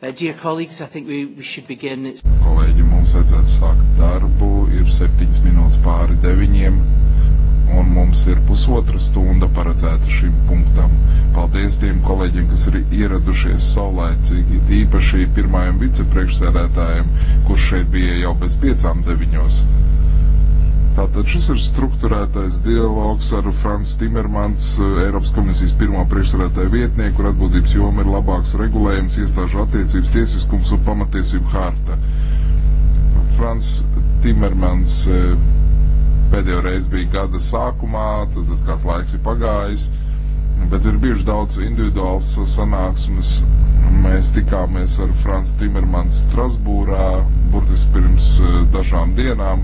Uh, dear colleagues, I think we, we should begin. It's... Kolēģi, mums vajadzētu sākt darbu, ir septiņas minūtes pāri deviņiem, un mums ir pusotra stunda paredzēta šim punktam. Paldies tiem kolēģiem, kas ir ieradušies saulēcīgi, tīpaši pirmajam vicepriekšsēdētājam, kurš šeit bija jau bez piecām deviņos. Tātad šis ir struktūrētais dialogs ar Frans Timermans, eh, Eiropas komisijas pirmā priekšsarētāja vietnieku, kur atbūtības joma ir labāks regulējums, iestāžu attiecības, tiesiskums un pamatiesību harta. Frans Timermans eh, pēdējo reizi bija gada sākumā, tad kāds laiks ir pagājis, bet ir bieži daudz individuāls sanāksmes mēs tikāmies ar Fransu Timermanu Strasbūrā burtiski pirms eh, dažām dienām.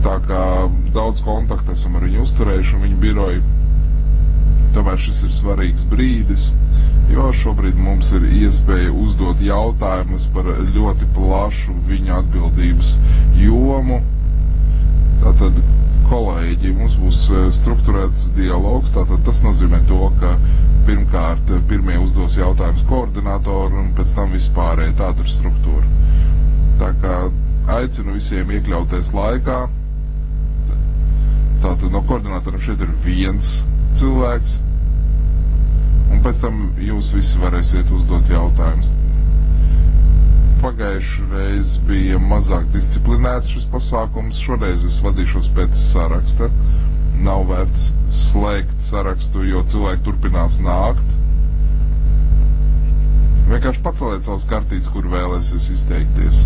Tā kā daudz kontaktu esam ar viņu uzturējuši un viņa biroju. Tomēr šis ir svarīgs brīdis, jo šobrīd mums ir iespēja uzdot jautājumus par ļoti plašu viņa atbildības jomu. Tātad, kolēģi, mums būs e, struktūrēts dialogs, tātad tas nozīmē to, ka pirmkārt e, pirmie uzdos jautājumus koordinatoru un pēc tam vispārēji tāda ir struktūra. Tā kā aicinu visiem iekļauties laikā Tātad no koordinatoriem šeit ir viens cilvēks, un pēc tam jūs visi varēsiet uzdot jautājumus. Pagājušajā reizē bija mazāk disciplinēts šis pasākums, šoreiz es vadīšos pēc saraksta. Nav vērts slēgt sarakstu, jo cilvēki turpinās nākt. Vienkārši paceliet savus kartītes, kur vēlēsies izteikties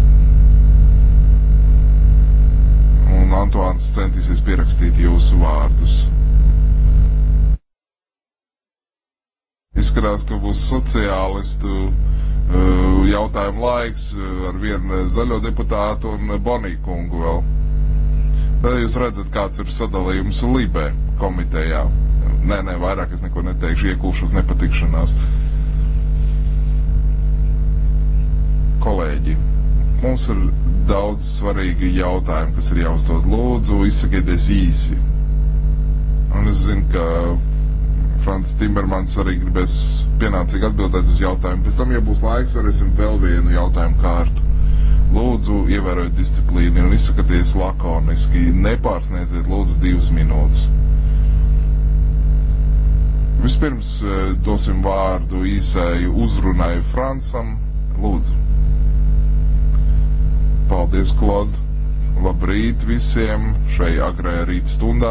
un Antoāns centīsies pierakstīt jūsu vārdus. Izskatās, ka būs sociālistu uh, jautājumu laiks uh, ar vienu zaļo deputātu un Boniju kungu vēl. Bet jūs redzat, kāds ir sadalījums Libē komitejā. Nē, nē, vairāk es neko neteikšu, iekūšos nepatikšanās. Kolēģi, mums ir daudz svarīgu jautājumu, kas ir jāuzdod. Lūdzu, izsakieties īsi. Un es zinu, ka Frants Timermans arī gribēs pienācīgi atbildēt uz jautājumu. Pēc tam, ja būs laiks, varēsim vēl vienu jautājumu kārtu. Lūdzu, ievērojiet disciplīnu un izsakieties lakoniski. Nepārsniedziet, lūdzu, divas minūtes. Vispirms eh, dosim vārdu īsai uzrunai Fransam. Lūdzu. Paldies, Klod! Labrīt visiem šai agrajā rīt stundā!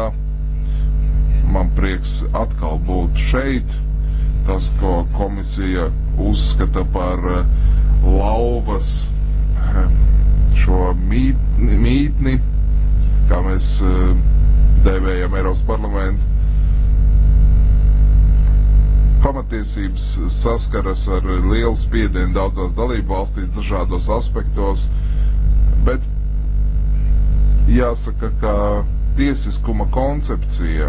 Man prieks atkal būt šeit. Tas, ko komisija uzskata par eh, lauvas eh, šo mīt, mītni, kā mēs eh, devējam Eiropas parlamentu, pamatiesības saskaras ar lielu spiedienu daudzās dalību valstīs dažādos aspektos. Uh, Bet jāsaka, ka tiesiskuma koncepcija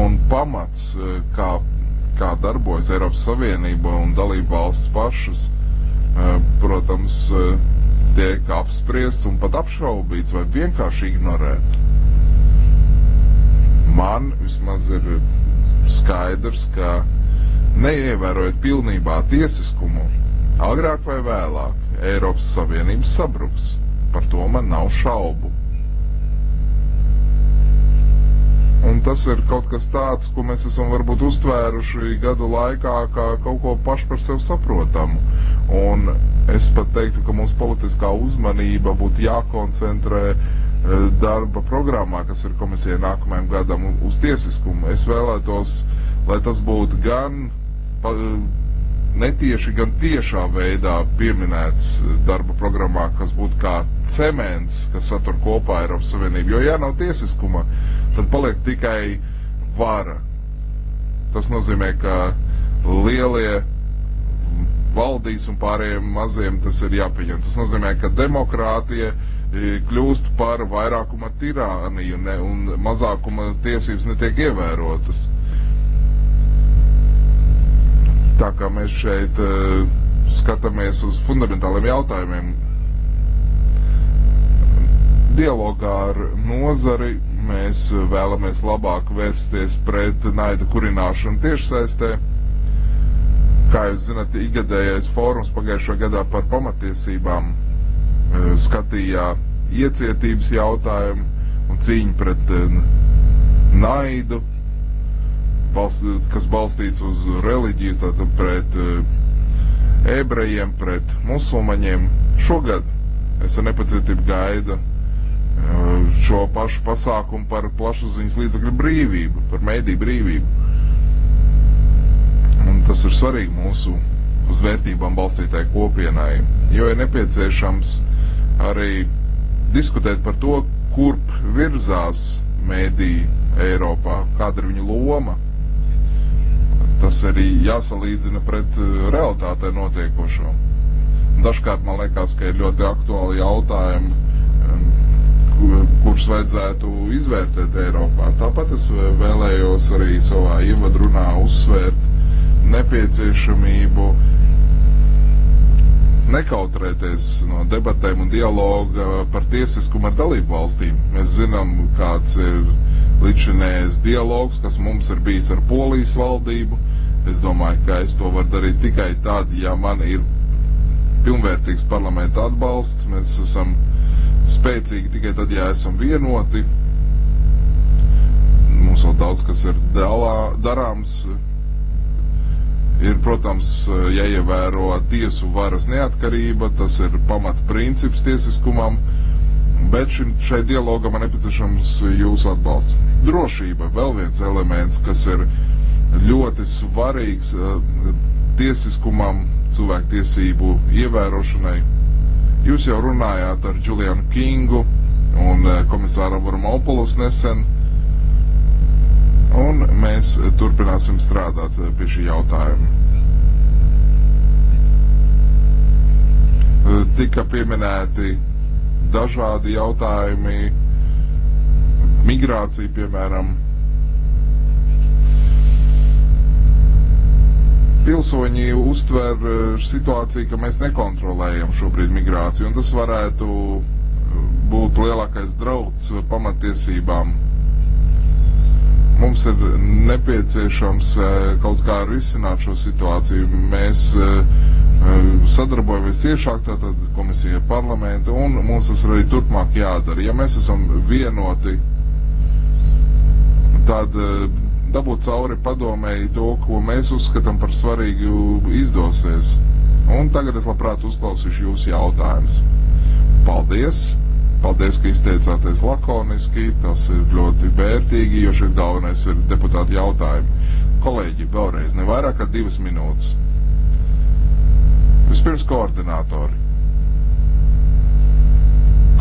un pamats, e, kā, kā darbojas Eiropas Savienība un dalība valsts pašas, e, protams, e, tiek apspriests un pat apšaubīts vai vienkārši ignorēts. Man vismaz ir skaidrs, ka neievērojot pilnībā tiesiskumu, agrāk vai vēlāk, Eiropas Savienība sabruks. Par to man nav šaubu. Un tas ir kaut kas tāds, ko mēs esam varbūt uztvēruši gadu laikā, kā kaut ko pašu par sevi saprotamu. Un es pat teiktu, ka mūsu politiskā uzmanība būtu jākoncentrē e, darba programmā, kas ir komisija nākamajam gadam uz tiesiskumu. Es vēlētos, lai tas būtu gan netieši, gan tiešā veidā pieminēts eh, darba programmā, kas būtu kā cements, kas satur kopā Eiropas Savienību. Jo, ja nav tiesiskuma, tad paliek tikai vara. Tas nozīmē, ka lielie valdīs un pārējiem maziem tas ir jāpieņem. Tas nozīmē, ka demokrātija eh, kļūst par vairākuma tirāniju ne, un mazākuma tiesības netiek ievērotas. Uh, tā kā mēs šeit uh, skatāmies uz fundamentāliem jautājumiem. Dialogā ar nozari mēs vēlamies labāk vērsties pret naidu kurināšanu tiešsaistē. Kā jūs zināt, ikgadējais fórums pagājušā gadā par pamatiesībām uh, skatījā iecietības jautājumu un cīņu pret uh, naidu balst, kas balstīts uz reliģiju, tātad pret eh, ebrejiem, pret musulmaņiem. Šogad es ar nepacietību gaidu eh, šo pašu pasākumu par plašsaziņas līdzakļu brīvību, par mediju brīvību. Un tas ir svarīgi mūsu uz vērtībām balstītai kopienai, jo ir nepieciešams arī diskutēt par to, kurp virzās mediji Eiropā, kāda ir viņa loma tas arī jāsalīdzina pret eh, realitātē notiekošo. Dažkārt man liekas, ka ir ļoti aktuāli jautājumi, kurus vajadzētu izvērtēt Eiropā. Tāpat es eh, vēlējos arī savā ievadrunā uzsvērt nepieciešamību uh, nekautrēties no debatēm un dialoga par tiesiskumu ar dalību valstīm. Mēs zinām, kāds ir līdzinējais dialogs, kas mums ir bijis ar polijas valdību. Es domāju, ka es to varu darīt tikai tad, ja man ir pilnvērtīgs parlamenta atbalsts. Mēs esam spēcīgi tikai tad, ja esam vienoti. Mums vēl daudz kas ir dalā, darāms. Ir, protams, jāievēro tiesu varas neatkarība, tas ir pamatprincips tiesiskumam, bet šim, šai dialogam ir nepieciešams jūsu atbalsts. Drošība - vēl viens elements, kas ir ļoti svarīgs eh, tiesiskumam, cilvēktiesību ievērošanai. Jūs jau runājāt ar Julianu Kingu un eh, komisāru Varmopulus nesen. Uh, un mēs turpināsim strādāt eh, pie šī jautājuma. Eh, tika pieminēti dažādi jautājumi, migrācija piemēram. pilsoņi uztver eh, situāciju, ka mēs nekontrolējam šobrīd migrāciju, un tas varētu būt lielākais drauds pamatiesībām Mums ir nepieciešams eh, kaut kā risināt šo situāciju. Mēs eh, eh, sadarbojamies ciešāk, tātad komisija parlamenta, un mums tas arī turpmāk jādara. Ja mēs esam vienoti, tad dabūt cauri padomēji to, ko mēs uzskatām par svarīgu, izdosies. Un tagad es labprāt uzklausīšu jūsu jautājumus. Paldies! Paldies, ka izteicāties lakoniski, tas ir ļoti vērtīgi, jo šeit galvenais ir deputāti jautājumi. Kolēģi, vēlreiz ne vairāk kā divas minūtes. Vispirms koordinātori.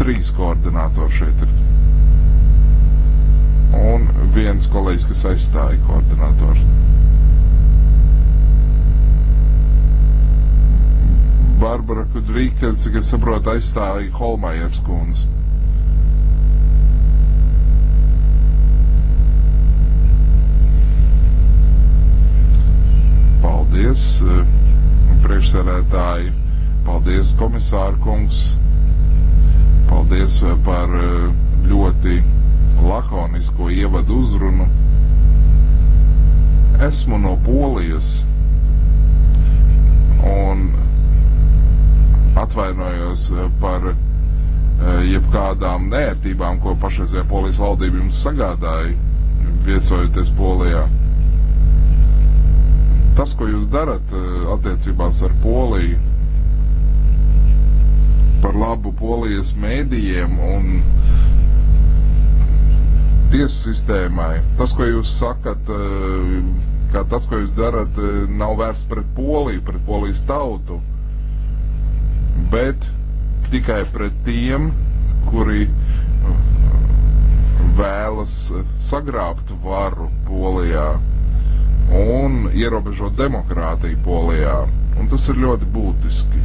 Trīs koordinātori šeit ir. Un viens kolēģis, kas aizstāja koordinātoru. Barbara Kudrika, cik es saprotu, aizstāja Holmajers kundzi. Paldies, eh, priekšsēdētāji, paldies, komisāra kungs, paldies eh, par eh, ļoti lakonisko ievadu uzrunu. Esmu no Polijas, un atvainojos eh, par eh, jebkādām nērtībām, ko pašreizējā polijas valdība jums sagādāja, viesojoties Polijā. Tas, ko jūs darat eh, attiecībās ar Poliju, par labu polijas mēdījiem un tiesu sistēmai, tas, ko jūs sakat, kā tas, ko jūs darat, nav vērsts pret Poliju, pret Polijas tautu bet tikai pret tiem, kuri uh, vēlas sagrābt varu Polijā un ierobežot demokrātiju Polijā. Un tas ir ļoti būtiski.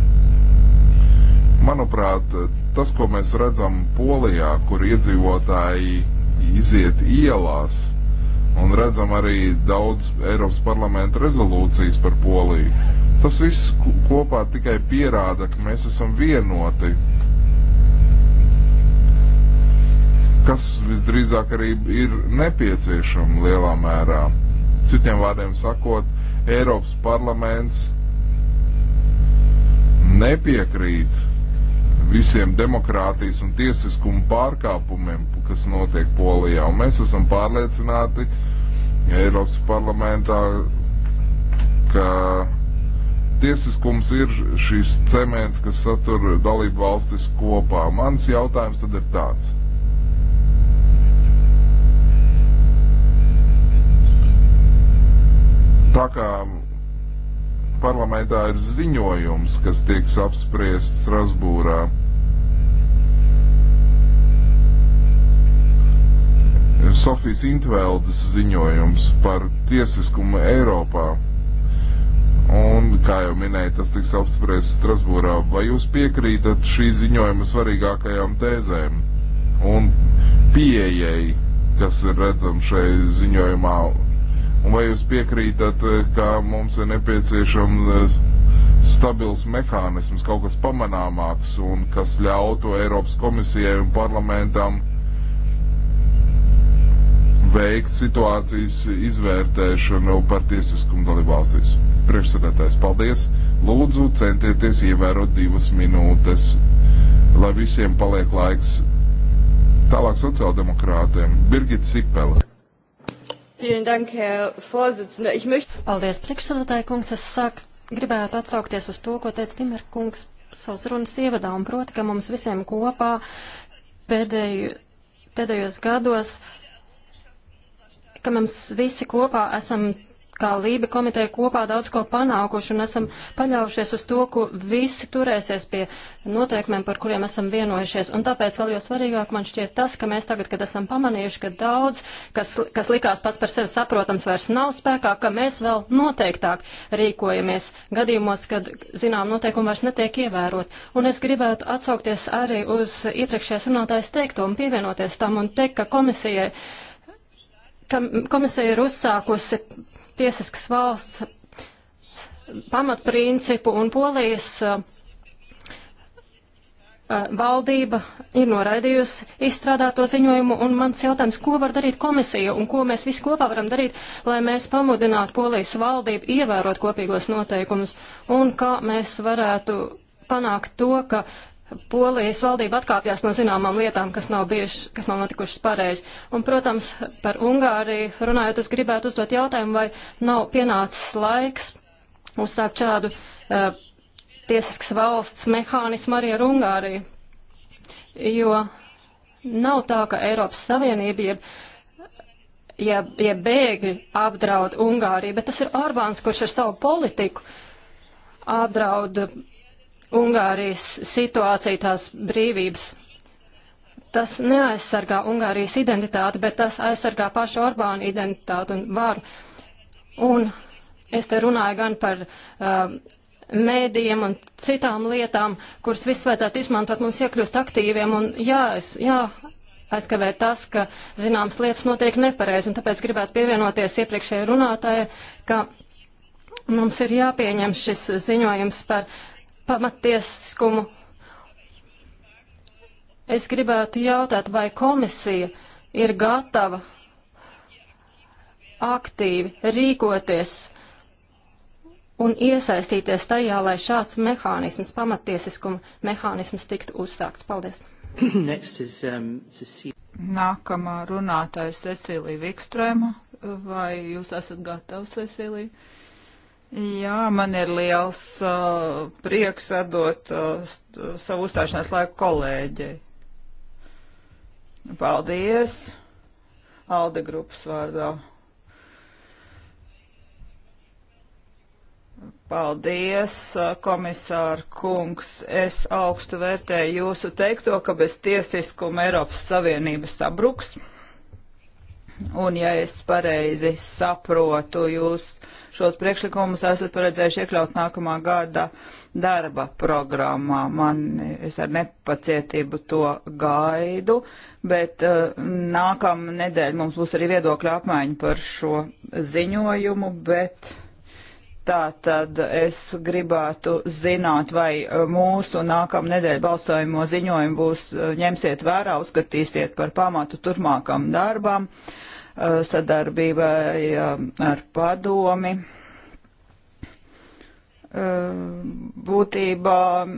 Manuprāt, tas, ko mēs redzam Polijā, kur iedzīvotāji iziet ielās, un redzam arī daudz Eiropas parlamenta rezolūcijas par Poliju. Tas viss kopā tikai pierāda, ka mēs esam vienoti. Kas visdrīzāk arī ir nepieciešama lielā mērā. Citiem vārdiem sakot, Eiropas parlaments nepiekrīt visiem demokrātijas un tiesiskuma pārkāpumiem, kas notiek Polijā. Un mēs esam pārliecināti Eiropas parlamentā, ka tiesiskums ir šīs cements, kas satur dalību valstis kopā. Mans jautājums tad ir tāds. Tā kā parlamentā ir ziņojums, kas tiks apspriests Strasbūrā. Sofijas Intveldes ziņojums par tiesiskumu Eiropā. Un, kā jau minēju, tas tiks apspriests Strasbūrā. Vai jūs piekrītat šī ziņojuma svarīgākajām tēzēm un pieejai, kas ir redzama šai ziņojumā, Un vai jūs piekrītat, eh, ka mums ir nepieciešams eh, stabils mehānisms, kaut kas pamanāmāks un kas ļautu Eiropas komisijai un parlamentam veikt situācijas izvērtēšanu par tiesiskumu dalībvalstīs. Priekšsēdētājs, paldies! Lūdzu, centieties ievērot divas minūtes, lai visiem paliek laiks. Tālāk sociāldemokrātiem Birgit Sipele. Dank, ich möchte... Paldies, priekšsēdētāji kungs. Es sāk, gribētu atsaukties uz to, ko teica Timer kungs savas runas ievadā, un proti, ka mums visiem kopā pēdēju, pēdējos gados, ka mums visi kopā esam kā Lība komiteja kopā daudz ko panākuši un esam paļaujušies uz to, ka visi turēsies pie noteikumiem, par kuriem esam vienojušies. Un tāpēc vēl jau svarīgāk man šķiet tas, ka mēs tagad, kad esam pamanījuši, ka daudz, kas, kas likās pats par sevi saprotams, vairs nav spēkā, ka mēs vēl noteiktāk rīkojamies gadījumos, kad, zinām, noteikumi vairs netiek ievērot. Un es gribētu atsaukties arī uz iepriekšējās runātājas teikto un pievienoties tam un teikt, ka komisijai ka komisija ir uzsākusi tiesiskas valsts pamatprincipu un polijas uh, uh, valdība ir noraidījusi izstrādāto ziņojumu, un mans jautājums, ko var darīt komisija un ko mēs visi kopā varam darīt, lai mēs pamudinātu polijas valdību ievērot kopīgos noteikumus, un kā mēs varētu panākt to, ka Polijas valdība atkāpjas no zināmām lietām, kas nav, bijuši, kas nav notikušas pareizi. Un, protams, par Ungāriju runājot, es gribētu uzdot jautājumu, vai nav pienācis laiks uzsākt šādu uh, eh, tiesisks valsts mehānismu arī ar Ungāriju. Jo nav tā, ka Eiropas Savienība jeb, jeb, jeb bēgļi apdraud Ungāriju, bet tas ir Orbāns, kurš ar savu politiku apdraud Ungārijas situācija, tās brīvības. Tas neaizsargā Ungārijas identitāti, bet tas aizsargā pašu Orbānu identitāti un varu. Un es te runāju gan par uh, mēdījiem un citām lietām, kuras viss vajadzētu izmantot mums iekļūst aktīviem un jā, es, jā, aizkavē tas, ka zināmas lietas notiek nepareizi, un tāpēc gribētu pievienoties iepriekšējai runātājai, ka mums ir jāpieņem šis ziņojums par uh, pamatiesiskumu. Es gribētu jautāt, vai komisija ir gatava aktīvi rīkoties un iesaistīties tajā, lai šāds mehānisms, pamatiesiskuma mehānisms tiktu uzsākts. Paldies! Is, um, Nākamā runātāja ir Cecīlija Vikstrēma. Vai jūs esat gatavs, Cecīlija? Jā, man ir liels uh, prieks atdot uh, uh, savu uzstāšanās laiku kolēģei. Paldies! Alde grupas vārdā. Paldies, uh, komisāra kungs. Es augstu vērtēju jūsu teikto, ka bez tiesiskuma Eiropas Savienības sabruks. Un, ja es pareizi saprotu, jūs šos priekšlikumus esat paredzējuši iekļaut nākamā gada darba programmā. Man, es ar nepacietību to gaidu, bet uh, eh, nākamā nedēļa mums būs arī viedokļa apmaiņa par šo ziņojumu, bet uh, Tā tad es gribētu zināt, vai uh, mūsu nākamā nedēļa balsojamo ziņojumu būs uh, ņemsiet vērā, uzskatīsiet par pamatu turpmākam darbam, uh, sadarbībai um, ar padomi. Būtībā um,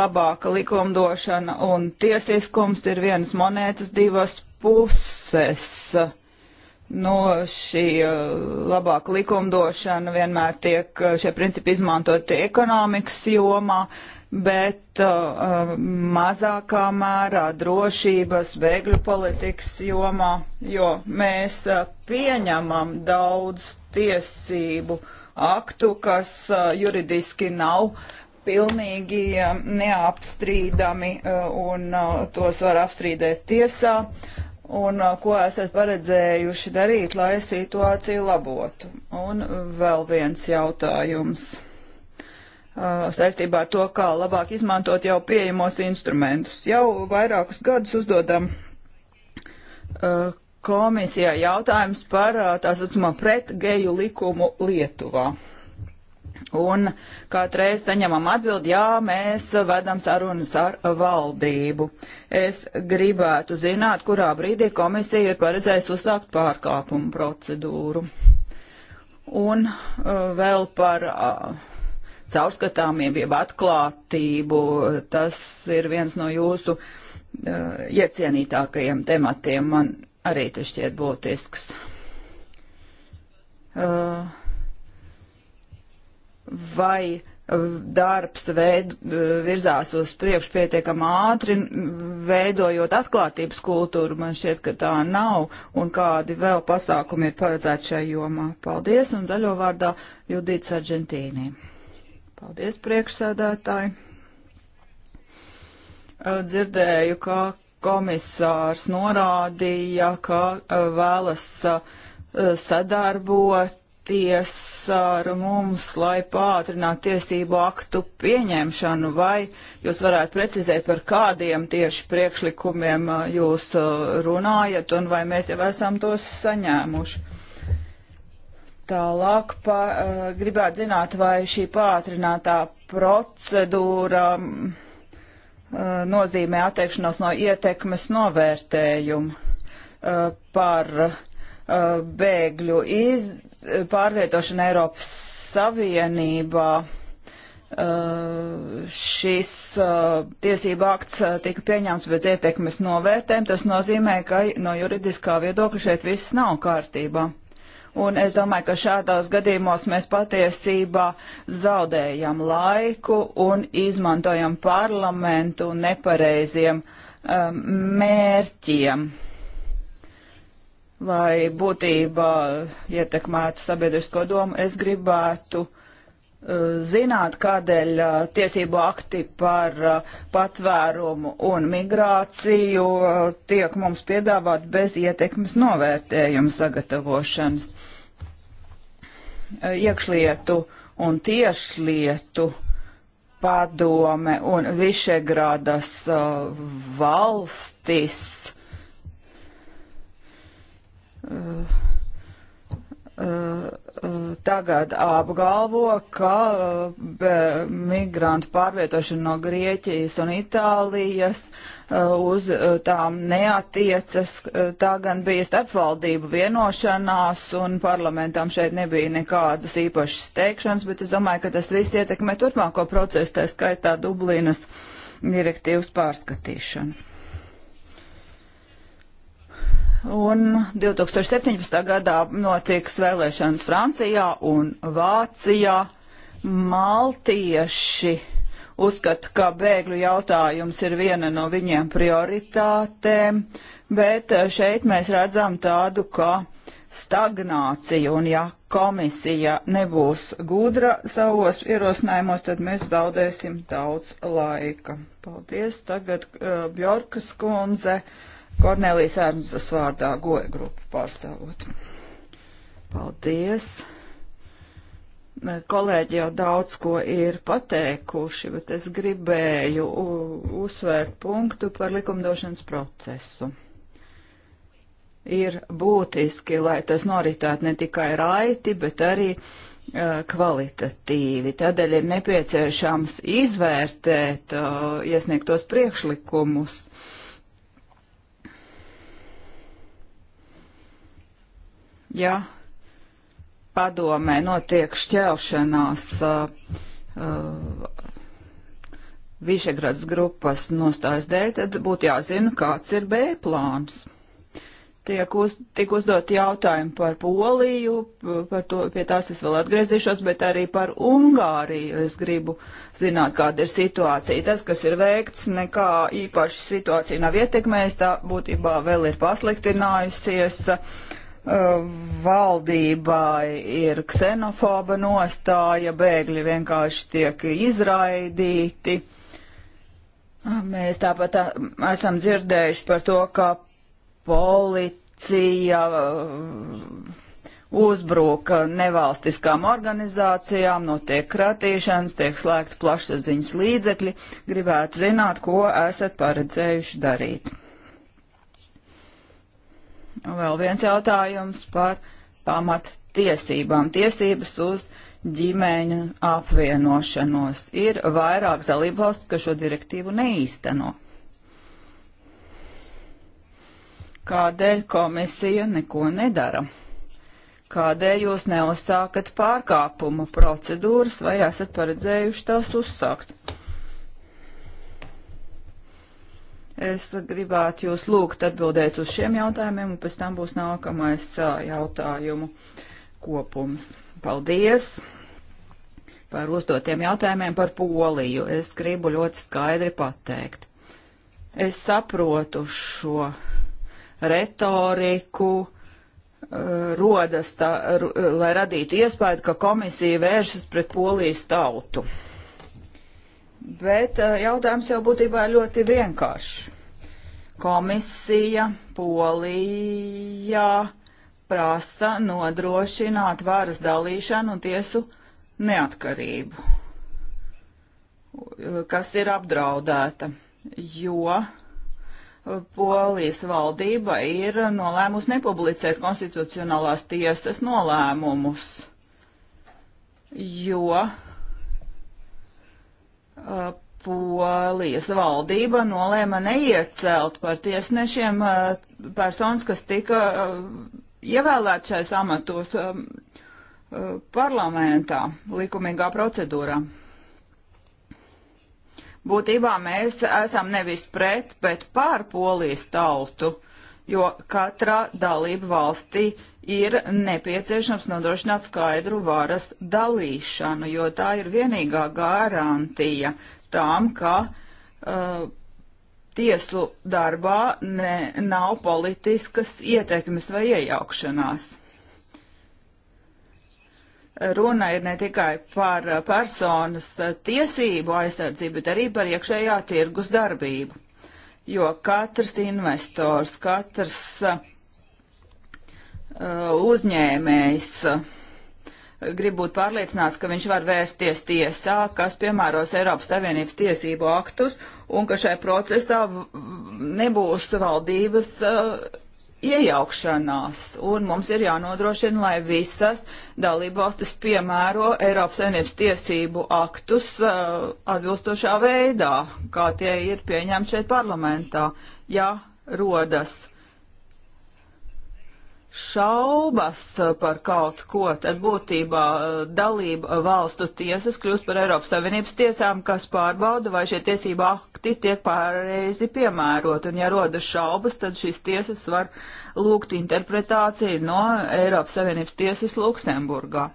labāka likumdošana un tiesiskums ir vienas monētas divas puses nu, šī uh, labāka likumdošana vienmēr tiek, uh, šie principi izmantoti ekonomikas jomā, bet uh, uh, mazākā mērā drošības, bēgļu politikas jomā, jo mēs uh, pieņemam daudz tiesību aktu, kas uh, juridiski nav pilnīgi neapstrīdami un tos var apstrīdēt tiesā un uh, ko esat paredzējuši darīt, lai situāciju labotu. Un uh, vēl viens jautājums uh, saistībā ar to, kā labāk izmantot jau pieejamos instrumentus. Jau vairākus gadus uzdodam komisijā jautājums par tā saucamā pret geju likumu Lietuvā. Un katreiz saņemam atbildi, jā, mēs vedam sarunas ar valdību. Es gribētu zināt, kurā brīdī komisija ir paredzējusi uzsākt pārkāpumu procedūru. Un uh, vēl par uh, caurskatāmību, jeb atklātību, tas ir viens no jūsu uh, iecienītākajiem tematiem, man arī tas šķiet būtisks. Uh, vai eh, darbs veid, eh, virzās uz priekšu pietiekami ātri, veidojot atklātības kultūru. Man šķiet, ka tā nav un kādi vēl pasākumi ir paredzēti šai jomā. Paldies un zaļo vārdā Judīts Argentīnī. Paldies priekšsēdētāji. Eh, dzirdēju, ka komisārs norādīja, ka vēlas sadarbot tiekoties ar mums, lai pātrinātu tiesību aktu pieņemšanu, vai jūs varētu precizēt, par kādiem tieši priekšlikumiem uh, jūs uh, runājat un vai mēs jau esam tos saņēmuši? Tālāk pa, uh, gribētu zināt, vai šī pātrinātā procedūra um, nozīmē atteikšanos no ietekmes novērtējuma par uh, Uh, bēgļu iz, pārvietošana Eiropas Savienībā. Uh, šis uh, tiesība akts uh, tika pieņemts bez ietekmes novērtēm. Tas nozīmē, ka no juridiskā viedokļa šeit viss nav kārtībā. Un es domāju, ka šādos gadījumos mēs patiesībā zaudējam laiku un izmantojam parlamentu nepareiziem um, mērķiem. Uh, vai būtībā ietekmētu sabiedrisko domu. Es gribētu uh, zināt, kādēļ uh, tiesību akti par uh, patvērumu un migrāciju tiek mums piedāvāt bez ietekmes novērtējuma sagatavošanas. Iekšlietu un tiešlietu padome un Višegrādas valstis tagad apgalvo, ka migrantu pārvietošana no Grieķijas un Itālijas e, uz e, tām neatiecas. E, tā gan bija starpvaldību vienošanās un parlamentam šeit nebija nekādas īpašas teikšanas, bet es domāju, ka tas viss ietekmē turpmāko procesu, tā skaitā Dublinas direktīvas pārskatīšanu. Un 2017. gadā notiks vēlēšanas Francijā un Vācijā. Maltieši uzskata, ka bēgļu jautājums ir viena no viņiem prioritātēm, bet šeit mēs redzam tādu kā stagnāciju, un ja komisija nebūs gudra savos ierosinājumos, tad mēs zaudēsim daudz laika. Paldies, tagad uh, Bjorkas kundze. Uh, Kornelijas Ērnzas vārdā goja grupu pārstāvot. Paldies! kolēģi jau daudz ko ir pateikuši, bet es gribēju uzsvērt punktu par likumdošanas procesu. Ir būtiski, lai tas noritētu ne tikai raiti, bet arī uh, kvalitatīvi. Tādēļ ir nepieciešams izvērtēt uh, iesniegtos priekšlikumus. Uh, ja padomē notiek šķelšanās uh, uh, Višegrads grupas nostājas dēļ, tad būtu jāzina, kāds ir B plāns. Tiek, uz, tiek uzdot jautājumi par Poliju, par to, pie tās es vēl atgriezīšos, bet arī par Ungāriju. Es gribu zināt, kāda ir situācija. Tas, kas ir veikts, nekā īpaši situācija nav ietekmējis, tā būtībā vēl ir pasliktinājusies. Uh, Uh, valdībai ir ksenofoba nostāja, bēgļi vienkārši tiek izraidīti. Uh, mēs tāpat uh, esam dzirdējuši par to, ka policija uzbruka nevalstiskām organizācijām, notiek kratīšanas, tiek slēgti plašsaziņas līdzekļi. Gribētu zināt, ko esat paredzējuši darīt vēl viens jautājums par pamat tiesībām. Tiesības uz ģimeņu apvienošanos. Ir vairākas dalību valsts, kas šo direktīvu neīsteno. Kādēļ komisija neko nedara? Kādēļ jūs neuzsākat pārkāpuma procedūras vai esat paredzējuši tās uzsākt? Es gribētu jūs lūgt atbildēt uz šiem jautājumiem, un pēc tam būs nākamais jautājumu kopums. Paldies par uzdotiem jautājumiem par Poliju. Es gribu ļoti skaidri pateikt. Es saprotu šo retoriku, rodas tā, lai radītu iespēju, ka komisija vēršas pret Polijas tautu. Bet eh, jautājums jau būtībā ir ļoti vienkāršs. Komisija Polijā prasa nodrošināt varas dalīšanu un tiesu neatkarību, eh, kas ir apdraudēta, jo eh, Polijas valdība ir nolēmusi nepublicēt konstitucionālās tiesas nolēmumus, jo uh, Polijas valdība nolēma neiecelt par tiesnešiem uh, personas, kas tika uh, ievēlēt šais amatos um, uh, parlamentā likumīgā procedūrā. Būtībā mēs esam nevis pret, bet pār polijas tautu, jo katrā dalība valstī ir nepieciešams nodrošināt skaidru varas dalīšanu, jo tā ir vienīgā garantija tām, ka uh, tiesu darbā ne, nav politiskas ietekmes vai iejaukšanās. Runa ir ne tikai par personas tiesību aizsardzību, bet arī par iekšējā tirgus darbību, jo katrs investors, katrs uh, Uh, uzņēmējs grib būt pārliecināts, ka viņš var vērsties tiesā, kas piemēros Eiropas Savienības tiesību aktus, un ka šai procesā nebūs valdības uh, iejaukšanās. Un mums ir jānodrošina, lai visas dalībvalstis piemēro Eiropas Savienības tiesību aktus uh, atbilstošā veidā, kā tie ir pieņemti šeit parlamentā, ja rodas šaubas par kaut ko, tad būtībā eh, dalība eh, valstu tiesas kļūst par Eiropas Savienības tiesām, kas pārbauda, vai šie tiesība akti tiek pārreizi piemērot. Un ja rodas šaubas, tad šīs tiesas var lūgt interpretāciju no Eiropas Savienības tiesas Luksemburgā.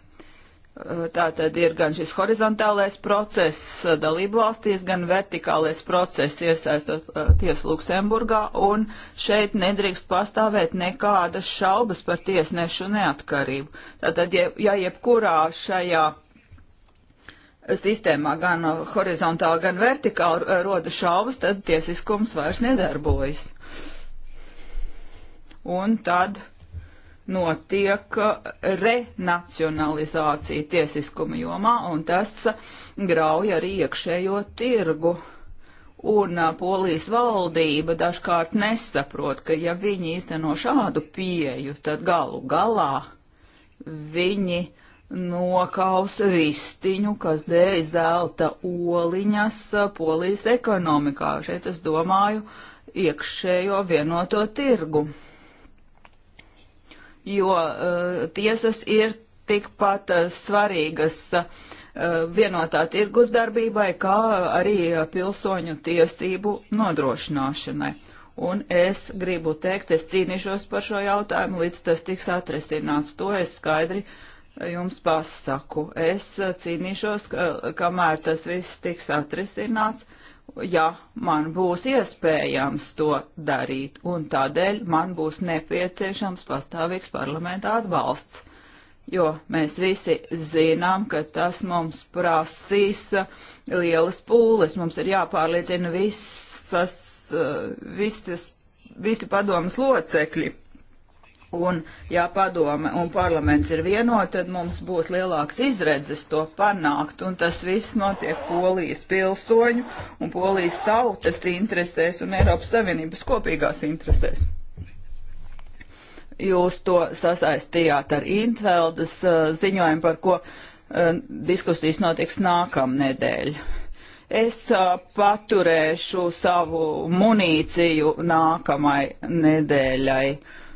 Tā tad ir gan šis horizontālais process eh, dalību valstīs, gan vertikālais process iesaistot uh, tiesu Luksemburgā, un šeit nedrīkst pastāvēt nekādas šaubas par tiesnešu neatkarību. Tātad, ja, ja jebkurā šajā sistēmā gan horizontāli, gan vertikāli eh, roda šaubas, tad tiesiskums vairs nedarbojas. Un tad notiek uh, renacionalizācija tiesiskuma jomā, un tas grauj arī iekšējo tirgu. Un uh, polijas valdība dažkārt nesaprot, ka ja viņi īsteno šādu pieju, tad galu galā viņi nokaus vistiņu, kas dēļ zelta oliņas uh, polijas ekonomikā. Šeit es domāju iekšējo vienoto tirgu jo uh, tiesas ir tikpat uh, svarīgas uh, vienotā tirgus darbībai, kā arī pilsoņu tiesību nodrošināšanai. Un es gribu teikt, es cīnīšos par šo jautājumu, līdz tas tiks atrisināts. To es skaidri jums pasaku. Es cīnīšos, kamēr tas viss tiks atrisināts ja man būs iespējams to darīt, un tādēļ man būs nepieciešams pastāvīgs parlamenta atbalsts, jo mēs visi zinām, ka tas mums prasīs uh, lielas pūles, mums ir jāpārliecina visas, uh, visas, visi padomas locekļi Un, ja padome un parlaments ir vienoti, tad mums būs lielāks izredzes to panākt. Un tas viss notiek polijas pilsoņu un polijas tautas interesēs un Eiropas Savienības kopīgās interesēs. Jūs to sasaistījāt ar Intveldes uh, ziņojumu, par ko uh, diskusijas notiks nākamnedēļ. Es uh, paturēšu savu munīciju nākamai nedēļai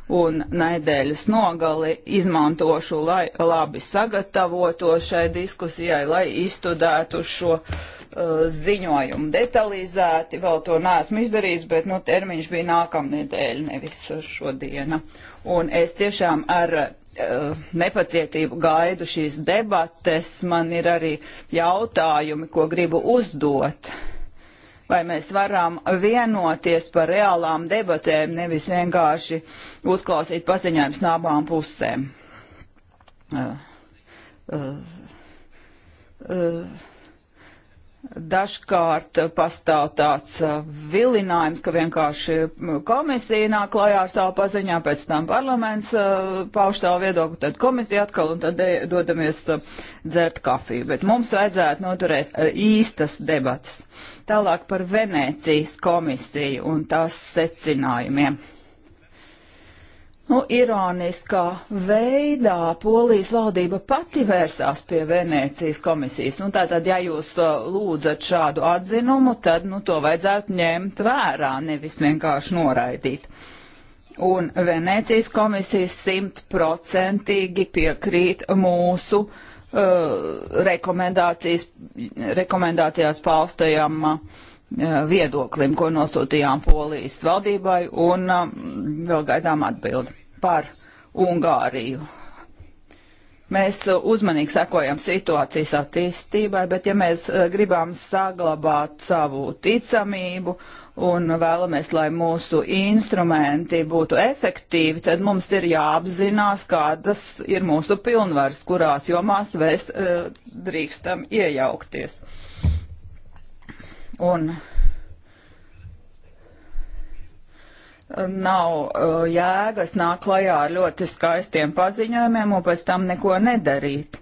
un nedēļas nogali izmantošu, lai labi sagatavotos šai diskusijai, lai izstudētu šo uh, ziņojumu detalizēti. Vēl to neesmu izdarījis, bet nu, termiņš bija nākamnedēļ, nevis šodiena. Un es tiešām ar uh, nepacietību gaidu šīs debates. Man ir arī jautājumi, ko gribu uzdot. Uh, vai mēs varam vienoties par reālām debatēm, nevis vienkārši uzklausīt paziņojums nābām pusēm. Uh, uh, uh. Dažkārt pastāv tāds uh, vilinājums, ka vienkārši komisija nāk klajā ar savu paziņā, pēc tam parlaments uh, pauž savu viedokli, tad komisija atkal un tad e, dodamies uh, dzert kafiju. Bet mums vajadzētu noturēt īstas debatas. Tālāk par Venēcijas komisiju un tās secinājumiem. Nu, ironiskā veidā polijas valdība pati vērsās pie Venēcijas komisijas. Nu, tātad, ja jūs uh, lūdzat šādu atzinumu, tad nu, to vajadzētu ņemt vērā, nevis vienkārši noraidīt. Un Venēcijas komisija simtprocentīgi piekrīt mūsu uh, rekomendācijas, rekomendācijās paustajam. Uh, Eh, viedoklim, ko nosūtījām Polijas valdībai, un eh, vēl gaidām atbildi par Ungāriju. Mēs eh, uzmanīgi sekojam situācijas attīstībai, bet ja mēs gribam saglabāt savu ticamību un vēlamies, lai mūsu instrumenti būtu efektīvi, tad mums ir jāapzinās, kādas ir mūsu pilnvaras, kurās jomās mēs drīkstam iejaukties. Uh, Un nav uh, jēgas nāk klajā ar ļoti skaistiem paziņojumiem un pēc tam neko nedarīt.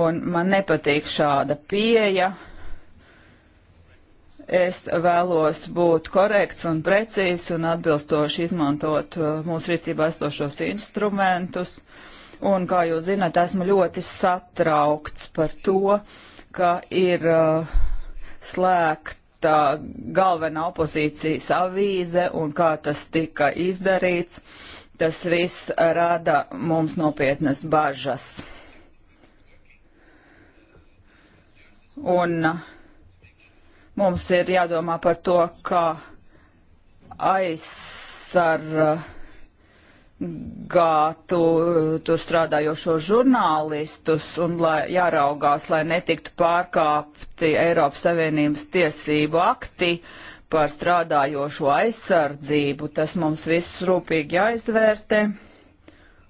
Un man nepatīk šāda pieeja. Es vēlos būt korekts un precīzs un atbilstoši izmantot uh, mūsu rīcībā esošos instrumentus. Un, kā jūs zināt, esmu ļoti satraukts par to, ka ir uh, slēgta galvenā opozīcijas avīze un kā tas tika izdarīts, tas viss rada mums nopietnas bažas. Un mums ir jādomā par to, kā aizsargāt gātu eh, tu strādājošo žurnālistus un lai jāraugās, lai netiktu pārkāpti Eiropas Savienības tiesību akti par strādājošo aizsardzību. Tas mums viss rūpīgi jāizvērtē.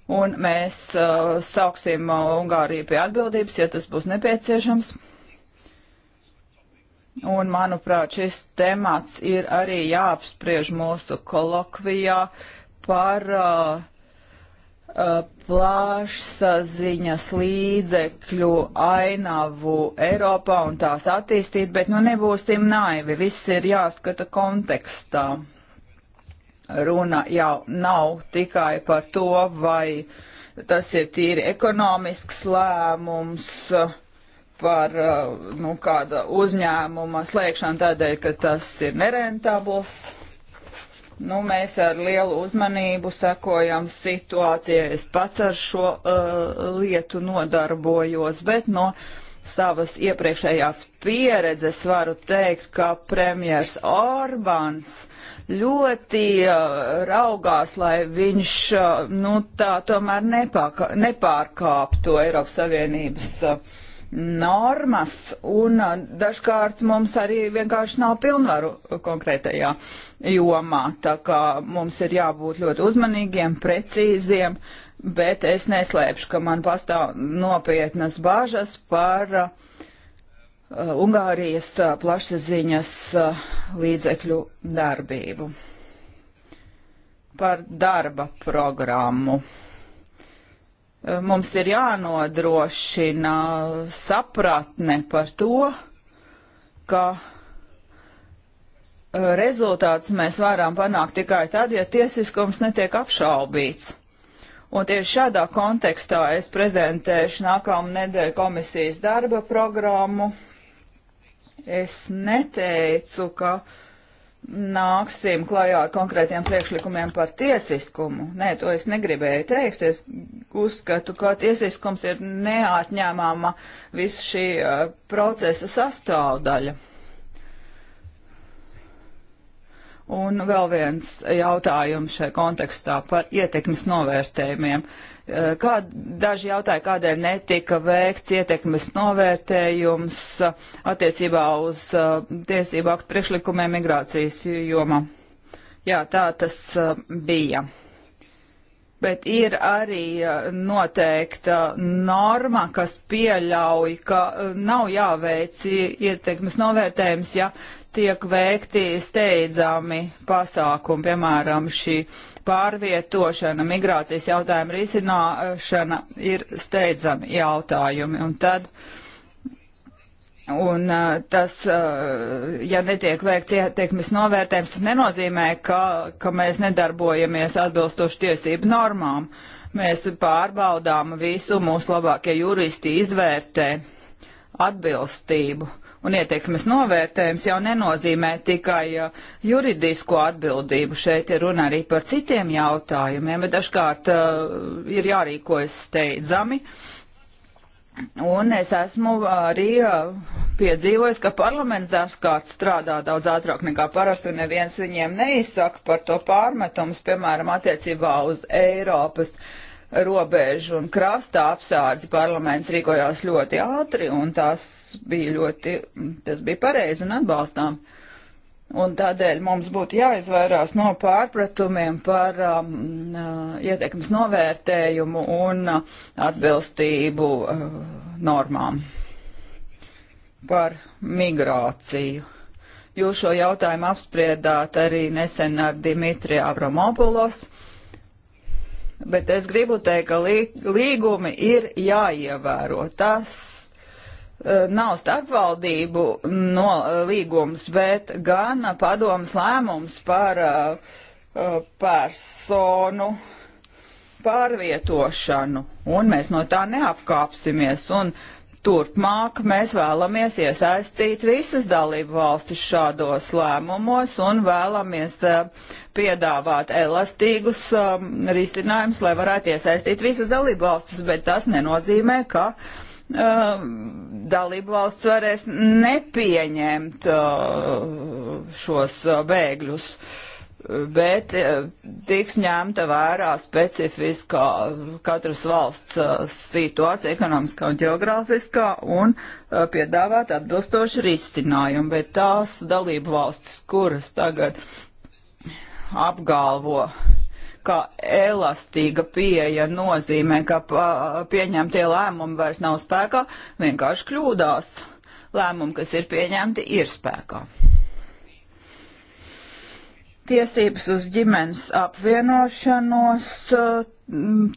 Un mēs uh, sauksim eh, Ungāriju pie atbildības, ja tas būs nepieciešams. Un, manuprāt, šis temats ir arī jāapspriež mūsu kolokvijā. Uh, par uh, uh, plašsaziņas līdzekļu ainavu Eiropā un tās attīstīt, bet nu nebūsim naivi, viss ir jāskata kontekstā. Runa jau nav tikai par to, vai tas ir tīri ekonomisks lēmums par uh, nu, kāda uzņēmuma slēgšanu tādēļ, ka tas ir nerentabls Nu, mēs ar lielu uzmanību sekojam situācijai. Es pats ar šo uh, lietu nodarbojos, bet no savas iepriekšējās pieredzes varu teikt, ka premjers Orbāns ļoti uh, raugās, lai viņš uh, nu, tā tomēr nepāka, nepārkāptu Eiropas Savienības. Uh, normas, un uh, dažkārt mums arī vienkārši nav pilnvaru konkrētajā jomā. Tā kā mums ir jābūt ļoti uzmanīgiem, precīziem, bet es neslēpšu, ka man pastāv nopietnas bāžas par uh, Ungārijas uh, plašsaziņas uh, līdzekļu darbību par darba programmu. Eh, mums ir jānodrošina sapratne par to, ka eh, rezultāts mēs varam panākt tikai tad, ja tiesiskums netiek apšaubīts. Un tieši šādā kontekstā es prezentēšu nākamā nedēļa komisijas darba programmu. Es neteicu, ka uh, nāksim klajā ar konkrētiem priekšlikumiem par tiesiskumu. Nē, to es negribēju teikt. Es uzskatu, ka tiesiskums ir neatņēmāma visu šī uh, procesa sastāvdaļa. Un vēl viens jautājums šajā kontekstā par ietekmes novērtējumiem. Eh, kā, daži jautāja, kādēļ netika veikts ietekmes novērtējums eh, attiecībā uz eh, tiesību aktu priekšlikumiem migrācijas jomā. Jā, tā tas bija. Bet ir arī noteikta norma, kas pieļauj, ka nav jāveic ietekmes novērtējums, ja tiek veikti steidzami pasākumi, piemēram, šī pārvietošana, migrācijas jautājuma risināšana ir steidzami jautājumi. Un tad, un tas, ja netiek veikts ietekmes novērtējums, tas nenozīmē, ka, ka mēs nedarbojamies atbilstoši tiesību normām. Mēs pārbaudām visu, mūsu labākie juristi izvērtē atbilstību. Uh, un ietekmes novērtējums jau nenozīmē tikai uh, juridisko atbildību. Šeit ir runa arī par citiem jautājumiem, bet dažkārt uh, ir jārīkojas steidzami. Un es esmu arī uh, piedzīvojis, ka parlaments dažkārt strādā daudz ātrāk nekā parasti, un neviens viņiem neizsaka par to pārmetumus, piemēram, attiecībā uz Eiropas uh, robežu un krasta apsārdzi parlaments rīkojās ļoti ātri, un tas bija ļoti, tas bija pareizi un atbalstām. Un tādēļ mums būtu jāizvairās no pārpratumiem par um, uh, ietekmes novērtējumu un uh, atbilstību uh, normām par migrāciju. Jūs šo jautājumu apspriedāt arī nesen ar Dimitri Avramopulos. Uh, bet es gribu teikt, ka līgumi ir jāievēro. Tas e, nav starpvaldību no e, līgums, bet gan padomas lēmums par e, personu pārvietošanu, un mēs no tā neapkāpsimies. Un, uh, Turpmāk mēs vēlamies iesaistīt visas dalību valstis šādos lēmumos un vēlamies eh, piedāvāt elastīgus um, risinājumus, lai varētu iesaistīt visas dalību valstis, bet tas nenozīmē, ka uh, dalību valsts varēs nepieņemt uh, šos uh, bēgļus. Uh, bet eh, tiks ņemta vērā specifiskā katras valsts eh, situācija, ekonomiskā un geogrāfiskā, un eh, piedāvāt atbilstoši risinājumu. Bet tās dalību valstis, kuras tagad apgalvo, ka elastīga pieeja nozīmē, ka pieņemtie lēmumi vairs nav spēkā, vienkārši kļūdās. Lēmumi, kas ir pieņemti, ir spēkā tiesības uz ģimenes apvienošanos uh,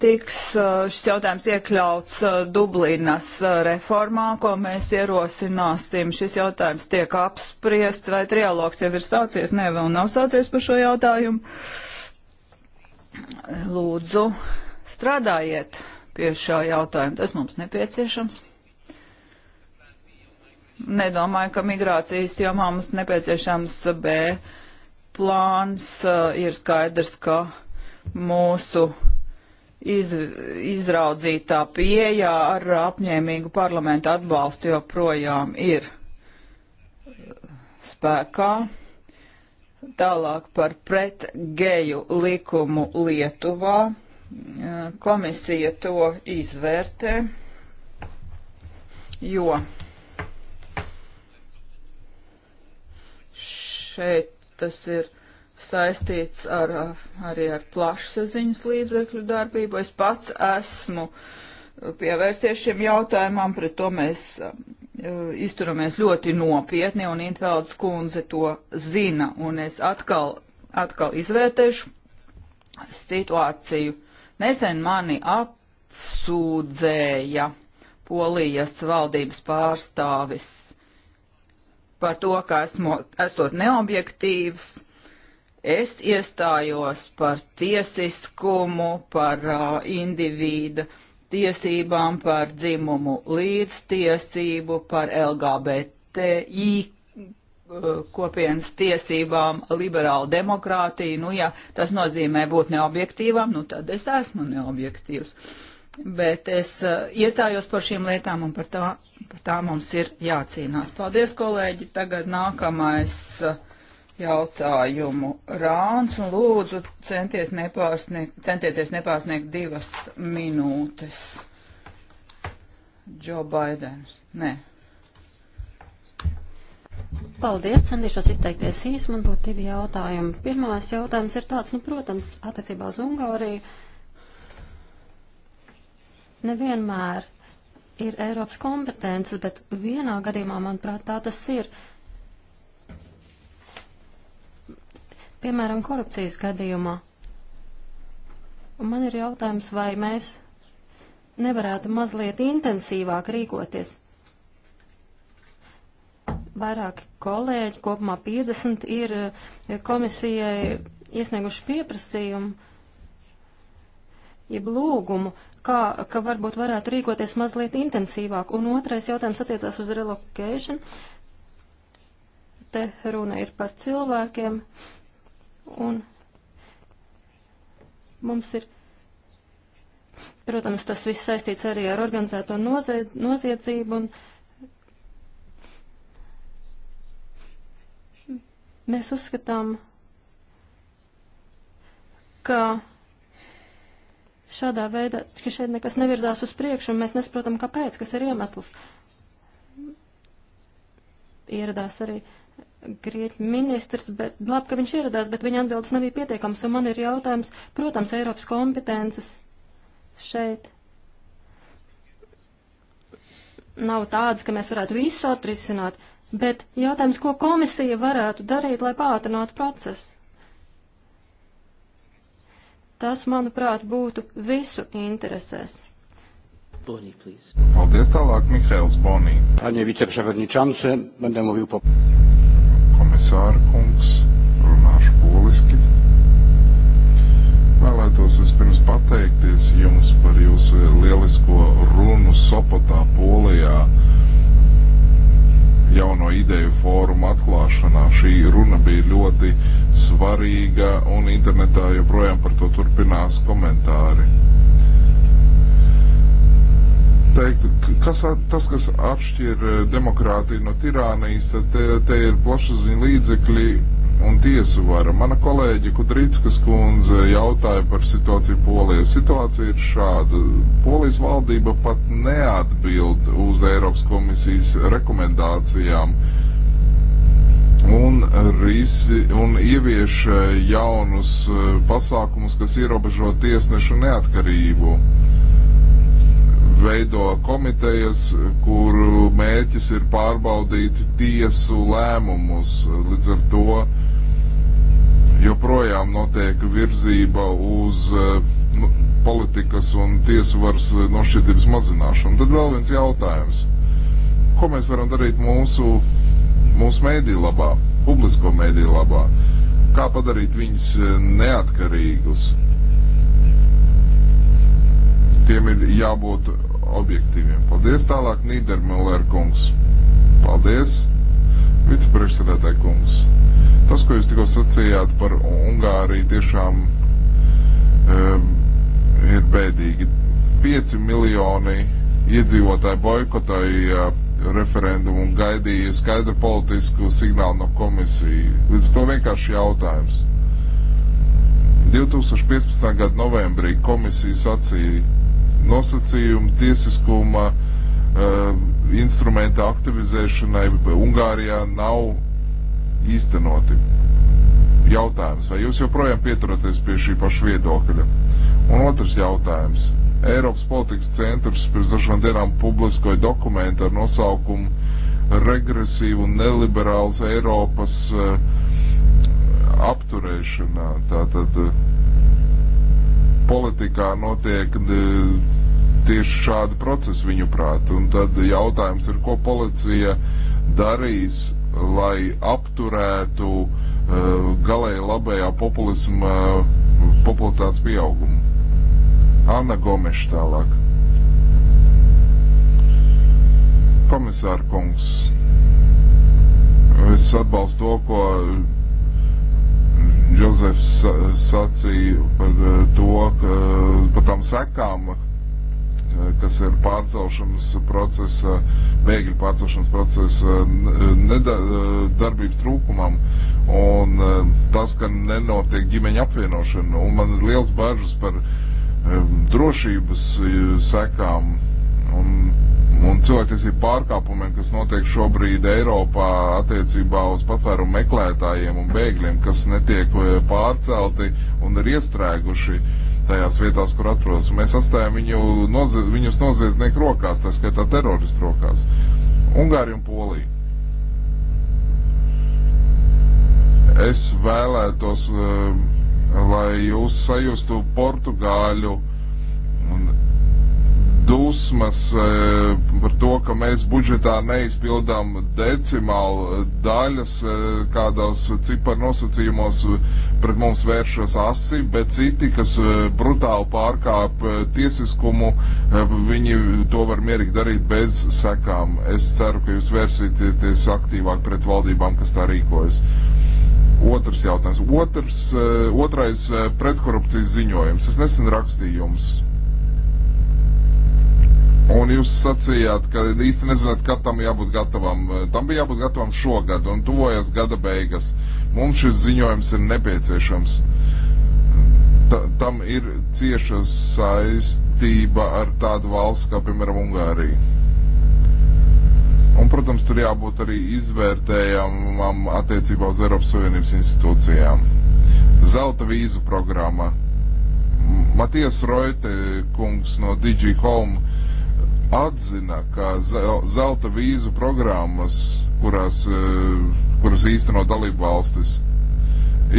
tiks uh, šis jautājums iekļauts uh, Dublinas reformā, ko mēs ierosināsim. Šis jautājums tiek apspriests, vai trialogs jau ir sācies, ne, vēl nav sācies par šo jautājumu. Lūdzu, strādājiet pie šā jautājuma, tas mums nepieciešams. Nedomāju, ka migrācijas jomā mums nepieciešams B. Uh, plāns, uh, ir skaidrs, ka mūsu iz, izraudzītā pieejā ar apņēmīgu parlamentu atbalstu joprojām ir spēkā. Tālāk par pretgeju likumu Lietuvā. Uh, komisija to izvērtē, jo šeit tas ir saistīts ar, arī ar plašsaziņas līdzekļu darbību. Es pats esmu uh, pievērsties šiem jautājumam, pret to mēs uh, izturamies ļoti nopietni, un Intvelds kundze to zina, un es atkal, atkal izvērtēšu situāciju. Nesen mani apsūdzēja Polijas valdības pārstāvis par to, ka esmu, esot neobjektīvs, es iestājos par tiesiskumu, par uh, indivīda tiesībām, par dzimumu līdztiesību, par LGBTI uh, kopienas tiesībām, liberāla demokrātija. Nu, ja tas nozīmē būt neobjektīvam, nu tad es esmu neobjektīvs. Uh, bet es uh, iestājos par šīm lietām un par tā, par tā mums ir jācīnās. Paldies, kolēģi! Tagad nākamais uh, jautājumu rāns un lūdzu centies nepārsniegt, centieties nepārsniegt divas minūtes. Džo Baidens. Nē. Paldies, centīšos izteikties īsi, man būtu divi jautājumi. Pirmās jautājums ir tāds, nu, protams, attiecībā uz Ungāriju. Uh, nevienmēr ir Eiropas kompetences, bet vienā gadījumā, manuprāt, tā tas ir. Piemēram, korupcijas gadījumā. Un man ir jautājums, vai mēs nevarētu mazliet intensīvāk rīkoties. Vairāki kolēģi, kopumā 50, ir eh, komisijai iesnieguši pieprasījumu, jeb lūgumu kā, ka varbūt varētu rīkoties mazliet intensīvāk. Un otrais jautājums attiecās uz relocation. Te runa ir par cilvēkiem, un mums ir, protams, tas viss saistīts arī ar organizēto nozied, noziedzību, un mēs uzskatām, ka šādā veidā, ka šeit nekas nevirzās uz priekšu, un mēs nesaprotam, kāpēc, kas ir iemesls. Ieradās arī Grieķu ministrs, bet labi, ka viņš ieradās, bet viņa atbildes nebija pietiekams, un man ir jautājums, protams, Eiropas kompetences šeit nav tādas, ka mēs varētu visu atrisināt, bet jautājums, ko komisija varētu darīt, lai pātrinātu procesu. Tas, manuprāt, būtu visu interesēs. Boni, please. Paldies tālāk, Mihails Bonī. Panie viceprezidentčance, będę mówił po... Komisāra kungs, runāšu poliski. Vēlētos vispirms pateikties jums par jūsu lielisko runu Sopotā, Polijā jauno ideju fórumu atklāšanā. Šī runa bija ļoti svarīga un internetā joprojām par to turpinās komentāri. Teikt, kas, tas, kas atšķir eh, demokrātiju no tirānijas, tad te, te ir plašsaziņa līdzekļi, un tiesu vara. Mana kolēģi Kudrītskas kundze jautāja par situāciju Polijā. Situācija ir šāda. Polijas valdība pat neatbild uz Eiropas komisijas rekomendācijām un, risi, un ievieš eh, jaunus eh, pasākumus, kas ierobežo tiesnešu neatkarību veido komitejas, kuru mērķis ir pārbaudīt tiesu lēmumus. Līdz ar to joprojām notiek virzība uz eh, nu, politikas un tiesu varas nošķirtības mazināšanu. Tad vēl viens jautājums. Ko mēs varam darīt mūsu, mūsu mēdī labā, publisko mēdī labā? Kā padarīt viņus eh, neatkarīgus? tiem ir jābūt objektīviem. Paldies tālāk, Nīdermuller kungs. Paldies, vicepriekšsēdētāj kungs. Tas, ko jūs tikko sacījāt par Ungāriju, tiešām um, ir bēdīgi. 5 miljoni iedzīvotāji boikotēja eh, referendumu un gaidīja skaidru politisku signālu no komisijas. Līdz to vienkārši jautājums. 2015. gada novembrī komisija sacīja, nosacījumi tiesiskuma uh, instrumenta aktivizēšanai Ungārijā nav īstenoti. Jautājums, vai jūs joprojām pieturaties pie šī paša viedokļa? Un otrs jautājums. Eiropas politikas centrs pirms dažām dienām publiskoja dokumentu ar nosaukumu Regresīvu un neliberāls Eiropas uh, apturēšanā. Tātad uh, politikā notiek eh, tieši šādi procesi viņu prāt. Un tad jautājums ir, ko policija darīs, lai apturētu uh, galēji labējā populisma populātāts pieaugumu. Anna Gomeša tālāk. Komisāra kungs, es atbalstu to, ko Jozefs sacīja par eh, to, ka, par tām sekām, eh, kas ir pārcelšanas procesa, bēgļu pārcelšanas procesa eh, nedarbības trūkumam un tas, ka nenotiek ģimeņa apvienošana. Un man ir liels bažas par drošības sekām. Un un cilvēktiesību pārkāpumiem, kas notiek šobrīd Eiropā attiecībā uz patvērumu meklētājiem un bēgļiem, kas netiek eh, pārcelti un ir iestrēguši tajās vietās, kur atrodas. Mēs atstājam viņu nozie, viņus noziedznieku rokās, tā skaitā teroristu rokās. Ungārija un Polija. Es vēlētos, eh, lai jūs sajustu portugāļu uh, dusmas e, par to, ka mēs budžetā neizpildām decimālu daļas, e, kādās ciparu nosacījumos pret mums vēršas asi, bet citi, kas e, brutāli pārkāp tiesiskumu, viņi to var mierīgi darīt bez sekām. Es ceru, ka jūs vērsīties aktīvāk pret valdībām, kas tā rīkojas. Otrs jautājums. Otrs, otrais pretkorupcijas ziņojums. Es nesen rakstīju jums Un jūs sacījāt, ka īsti nezināt, kad tam jābūt gatavam. Tam bija jābūt gatavam šogad, un tuvojas gada beigas. Mums šis ziņojums ir nepieciešams. Ta, tam ir cieša saistība ar tādu valsts kā, piemēram, Ungārija. Un, protams, tur jābūt arī izvērtējumam attiecībā uz Eiropas Savienības institūcijām. Zelta vīzu programma. Matijas Roite kungs no DigiHome atzina, ka zelta vīzu programmas, kurās, eh, kuras īsteno dalību valstis,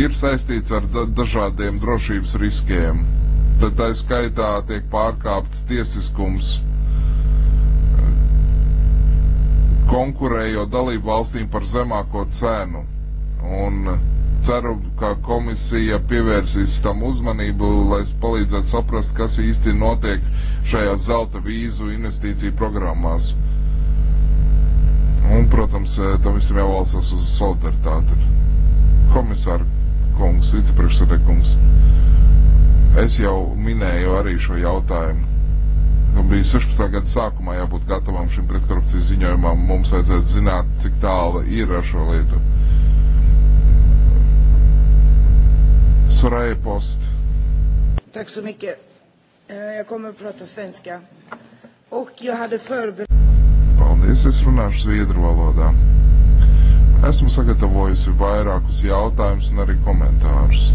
ir saistīts ar dažādiem drošības riskiem. Tad tā skaitā tiek pārkāpts tiesiskums konkurējot dalību valstīm par zemāko cenu. Un ceru, ka komisija pievērsīs tam uzmanību, lai palīdzētu saprast, kas īsti notiek šajās zelta vīzu investīciju programmās. Un, protams, eh, tam visam jāvalstās uz solidaritāti. Komisāra kungs, vicepriekšsēdē kungs, es jau minēju arī šo jautājumu. Tam nu, bija 16. gada sākumā jābūt gatavam šim pretkorupcijas ziņojumam. Mums vajadzētu zināt, cik tālu ir ar šo lietu. Uh, Soraya Post. Tack så mycket. Eh, jag kommer att prata svenska. Och jag hade förberett... Paldies, es runāšu zviedru valodā. Esmu sagatavojusi vairākus jautājumus un arī komentārus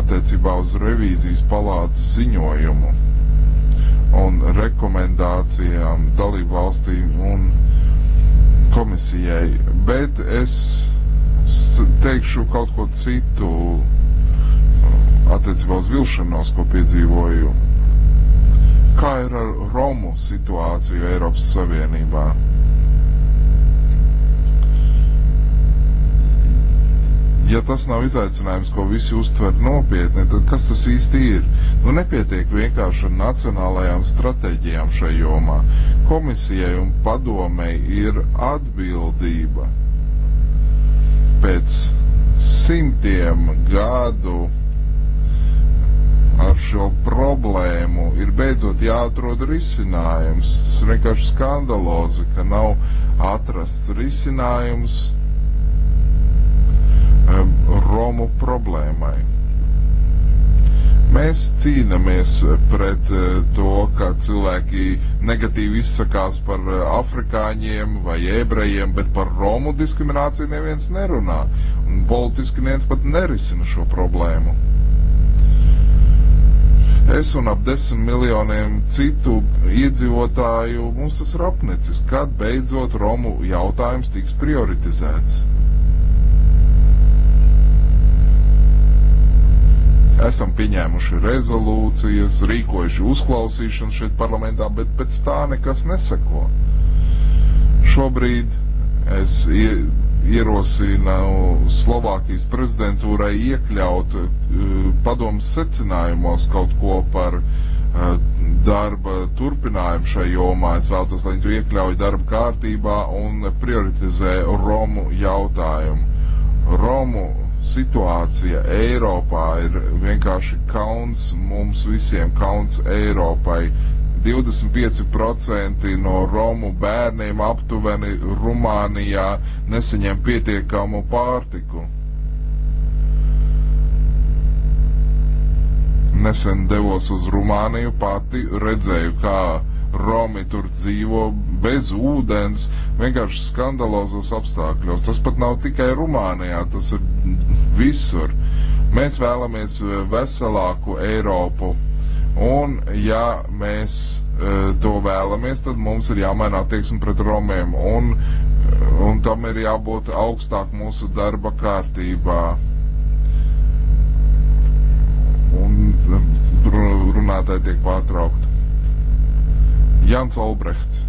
attiecībā uz revīzijas palātas ziņojumu un rekomendācijām dalību valstīm un komisijai, bet es teikšu kaut ko citu uh, attiecībā uz vilšanos, ko piedzīvoju. Kā ir ar Romu situāciju Eiropas Savienībā? Ja tas nav izaicinājums, ko visi uztver nopietni, tad kas tas īsti ir? Nu, nepietiek vienkārši ar nacionālajām stratēģijām šajā jomā. Komisijai un padomei ir atbildība pēc simtiem gadu ar šo problēmu ir beidzot jāatrod risinājums. Tas ir vienkārši skandalozi, ka nav atrasts risinājums ehm, Romu problēmai. Mēs cīnāmies eh, pret eh, to, ka cilvēki negatīvi izsakās par eh, afrikāņiem vai ebrejiem, bet par romu diskrimināciju neviens nerunā. Un politiski neviens pat nerisina šo problēmu. Es un ap desmit miljoniem citu iedzīvotāju mums tas ir apnicis, kad beidzot romu jautājums tiks prioritizēts. Esam pieņēmuši rezolūcijas, rīkojuši uzklausīšanu šeit parlamentā, bet pēc tā nekas neseko. Šobrīd es ierosinu Slovākijas prezidentūrai iekļaut uh, padomus secinājumos kaut ko par uh, darba turpinājumu šai jomā. Es vēlos, lai viņi to iekļauj darba kārtībā un prioritizē Romu jautājumu. Romu situācija Eiropā ir vienkārši kauns mums visiem, kauns Eiropai. 25% no Romu bērniem aptuveni Rumānijā nesaņem pietiekamu pārtiku. Nesen devos uz Rumāniju pati, redzēju, kā Romi tur dzīvo bez ūdens, vienkārši skandalozos apstākļos. Tas pat nav tikai Rumānijā, tas ir visur. Mēs vēlamies uh, veselāku Eiropu. Un, ja mēs uh, to vēlamies, tad mums ir jāmaina attieksme pret romiem. Un, uh, un tam ir jābūt augstāk mūsu darba kārtībā. Un runātāji tiek pārtraukti. Jans Olbrechts.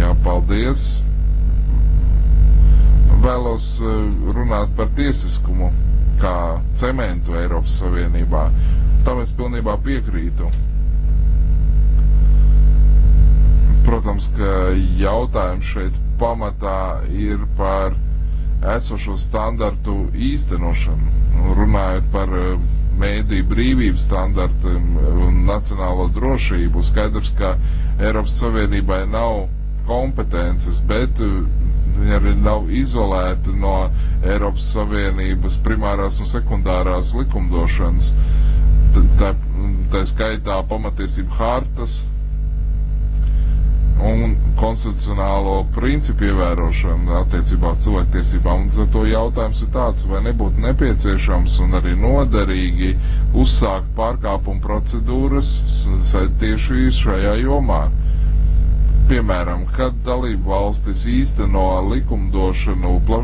Jā, paldies. Vēlos eh, runāt par tiesiskumu kā cementu Eiropas Savienībā. Tam es pilnībā piekrītu. Protams, ka jautājums šeit pamatā ir par esošo standartu īstenošanu. Runājot par eh, mēdīju brīvības standartiem un nacionālo drošību, skaidrs, ka Eiropas Savienībai nav kompetences, bet eh, viņa arī nav izolēta no Eiropas Savienības primārās un sekundārās likumdošanas. Tā, tā skaitā pamatiesība hartas un konstitucionālo principu ievērošanu attiecībā uz cilvēktiesībām. Un ar to jautājums ir tāds, vai nebūtu nepieciešams un arī noderīgi uzsākt pārkāpumu procedūras tieši šajā jomā. Uh, Piemēram, kad dalību valstis īsteno likumdošanu pla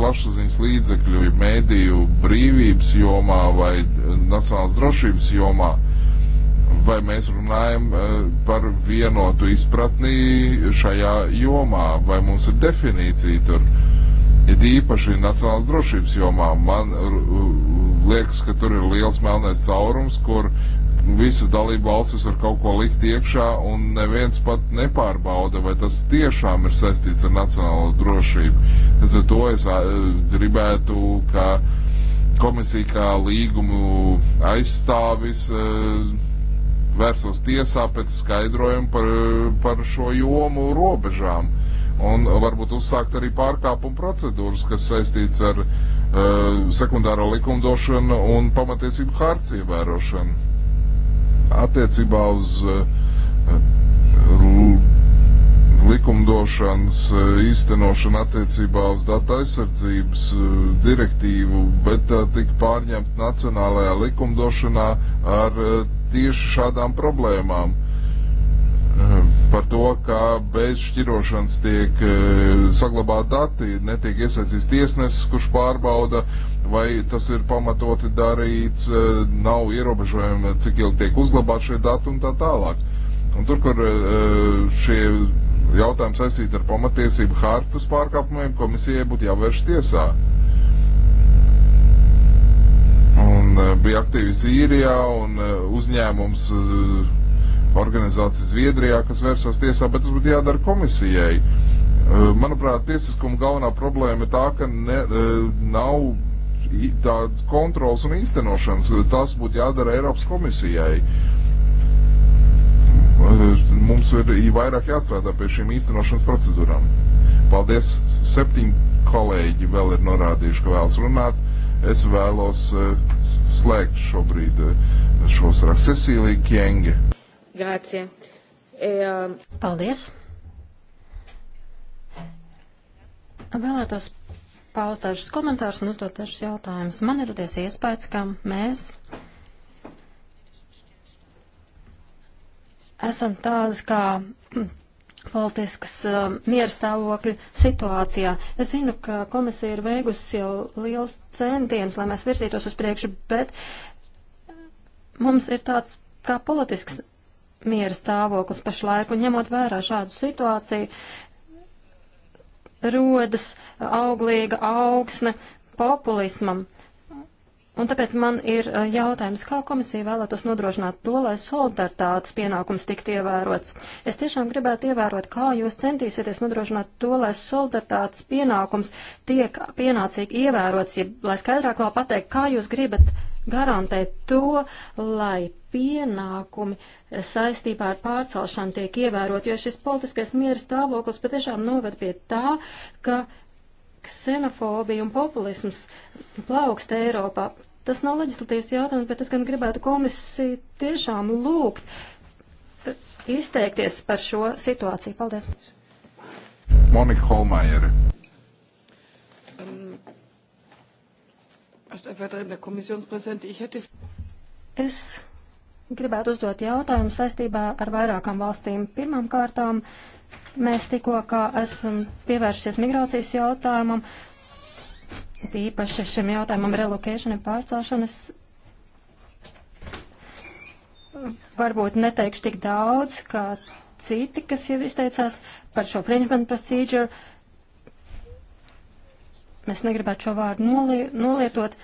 plašsaziņas līdzekļu, mēdīju brīvības jomā vai eh, nacionālas drošības jomā, vai mēs runājam eh, par vienotu izpratni šajā jomā, vai mums ir definīcija tur, ir īpaši nacionālas drošības jomā. Man liekas, ka tur ir liels melnais caurums, kur visas dalību valstis var kaut ko likt iekšā, un neviens pat nepārbauda, vai tas tiešām ir saistīts ar nacionālo drošību. Līdz ar to es gribētu, ka komisija kā līgumu aizstāvis vērsos tiesā pēc skaidrojumu par, par šo jomu robežām. Un varbūt uzsākt arī pārkāpumu procedūras, kas saistīts ar uh, sekundāro likumdošanu un pamatiesību hārts ievērošanu attiecībā uz eh, eh, likumdošanas eh, īstenošanu attiecībā uz datu aizsardzības direktīvu, bet tā tika pārņemta nacionālajā likumdošanā ar tieši šādām problēmām. Eh, par to, ka bez šķirošanas tiek eh, saglabāti dati, netiek iesaistīts tiesnesis, kurš pārbauda, vai tas ir pamatoti darīts, eh, nav ierobežojumi, cik ilgi tiek uzglabāti šie dati un tā tālāk. Un tur, kur šie jautājumi saistīti ar pamatiesību hartas pārkāpumiem, komisijai būtu jāvērš tiesā. Un bija aktīvis īrijā un uzņēmums organizācija Zviedrijā, kas vērsās tiesā, bet tas būtu jādara komisijai. Manuprāt, tiesiskuma galvenā problēma ir tā, ka ne, nav tādas kontrols un īstenošanas. Tas būtu jādara Eiropas komisijai. Mums ir vairāk jāstrādā pie šīm īstenošanas procedūrām. Paldies! Septiņi kolēģi vēl ir norādījuši, ka vēlas runāt. Es vēlos slēgt šobrīd šos rakstus. Cecīlija Kienge. Grācie. E, um... Paldies. Vēlētos paust dažus komentārus un uzdot dažus jautājumus. Man ir radies iespējas, ka mēs esam tādas kā politiskas um, miera stāvokļa situācijā. Es zinu, ka komisija ir veikusi jau liels centienus, lai mēs virzītos uz priekšu, bet mums ir tāds kā politisks miera stāvoklis pašlaik, un ņemot vērā šādu situāciju, rodas auglīga augsne populismam. Un tāpēc man ir jautājums, kā komisija vēlētos nodrošināt to, lai solidaritātes pienākums tiktu ievērots. Es tiešām gribētu ievērot, kā jūs centīsieties nodrošināt to, lai solidaritātes pienākums tiek pienācīgi ievērots, ja, lai skaidrāk vēl pateikt, kā jūs gribat garantēt to, lai pienākumi saistībā ar pārcelšanu tiek ievērot, jo šis politiskais miera stāvoklis patiešām noved pie tā, ka ksenofobija un populisms plaukst Eiropā. Tas nav leģislatīvs jautājums, bet es gan gribētu komisiju tiešām lūgt izteikties par šo situāciju. Paldies! Monika Holmajere. Um, ähm, Herr Vertreter der Kommissionspräsident, ich hätte. Es gribētu uzdot jautājumu saistībā ar vairākām valstīm. Pirmām kārtām mēs tikko kā esam pievēršies migrācijas jautājumam, tīpaši šim jautājumam relocation pārcelšanas. Varbūt neteikšu tik daudz, kā citi, kas jau izteicās par šo fringement procedure. Mēs negribētu šo vārdu noli, nolietot,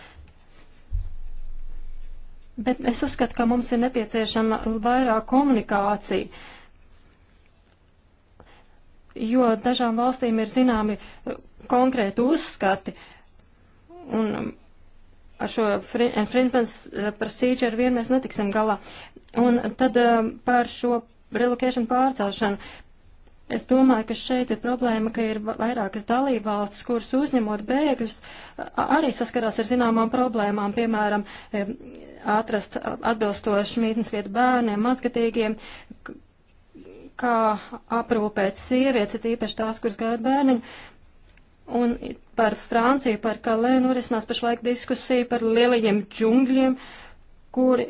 Bet es uzskatu, ka mums ir nepieciešama vairāk komunikācija, jo dažām valstīm ir zināmi eh, konkrēti uzskati. Un um, ar šo infringement eh, eh, procedure vien mēs netiksim galā. Un tad par šo relocation pārcelšanu Es domāju, ka šeit ir problēma, ka ir vairākas dalībvalstis, kuras uzņemot bēgļus, arī saskarās ar zināmām problēmām, piemēram, e, atrast atbilstošu mītnes vietu bērniem, mazgatīgiem, kā aprūpēt sievietes, ir īpaši tās, kuras gaida bērniņu. Un par Franciju, par Kalē norisinās pašlaik diskusija par lielajiem džungļiem, kuri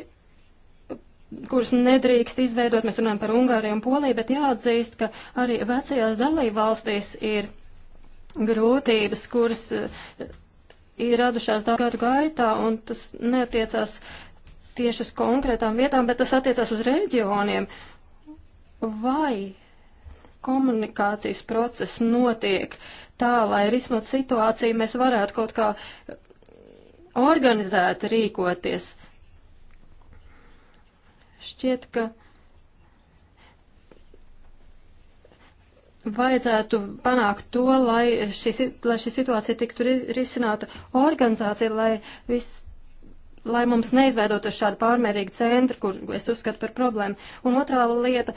kurus nedrīkst izveidot, mēs runājam par Ungāriju un Poliju, bet jāatzīst, ka arī vecajās dalībvalstīs ir grūtības, kuras eh, ir radušās daudz gadu gaitā, un tas neatiecās tieši uz konkrētām vietām, bet tas attiecās uz reģioniem. Vai komunikācijas process notiek tā, lai risinot situāciju, mēs varētu kaut kā organizēti rīkoties? Šķiet, ka vajadzētu panākt to, lai šī, lai šī situācija tiktu risināta organizācija, lai, vis, lai mums neizveidotu šādu pārmērīgu centru, kur es uzskatu par problēmu. Un otrā lieta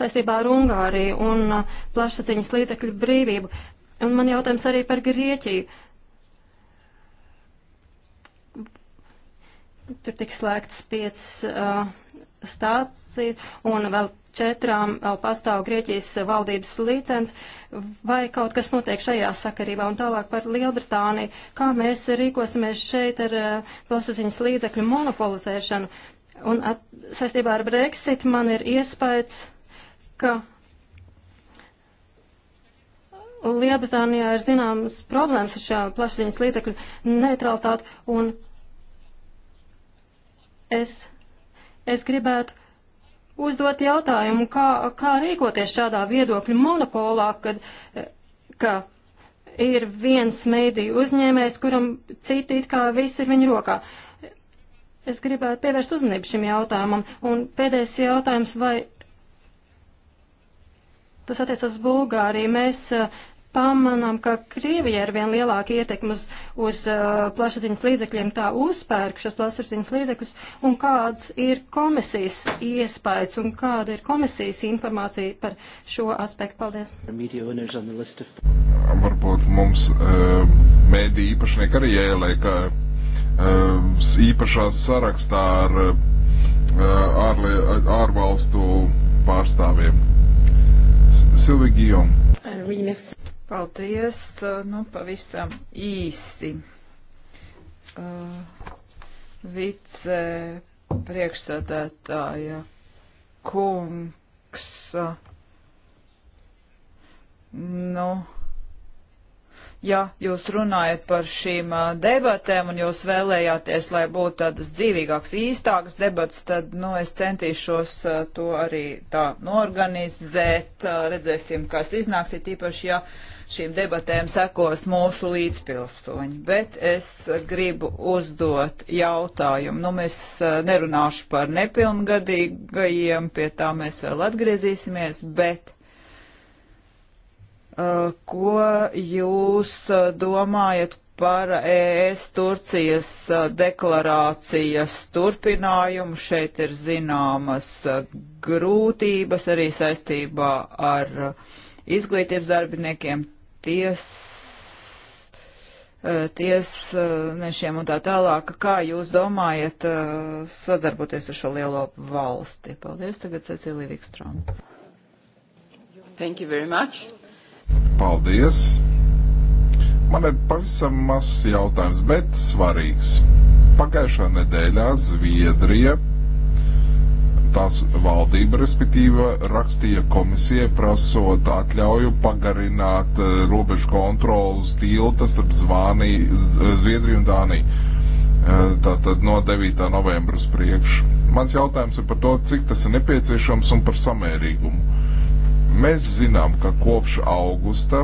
saistībā ar Ungāriju un uh, plašsaziņas līdzekļu brīvību. Un man jautājums arī par Grieķiju. Tur tiks slēgts piecas uh, stācija un vēl četrām vēl pastāv Grieķijas valdības licens. Vai kaut kas notiek šajā sakarībā un tālāk par Lielbritāniju? Kā mēs rīkosimies šeit ar uh, plašsaziņas līdzekļu monopolizēšanu? Un at, saistībā ar Brexit man ir iespējas, ka Lielbritānijā ir zināmas problēmas ar šā plašsaziņas līdzekļu neutralitāti un Es, es gribētu uzdot jautājumu, kā, kā rīkoties šādā viedokļu monopolā, kad, ka ir viens mediju uzņēmējs, kuram citi it kā viss ir viņa rokā. Es gribētu pievērst uzmanību šim jautājumam. Un pēdējais jautājums, vai tas attiecas uz Bulgāriju. Mēs uh, pamanām, ka Krievija ir vien lielāka ietekme uz, uz uh, plašsaziņas līdzekļiem, tā uzpērk šos plašsaziņas līdzekļus, un kāds ir komisijas iespējas un kāda ir komisijas informācija par šo aspektu. Paldies. Varbūt mums uh, mēdī īpašnieki arī ieliek uh, īpašā sarakstā ar uh, ārli, ārvalstu pārstāvjiem. Silvija Gijoma. Uh, oui, merci. Paldies, uh, nu pavisam īsi. Uh, vice priekšsēdētāja kungs. Uh, nu, ja jūs runājat par šīm debatēm un jūs vēlējāties, lai būtu tādas dzīvīgākas, īstākas debatas, tad, nu, es centīšos to arī tā norganizēt. Redzēsim, kas iznāks, ir tīpaši, ja šīm debatēm sekos mūsu līdzpilsoņi. Bet es gribu uzdot jautājumu. Nu, mēs nerunāšu par nepilngadīgajiem, pie tā mēs vēl atgriezīsimies, bet Uh, ko jūs uh, domājat par ES Turcijas uh, deklarācijas turpinājumu. Šeit ir zināmas grūtības arī saistībā ar izglītības darbiniekiem, ties, tiesnešiem un tā tālāk. Kā jūs domājat sadarboties ar šo lielo valsti? Paldies, tagad Cecilija Vikstrāna. Thank you very much. Paldies! Man ir pavisam mazs jautājums, bet svarīgs. Pagājušā nedēļā Zviedrija, tās valdība respektīva, rakstīja komisijai prasot atļauju pagarināt eh, robežu kontrolas tilta starp Zvāniju, eh, Zviedriju un Dāniju. Eh, tātad no 9. novembra uz priekšu. Mans jautājums ir par to, cik tas ir nepieciešams un par samērīgumu Mēs zinām, ka kopš augusta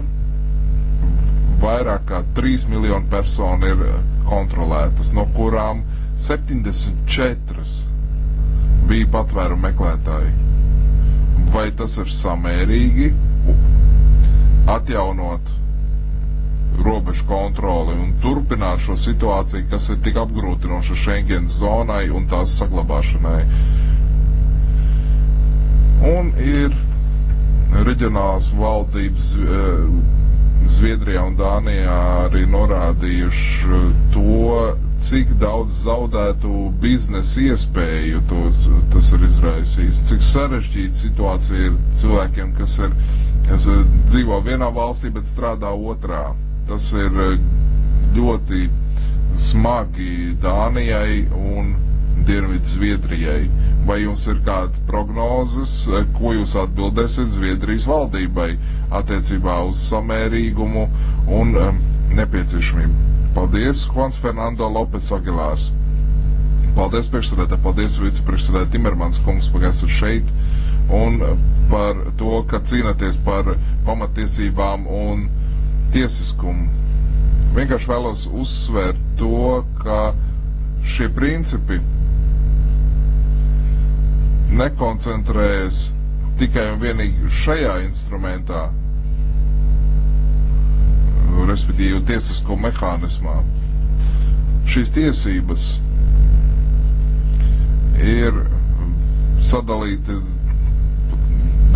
vairāk kā 3 miljoni personu ir eh, kontrolētas, no kurām 74 bija patvēru meklētāji. Vai tas ir samērīgi atjaunot robežu kontroli un turpināt šo situāciju, kas ir tik apgrūtinoša Schengens zonai un tās saglabāšanai? Un ir Reģionālās valdības eh, Zviedrijā un Dānijā arī norādījuši to, cik daudz zaudētu biznesa iespēju tos, tas ir izraisījis, cik sarežģīta situācija ir cilvēkiem, kas ir, kas eh, dzīvo vienā valstī, bet strādā otrā. Tas ir eh, ļoti smagi Dānijai un Dienvidu Zviedrijai. Vai jums ir kādas prognozes, eh, ko jūs atbildēsiet Zviedrijas valdībai attiecībā uz samērīgumu un um, nepieciešamību? Paldies, Juans Fernando Lopes Agilārs. Paldies, priekšsēdētā, paldies, vicepriekšsēdētā Timermans kungs, ka esat šeit un par to, ka cīnāties par pamatiesībām un tiesiskumu. Vienkārši vēlos uzsvērt to, ka šie principi nekoncentrējas tikai un vienīgi šajā instrumentā, respektīvi tiesisko mehānismā. Šīs tiesības ir sadalīti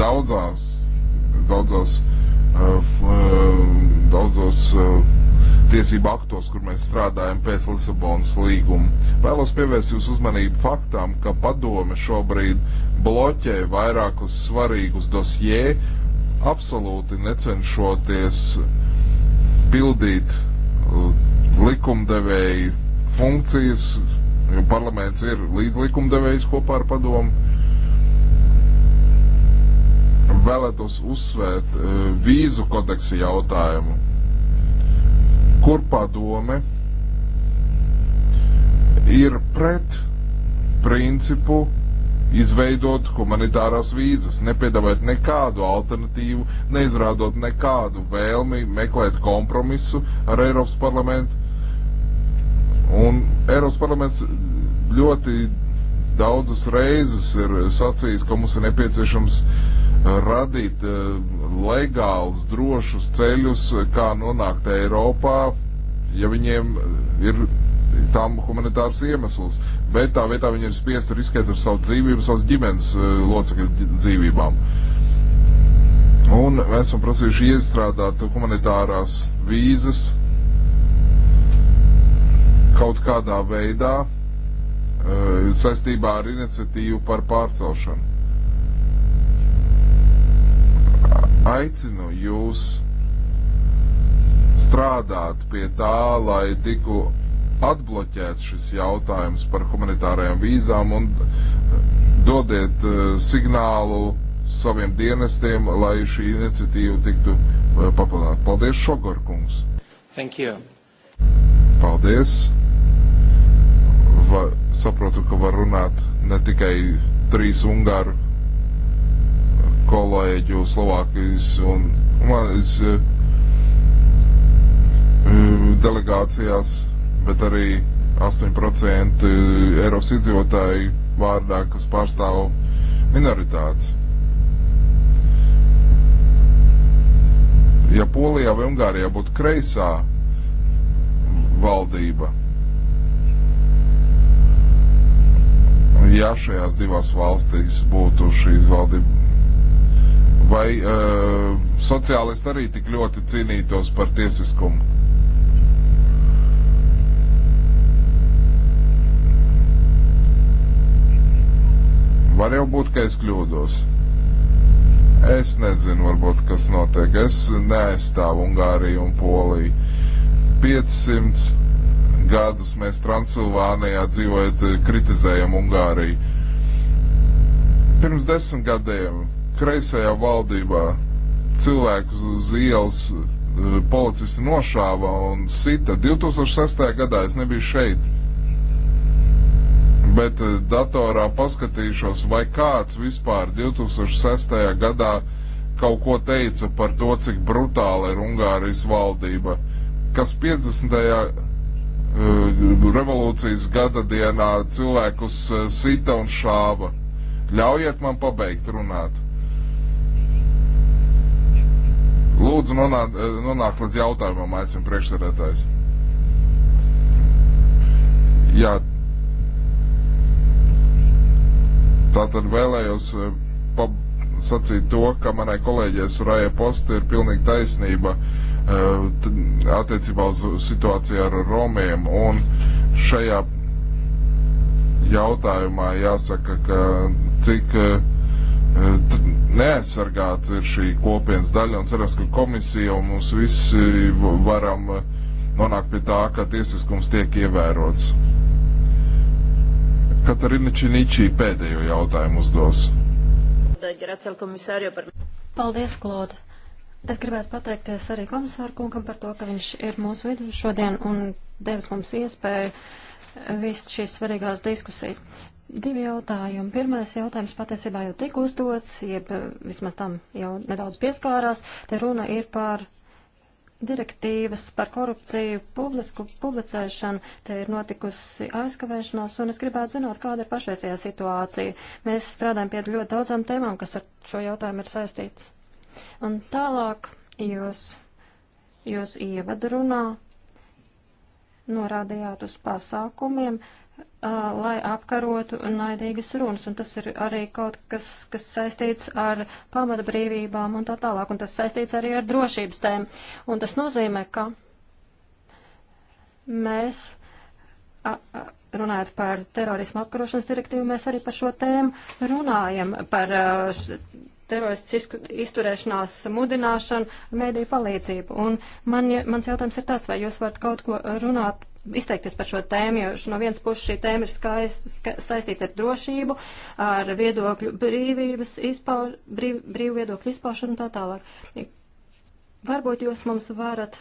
daudzās, daudzās, uh, uh, daudzos uh, tiesību aktos, kur mēs strādājam pēc Lisabonas līguma. Vēlos pievērst jūsu uzmanību faktām, ka padome šobrīd bloķē vairākus svarīgus dosjē, absolūti necenšoties pildīt uh, likumdevēju funkcijas, jo parlaments ir līdzlikumdevējs kopā ar padomu. Vēlētos uzsvērt uh, vīzu kodeksa jautājumu kur padome ir pret principu izveidot humanitārās vīzas, nepiedāvāt nekādu alternatīvu, neizrādot nekādu vēlmi meklēt kompromisu ar Eiropas parlamentu. Un Eiropas parlaments ļoti daudzas reizes ir sacījis, ka mums ir nepieciešams uh, radīt eh, legāls, drošus ceļus, kā nonākt Eiropā, ja viņiem ir tam humanitārs iemesls. Bet tā vietā viņi ir spiesti riskēt ar savu dzīvību, savas ģimenes eh, locekļu dzīvībām. Un mēs esam prasījuši iestrādāt humanitārās vīzas kaut kādā veidā eh, saistībā ar iniciatīvu par pārcelšanu. Aicinu jūs strādāt pie tā, lai tiku atbloķēts šis jautājums par humanitārajām vīzām un eh, dodiet eh, signālu saviem dienestiem, lai šī iniciatīva tiktu eh, papildināta. Paldies, Šogorkungs! Thank you! Paldies! Va, saprotu, ka var runāt ne tikai trīs ungāru kolēģu Slovākijas un Manas eh, eh, delegācijās, bet arī 8% Eiropas iedzīvotāju vārdā, kas pārstāv minoritātes. Ja Polijā vai Ungārijā būtu kreisā valdība, ja šajās divās valstīs būtu šīs valdības Vai uh, sociālisti arī tik ļoti cīnītos par tiesiskumu? Var jau būt, ka es kļūdos. Es nezinu, varbūt, kas notiek. Es neaizstāvu Ungāriju un Poliju. 500 gadus mēs Transilvānijā dzīvojot, eh, kritizējam Ungāriju. Pirms desmit gadiem kreisajā valdībā cilvēkus uz ielas e, policisti nošāva un sita. 2006. gadā es nebiju šeit, bet e, datorā paskatīšos, vai kāds vispār 2006. gadā kaut ko teica par to, cik brutāla ir Ungārijas valdība, kas 50. E, revolūcijas gada dienā cilvēkus sita un šāva. Ļaujiet man pabeigt runāt. Lūdzu, nonāk, nonāk līdz jautājumam, aicinu priekšsēdētājs. Jā. Tātad vēlējos eh, sacīt to, ka manai kolēģijai Surāja Posta ir pilnīgi taisnība eh, attiecībā uz situāciju ar Romiem. Un šajā jautājumā jāsaka, ka cik uh, neaizsargāta ir šī kopienas daļa, un cerams, ka komisija un mums visi varam nonākt pie tā, ka tiesiskums tiek ievērots. Katarina Činičī pēdējo jautājumu uzdos. Paldies, Klod. Es gribētu pateikties arī komisāru kungam par to, ka viņš ir mūsu vidū šodien un devis mums iespēju vist šīs svarīgās diskusijas. Divi jautājumi. Pirmais jautājums patiesībā jau tika uzdots, jeb eh, vismaz tam jau nedaudz pieskārās. Te runa ir par direktīvas par korupciju publisku publicēšanu. Te ir notikusi aizkavēšanās, un es gribētu zināt, kāda ir pašreizējā situācija. Mēs strādājam pie ļoti daudzām tēmām, kas ar šo jautājumu ir saistīts. Un tālāk jūs, jūs ievadrunā norādījāt uz pasākumiem, uh, lai apkarotu naidīgas runas, un tas ir arī kaut kas, kas saistīts ar pamata brīvībām un tā tālāk, un tas saistīts arī ar drošības tēmu. Un tas nozīmē, ka mēs, a, a, runājot par terorismu apkarošanas direktīvu, mēs arī par šo tēmu runājam, par a, š, teroristisku izturēšanās mudināšanu, mēdīju palīdzību. Un man, mans jautājums ir tāds, vai jūs varat kaut ko runāt izteikties par šo tēmu, jo no vienas puses šī tēma ir skaist, ska, saistīta ar drošību, ar viedokļu brīvības izpauž, brīv, brīvu viedokļu izpaušanu un tā tālāk. Varbūt jūs mums varat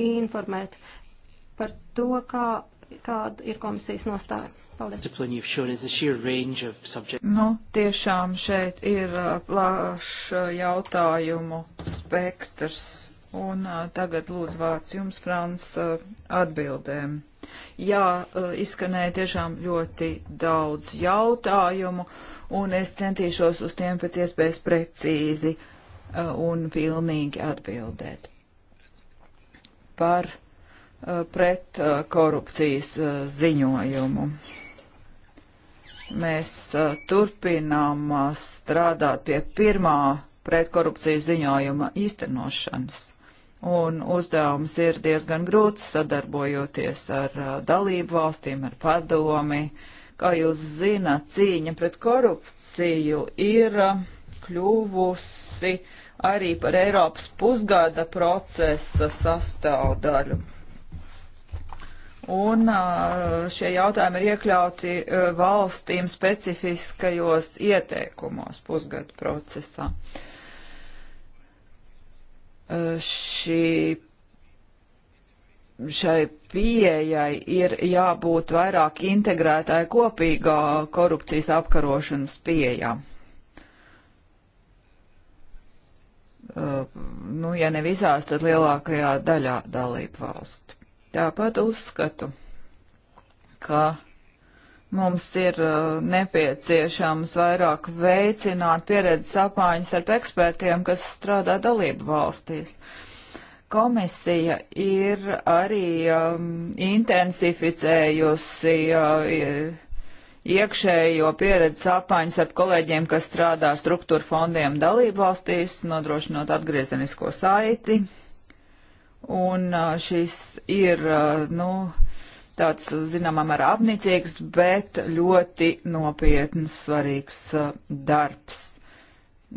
informēt par to, kā, kāda ir komisijas nostāja. Paldies. Nu, tiešām šeit ir uh, plašs uh, jautājumu spektrs Un tagad lūdzu vārds jums, Frans, atbildēm. Jā, izskanēja tiešām ļoti daudz jautājumu, un es centīšos uz tiem pēc iespējas precīzi un pilnīgi atbildēt. Par pret korupcijas ziņojumu. Mēs turpinām strādāt pie pirmā pretkorupcijas ziņojuma īstenošanas un uzdevums ir diezgan grūts sadarbojoties ar uh, dalību valstīm, ar padomi. Kā jūs zināt, cīņa pret korupciju ir uh, kļuvusi arī par Eiropas pusgada procesa sastāvdaļu. Un uh, šie jautājumi ir iekļauti valstīm specifiskajos ieteikumos pusgada procesā. Uh, šī, šai pieejai ir jābūt vairāk integrētāji kopīgā korupcijas apkarošanas pieejā. Uh, nu, ja ne visās, tad lielākajā daļā dalību valstu. Tāpat uzskatu, ka Mums ir uh, nepieciešams vairāk veicināt pieredzes apmaiņas ar ekspertiem, kas strādā dalību valstīs. Komisija ir arī um, intensificējusi uh, iekšējo pieredzes apmaiņas ar kolēģiem, kas strādā struktūra fondiem dalību valstīs, nodrošinot atgriezenisko saiti. Un uh, šis ir, uh, nu, uh, tāds, zināmā mērā, apnicīgs, bet ļoti nopietns, svarīgs uh, darbs.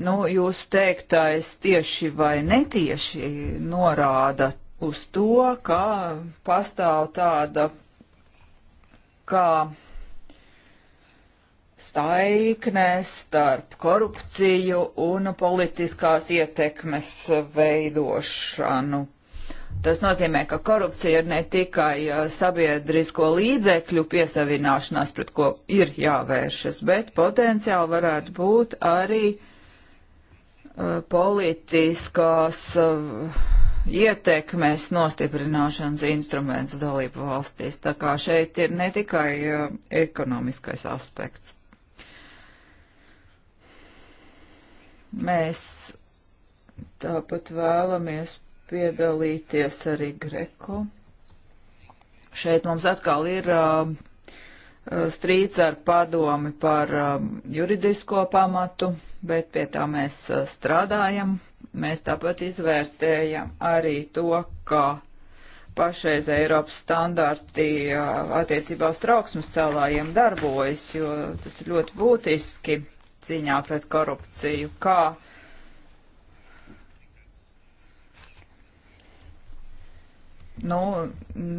Nu, jūs teiktais tieši vai netieši norāda uz to, ka pastāv tāda kā saiknē starp korupciju un politiskās ietekmes veidošanu Tas nozīmē, ka korupcija ir ne tikai uh, sabiedrisko līdzekļu piesavināšanās, pret ko ir jāvēršas, bet potenciāli varētu būt arī uh, politiskās uh, ietekmes nostiprināšanas instruments dalību valstīs. Tā kā šeit ir ne tikai uh, ekonomiskais aspekts. Mēs tāpat vēlamies piedalīties arī Greko. Šeit mums atkal ir um, uh, strīds ar padomi par um, juridisko pamatu, bet pie tā mēs uh, strādājam. Mēs tāpat izvērtējam arī to, ka pašreiz Eiropas standarti uh, attiecībā uz trauksmes cēlājiem darbojas, jo tas ir ļoti būtiski cīņā pret korupciju, kā nu,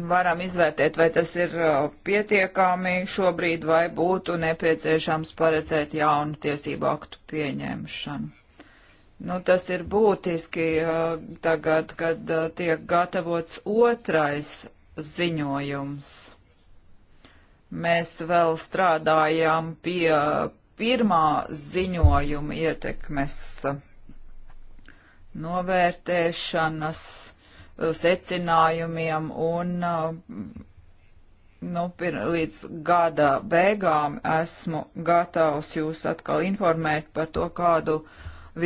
varam izvērtēt, vai tas ir uh, pietiekami šobrīd, vai būtu nepieciešams paredzēt jaunu tiesību aktu pieņemšanu. Nu, tas ir būtiski uh, tagad, kad uh, tiek gatavots otrais ziņojums. Mēs vēl strādājām pie pirmā ziņojuma ietekmes novērtēšanas secinājumiem un nu, pir, līdz gada beigām esmu gatavs jūs atkal informēt par to, kādu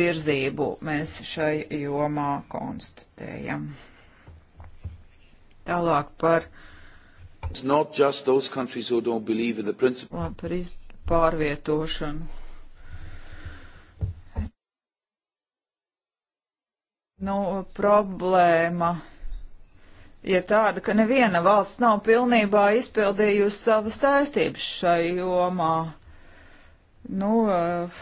virzību mēs šai jomā konstatējam. Tālāk par. It's not just those countries who don't believe in the principle. Par pārvietošanu Nu, problēma ir tāda, ka neviena valsts nav pilnībā izpildījusi savas saistības šai jomā. Nu, eh,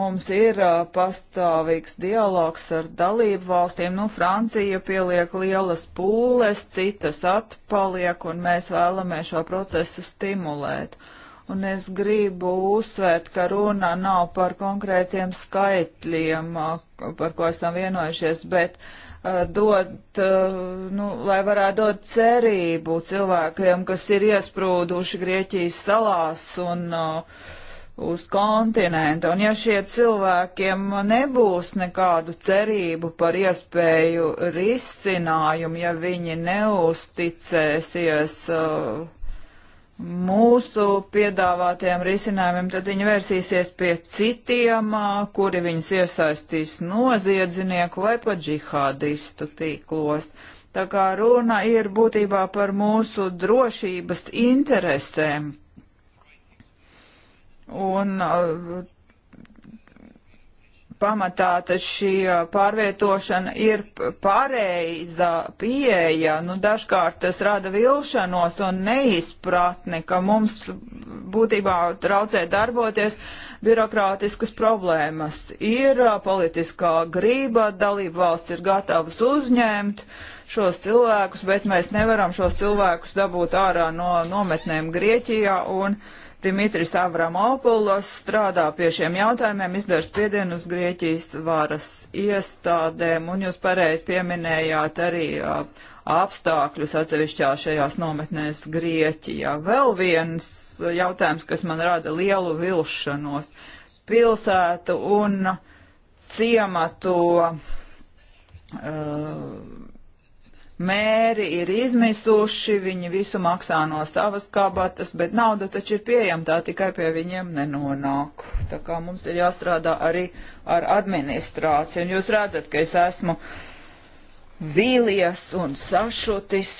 mums ir eh, pastāvīgs dialogs ar dalību valstīm. Nu, Francija pieliek lielas pūles, citas atpaliek, un mēs vēlamies šo procesu stimulēt. Uh, Un es gribu uzsvērt, ka runa nav par konkrētiem skaitļiem, uh, par ko esam vienojušies, bet uh, dot, uh, nu, lai varētu dot cerību cilvēkiem, kas ir iesprūduši Grieķijas salās un uh, uz kontinenta. Un ja šie cilvēkiem nebūs nekādu cerību par iespēju risinājumu, ja viņi neusticēsies. Uh, mūsu piedāvātajiem risinājumiem, tad viņi vērsīsies pie citiem, kuri viņus iesaistīs noziedzinieku vai pat džihādistu tīklos. Tā kā runa ir būtībā par mūsu drošības interesēm. Un pamatā šī pārvietošana ir pareiza pieeja. Nu, dažkārt tas rada vilšanos un neizpratni, ka mums būtībā traucē darboties birokrātiskas problēmas. Ir politiskā grība, dalība valsts ir gatavas uzņemt šos cilvēkus, bet mēs nevaram šos cilvēkus dabūt ārā no nometnēm Grieķijā un uh, Dimitris Avramopulos strādā pie šiem jautājumiem, izdara spiedienu uz Grieķijas varas iestādēm, un jūs pareizi pieminējāt arī apstākļus atsevišķā šajās nometnēs Grieķijā. Vēl viens jautājums, kas man rada lielu vilšanos - pilsētu un ciematu. Uh, mēri ir izmisuši, viņi visu maksā no savas kabatas, bet nauda taču ir pieejama, tā tikai pie viņiem nenonāk. Tā kā mums ir jāstrādā arī ar administrāciju. Un jūs redzat, ka es esmu vīlies un sašutis.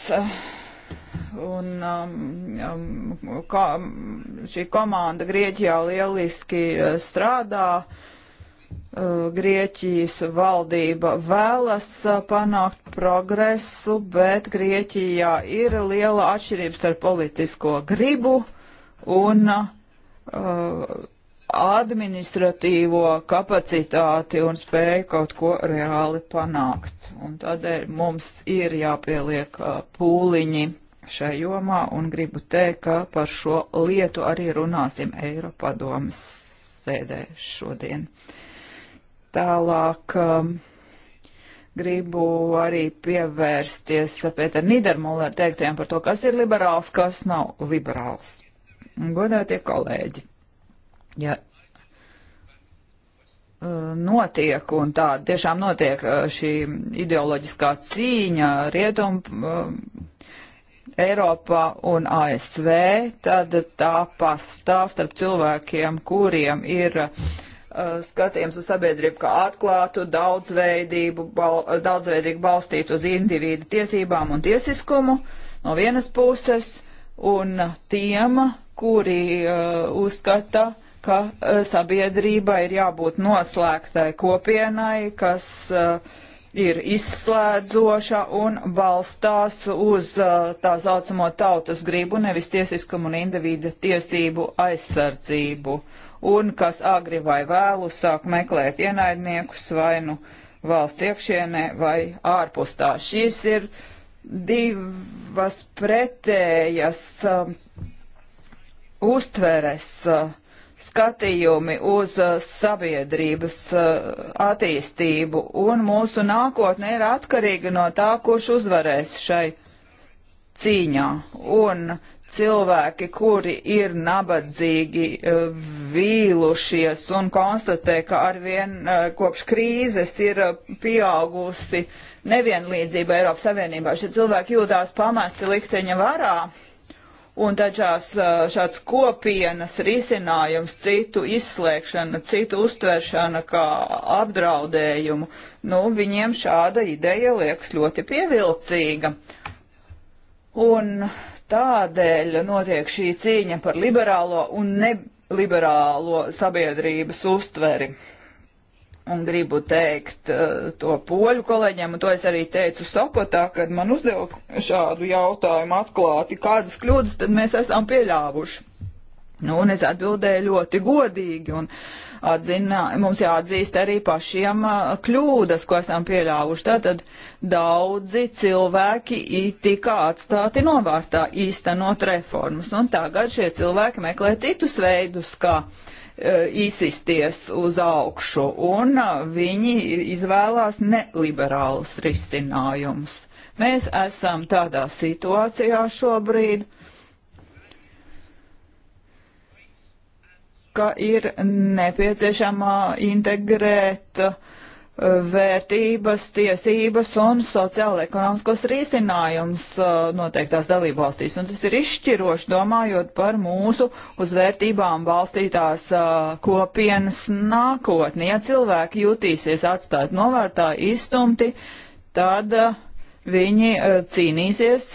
Un um, um kā, šī komanda Grieķijā lieliski uh, strādā. Uh, Eh, Grieķijas valdība vēlas eh, panākt progresu, bet Grieķijā ir liela atšķirība starp politisko gribu un uh, administratīvo kapacitāti un spēju kaut ko reāli panākt. Un tādēļ mums ir jāpieliek uh, pūliņi šai jomā un gribu teikt, ka par šo lietu arī runāsim Eiropadomas sēdē šodien. Uh, Tālāk um, gribu arī pievērsties Pēter Nīdermuller teiktiem par to, kas ir liberāls, kas nav liberāls. Godātie kolēģi, ja uh, notiek, un tā tiešām notiek uh, šī ideoloģiskā cīņa rietumu um, Eiropā un ASV, tad tā pastāv starp cilvēkiem, kuriem ir uh, Uh, skatījums uz sabiedrību kā atklātu, daudzveidību, bal, daudzveidīgu balstītu uz individu tiesībām un tiesiskumu no vienas puses, un tiem, kuri uh, uzskata, ka uh, sabiedrība ir jābūt noslēgtai kopienai, kas uh, ir izslēdzoša un balstās uz uh, tā saucamo tautas gribu, nevis tiesiskumu un individa tiesību aizsardzību. Uh, un kas agri vai vēlu sāk meklēt ienaidniekus vai nu valsts iekšienē vai ārpus tā. Šīs ir divas pretējas uh, uztveres uh, skatījumi uz uh, sabiedrības uh, attīstību, un mūsu nākotne ir atkarīga no tā, kurš uzvarēs šai cīņā. Un cilvēki, kuri ir nabadzīgi, eh, vīlušies un konstatē, ka arvien eh, kopš krīzes ir eh, pieaugusi nevienlīdzība Eiropas Savienībā. Šie cilvēki jūtās pamesti likteņa varā. Un dažās šāds kopienas risinājums, citu izslēgšana, citu uztveršana kā apdraudējumu, nu, viņiem šāda ideja liekas ļoti pievilcīga. Un uh, tādēļ notiek šī cīņa par liberālo un neliberālo sabiedrības uztveri. Un gribu teikt eh, to poļu kolēģiem, un to es arī teicu Sopotā, kad man uzdeva šādu jautājumu atklāti, kādas kļūdas tad mēs esam pieļāvuši. Nu, un es atbildēju ļoti godīgi un atzina, mums jāatzīst arī pašiem kļūdas, ko esam pieļāvuši. Tātad daudzi cilvēki tika atstāti novārtā īstenot reformas, un tagad šie cilvēki meklē citus veidus, kā izsisties uz augšu, un viņi izvēlās neliberālus risinājumus. Mēs esam tādā situācijā šobrīd ka ir nepieciešama integrēt uh, vērtības, tiesības un sociāla-ekonomiskos risinājums uh, noteiktās dalībvalstīs. Un tas ir izšķiroši domājot par mūsu uz vērtībām balstītās uh, kopienas nākotni. Ja cilvēki jutīsies atstāt novērtā izstumti, tad viņi cīnīsies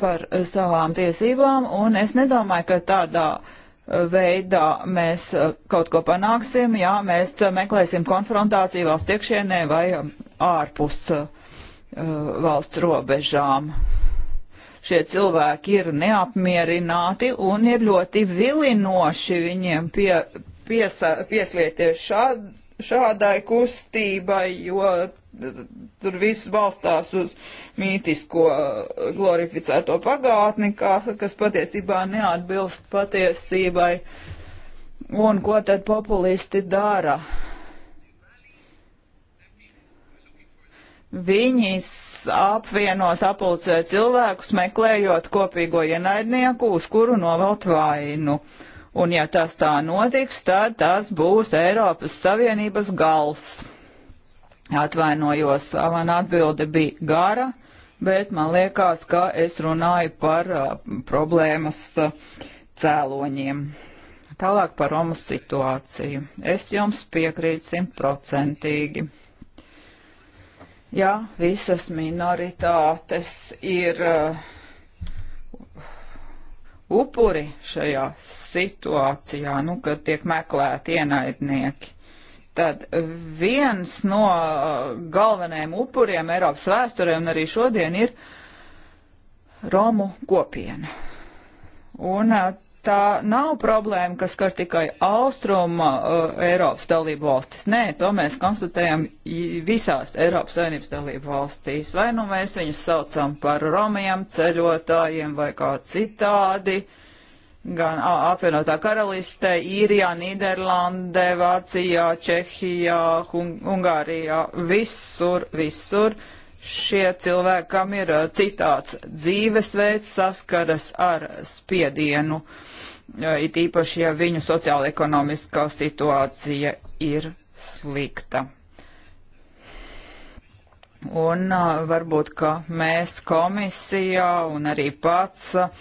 par savām tiesībām, un es nedomāju, ka tādā uh, veidā mēs uh, kaut ko panāksim, ja mēs uh, meklēsim konfrontāciju valsts iekšienē vai um, ārpus uh, valsts robežām. Šie cilvēki ir neapmierināti un ir ļoti vilinoši viņiem pie, piesa, pieslieties šād, šādai kustībai, jo Tur viss balstās uz mītisko uh, glorificēto pagātni, kā, kas patiesībā neatbilst patiesībai. Un ko tad populisti dara? Viņi apvieno sapulcē cilvēkus, meklējot kopīgo ienaidnieku, uz kuru novelt vainu. Un ja tas tā notiks, tad tas būs Eiropas Savienības gals. Atvainojos, man atbilde bija gara, bet man liekas, ka es runāju par uh, problēmas uh, cēloņiem. Tālāk par Romu situāciju. Es jums piekrītu simtprocentīgi. Jā, visas minoritātes ir uh, upuri šajā situācijā, nu, kad tiek meklēti ienaidnieki. Tad viens no galvenajiem upuriem Eiropas vēsturē un arī šodien ir Romu kopiena. Un uh, tā nav problēma, kas skar tikai austruma uh, Eiropas dalību valstis. Nē, to mēs konstatējam visās Eiropas Savienības dalību valstīs. Vai nu mēs viņus saucam par romiem, ceļotājiem vai kā citādi. Uh, gan apvienotā karalistē, Īrijā, Nīderlandē, Vācijā, Čehijā, Hung Ungārijā, visur, visur. Šie cilvēki, kam ir citāds dzīvesveids, saskaras ar spiedienu, it īpaši, ja viņu sociāla-ekonomiskā situācija ir slikta. Un varbūt, ka mēs komisijā un arī pats uh,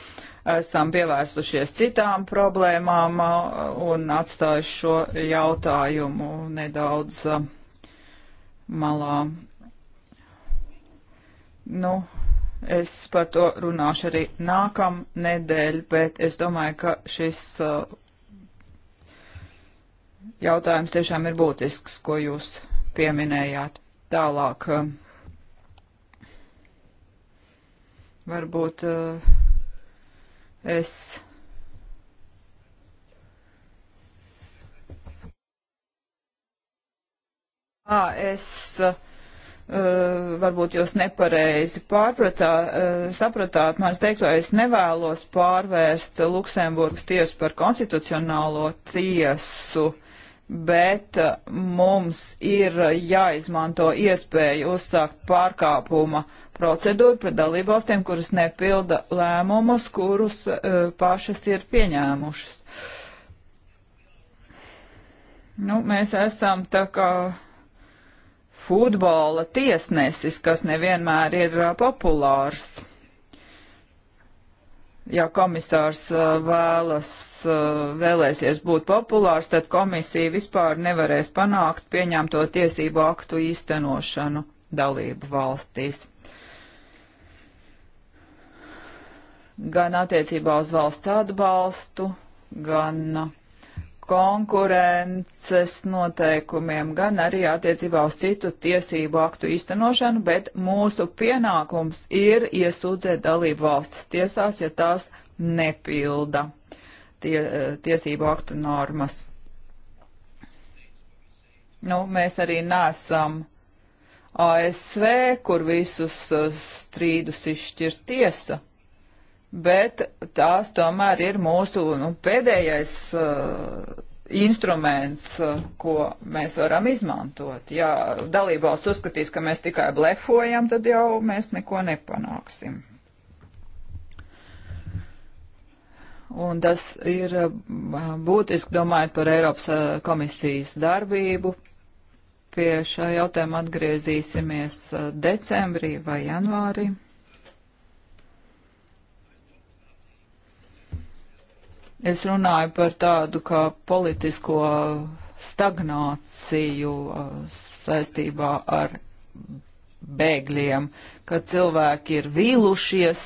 esam pievērsušies citām problēmām un atstājuši šo jautājumu nedaudz malā. Nu, es par to runāšu arī nākam nedēļ, bet es domāju, ka šis jautājums tiešām ir būtisks, ko jūs pieminējāt. Tālāk varbūt uh, Es À, es uh, varbūt jūs nepareizi pārpratā, uh, sapratāt, man teikto, es nevēlos pārvērst Luksemburgas tiesu par konstitucionālo tiesu. Uh, bet uh, mums ir jāizmanto iespēju uzsākt pārkāpuma procedūru pret dalībvalstīm, kuras nepilda lēmumus, kurus uh, pašas ir pieņēmušas. Nu, mēs esam tā kā futbola tiesnesis, kas nevienmēr ir uh, populārs ja komisārs uh, vēlas, uh, vēlēsies būt populārs, tad komisija vispār nevarēs panākt pieņemto tiesību aktu īstenošanu dalību valstīs. Gan attiecībā uz valsts atbalstu, gan konkurences noteikumiem, gan arī attiecībā uz citu tiesību aktu īstenošanu, bet mūsu pienākums ir iesūdzēt dalību valstis tiesās, ja tās nepilda tie, tiesību aktu normas. Nu, mēs arī nesam ASV, kur visus uh, strīdus izšķir tiesa bet tās tomēr ir mūsu nu, pēdējais uh, instruments, uh, ko mēs varam izmantot. Ja dalībvalsts uzskatīs, ka mēs tikai blefojam, tad jau mēs neko nepanāksim. Un tas ir uh, būtiski domājot par Eiropas uh, komisijas darbību. Pie šā jautājuma atgriezīsimies uh, decembrī vai janvārī. Es runāju par tādu kā politisko stagnāciju uh, saistībā ar bēgļiem, ka cilvēki ir vīlušies,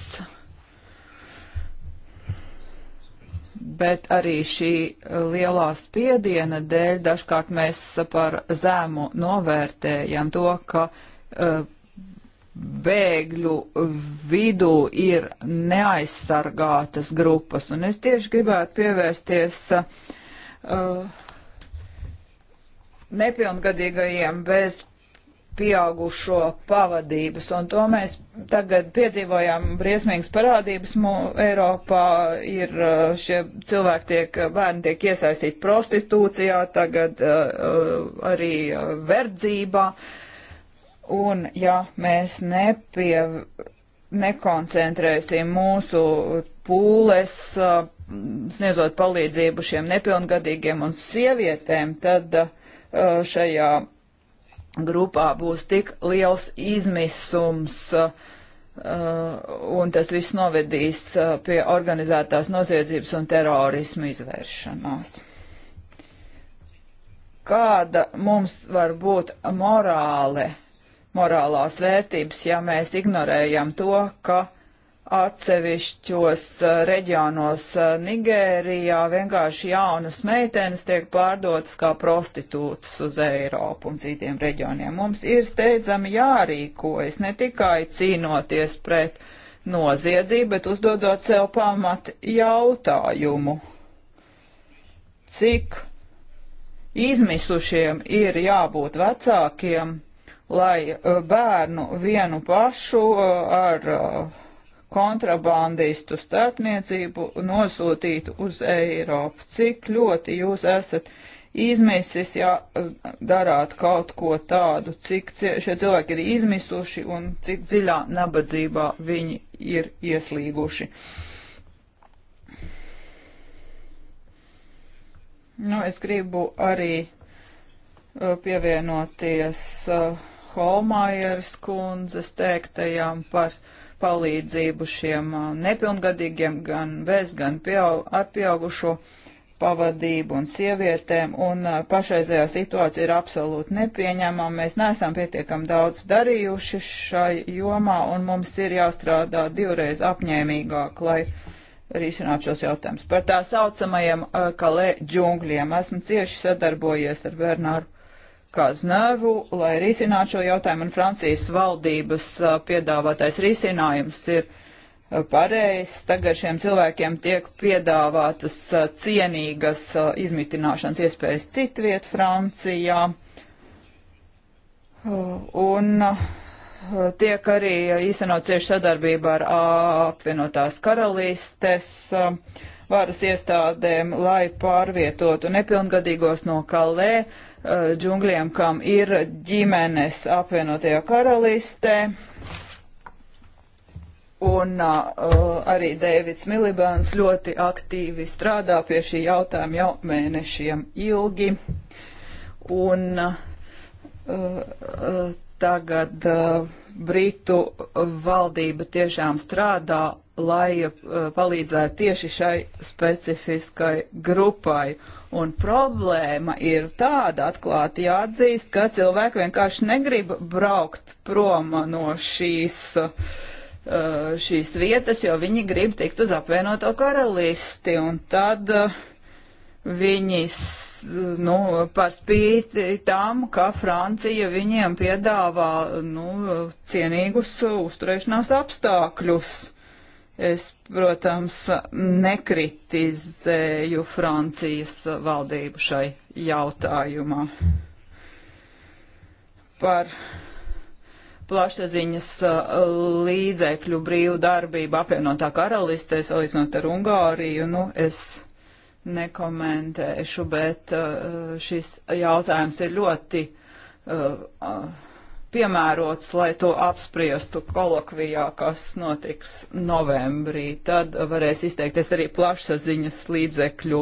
bet arī šī lielā spiediena dēļ dažkārt mēs par zēmu novērtējam to, ka uh, bēgļu vidū ir neaizsargātas grupas. Un es tieši gribētu pievērsties uh, nepilngadīgajiem bez pieaugušo pavadības, un to mēs tagad piedzīvojām briesmīgas parādības. Mū, Eiropā ir uh, šie cilvēki tiek, bērni tiek iesaistīti prostitūcijā, tagad uh, uh arī uh, verdzībā. Uh, Un ja mēs nepie, nekoncentrēsim mūsu pūles, sniedzot palīdzību šiem nepilngadīgiem un sievietēm, tad šajā grupā būs tik liels izmisums, un tas viss novedīs pie organizētās noziedzības un terorismu izvēršanās. Kāda mums var būt morāle? morālās vērtības, ja mēs ignorējam to, ka atsevišķos eh, reģionos eh, Nigērijā vienkārši jaunas meitenes tiek pārdotas kā prostitūtas uz Eiropu un citiem reģioniem. Mums ir steidzami jārīkojas ne tikai cīnoties pret noziedzību, bet uzdodot sev pamat jautājumu, cik izmisušiem ir jābūt vecākiem, lai eh, bērnu vienu pašu eh, ar eh, kontrabandistu starpniecību nosūtītu uz Eiropu. Cik ļoti jūs esat izmisis, ja darāt kaut ko tādu, cik šie cilvēki ir izmisuši un cik dziļā nabadzībā viņi ir ieslīguši. Nu, es gribu arī pievienoties uh, Holmajeras kundzes teiktajām par palīdzību šiem uh, nepilngadīgiem gan bez, gan pieaug, pieaugušo pavadību un sievietēm, un uh, pašreizējā situācija ir absolūti nepieņemama. Mēs neesam pietiekam daudz darījuši šai jomā, un mums ir jāstrādā divreiz apņēmīgāk, lai risināt šos jautājumus. Par tā saucamajiem uh, kalē džungļiem esmu cieši sadarbojies ar Bernāru Kaznevu, lai risinātu šo jautājumu, un Francijas valdības piedāvātais risinājums ir pareizs. Tagad šiem cilvēkiem tiek piedāvātas cienīgas izmitināšanas iespējas citviet Francijā. Un tiek arī īstenot cieši sadarbība ar apvienotās karalistes varas iestādēm, lai pārvietotu nepilngadīgos no Kalē Eh, džungļiem, kam ir ģimenes apvienotajā karalistē. Un uh, arī Dēvids Milibāns ļoti aktīvi strādā pie šī jautājuma jau mēnešiem ilgi. Un uh, uh, tagad uh, Britu valdība tiešām strādā, lai uh, palīdzētu tieši šai specifiskai grupai Un problēma ir tāda atklāti jāatzīst, ka cilvēki vienkārši negrib braukt prom no šīs, uh, šīs vietas, jo viņi grib tikt uz apvienoto karalisti. Un tad uh, viņi, nu, par spīti tam, ka Francija viņiem piedāvā, nu, cienīgus uzturēšanās apstākļus Es, protams, nekritizēju Francijas valdību šai jautājumā par plašsaziņas uh, līdzekļu brīvu darbību apvienotā karalistē, salīdzinot ar Ungāriju. Nu, es nekomentēšu, bet uh, šis jautājums ir ļoti uh, uh piemērots, lai to apspriestu kolokvijā, kas notiks novembrī. Tad varēs izteikties arī plašsaziņas līdzekļu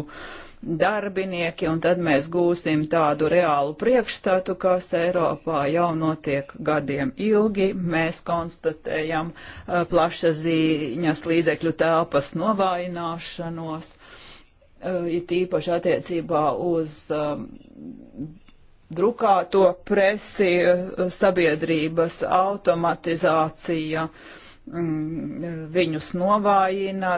darbinieki, un tad mēs gūsim tādu reālu priekšstatu, kas Eiropā jau notiek gadiem ilgi. Mēs konstatējam uh, plašsaziņas līdzekļu telpas novājināšanos, uh, it īpaši attiecībā uz um, drukāto presi, eh, sabiedrības automatizācija mm, viņus novājina.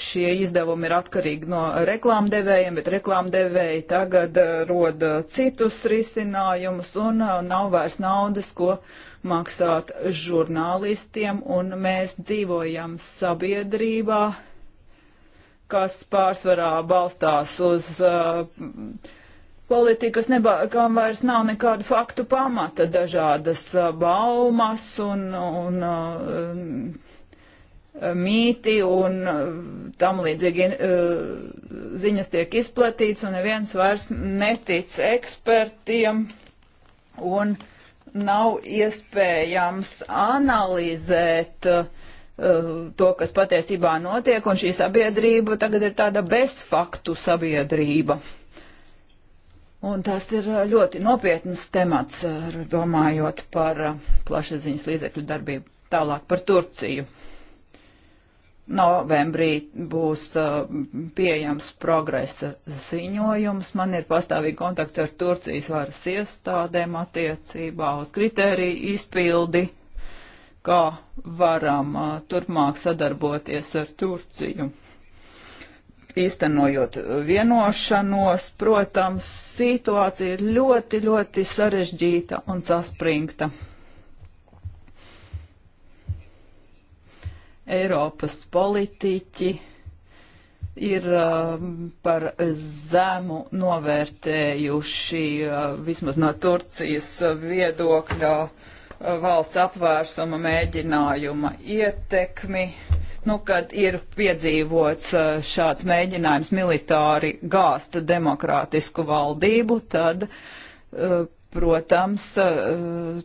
Šie izdevumi ir atkarīgi no reklāmdevējiem, bet reklāmdevēji tagad eh, roda eh, citus risinājumus un nav vairs naudas, ko maksāt žurnālistiem, un mēs dzīvojam sabiedrībā, kas pārsvarā balstās uz uh, politikas nebakām vairs nav nekādu faktu pamata, dažādas uh, baumas un, un, un uh, mīti un uh, tam līdzīgi ziņas tiek izplatīts un neviens vairs netic ekspertiem un nav iespējams analizēt to, kas patiesībā notiek, un šī sabiedrība tagad ir tāda bezfaktu sabiedrība. Un tas ir uh, ļoti nopietnas temats, uh, domājot par uh, plašsaziņas līdzekļu darbību. Tālāk par Turciju. Novembrī būs pieejams progresa ziņojums. Man ir pastāvīgi kontakti ar Turcijas varas iestādēm attiecībā uz kritēriju izpildi, kā varam turpmāk sadarboties ar Turciju īstenojot vienošanos, protams, situācija ir ļoti, ļoti sarežģīta un saspringta. Eiropas politiķi ir um, par zemu novērtējuši uh, vismaz no Turcijas viedokļa uh, valsts apvērsuma mēģinājuma ietekmi nu, kad ir piedzīvots uh, šāds mēģinājums militāri gāzt demokrātisku valdību, tad, uh, protams, uh,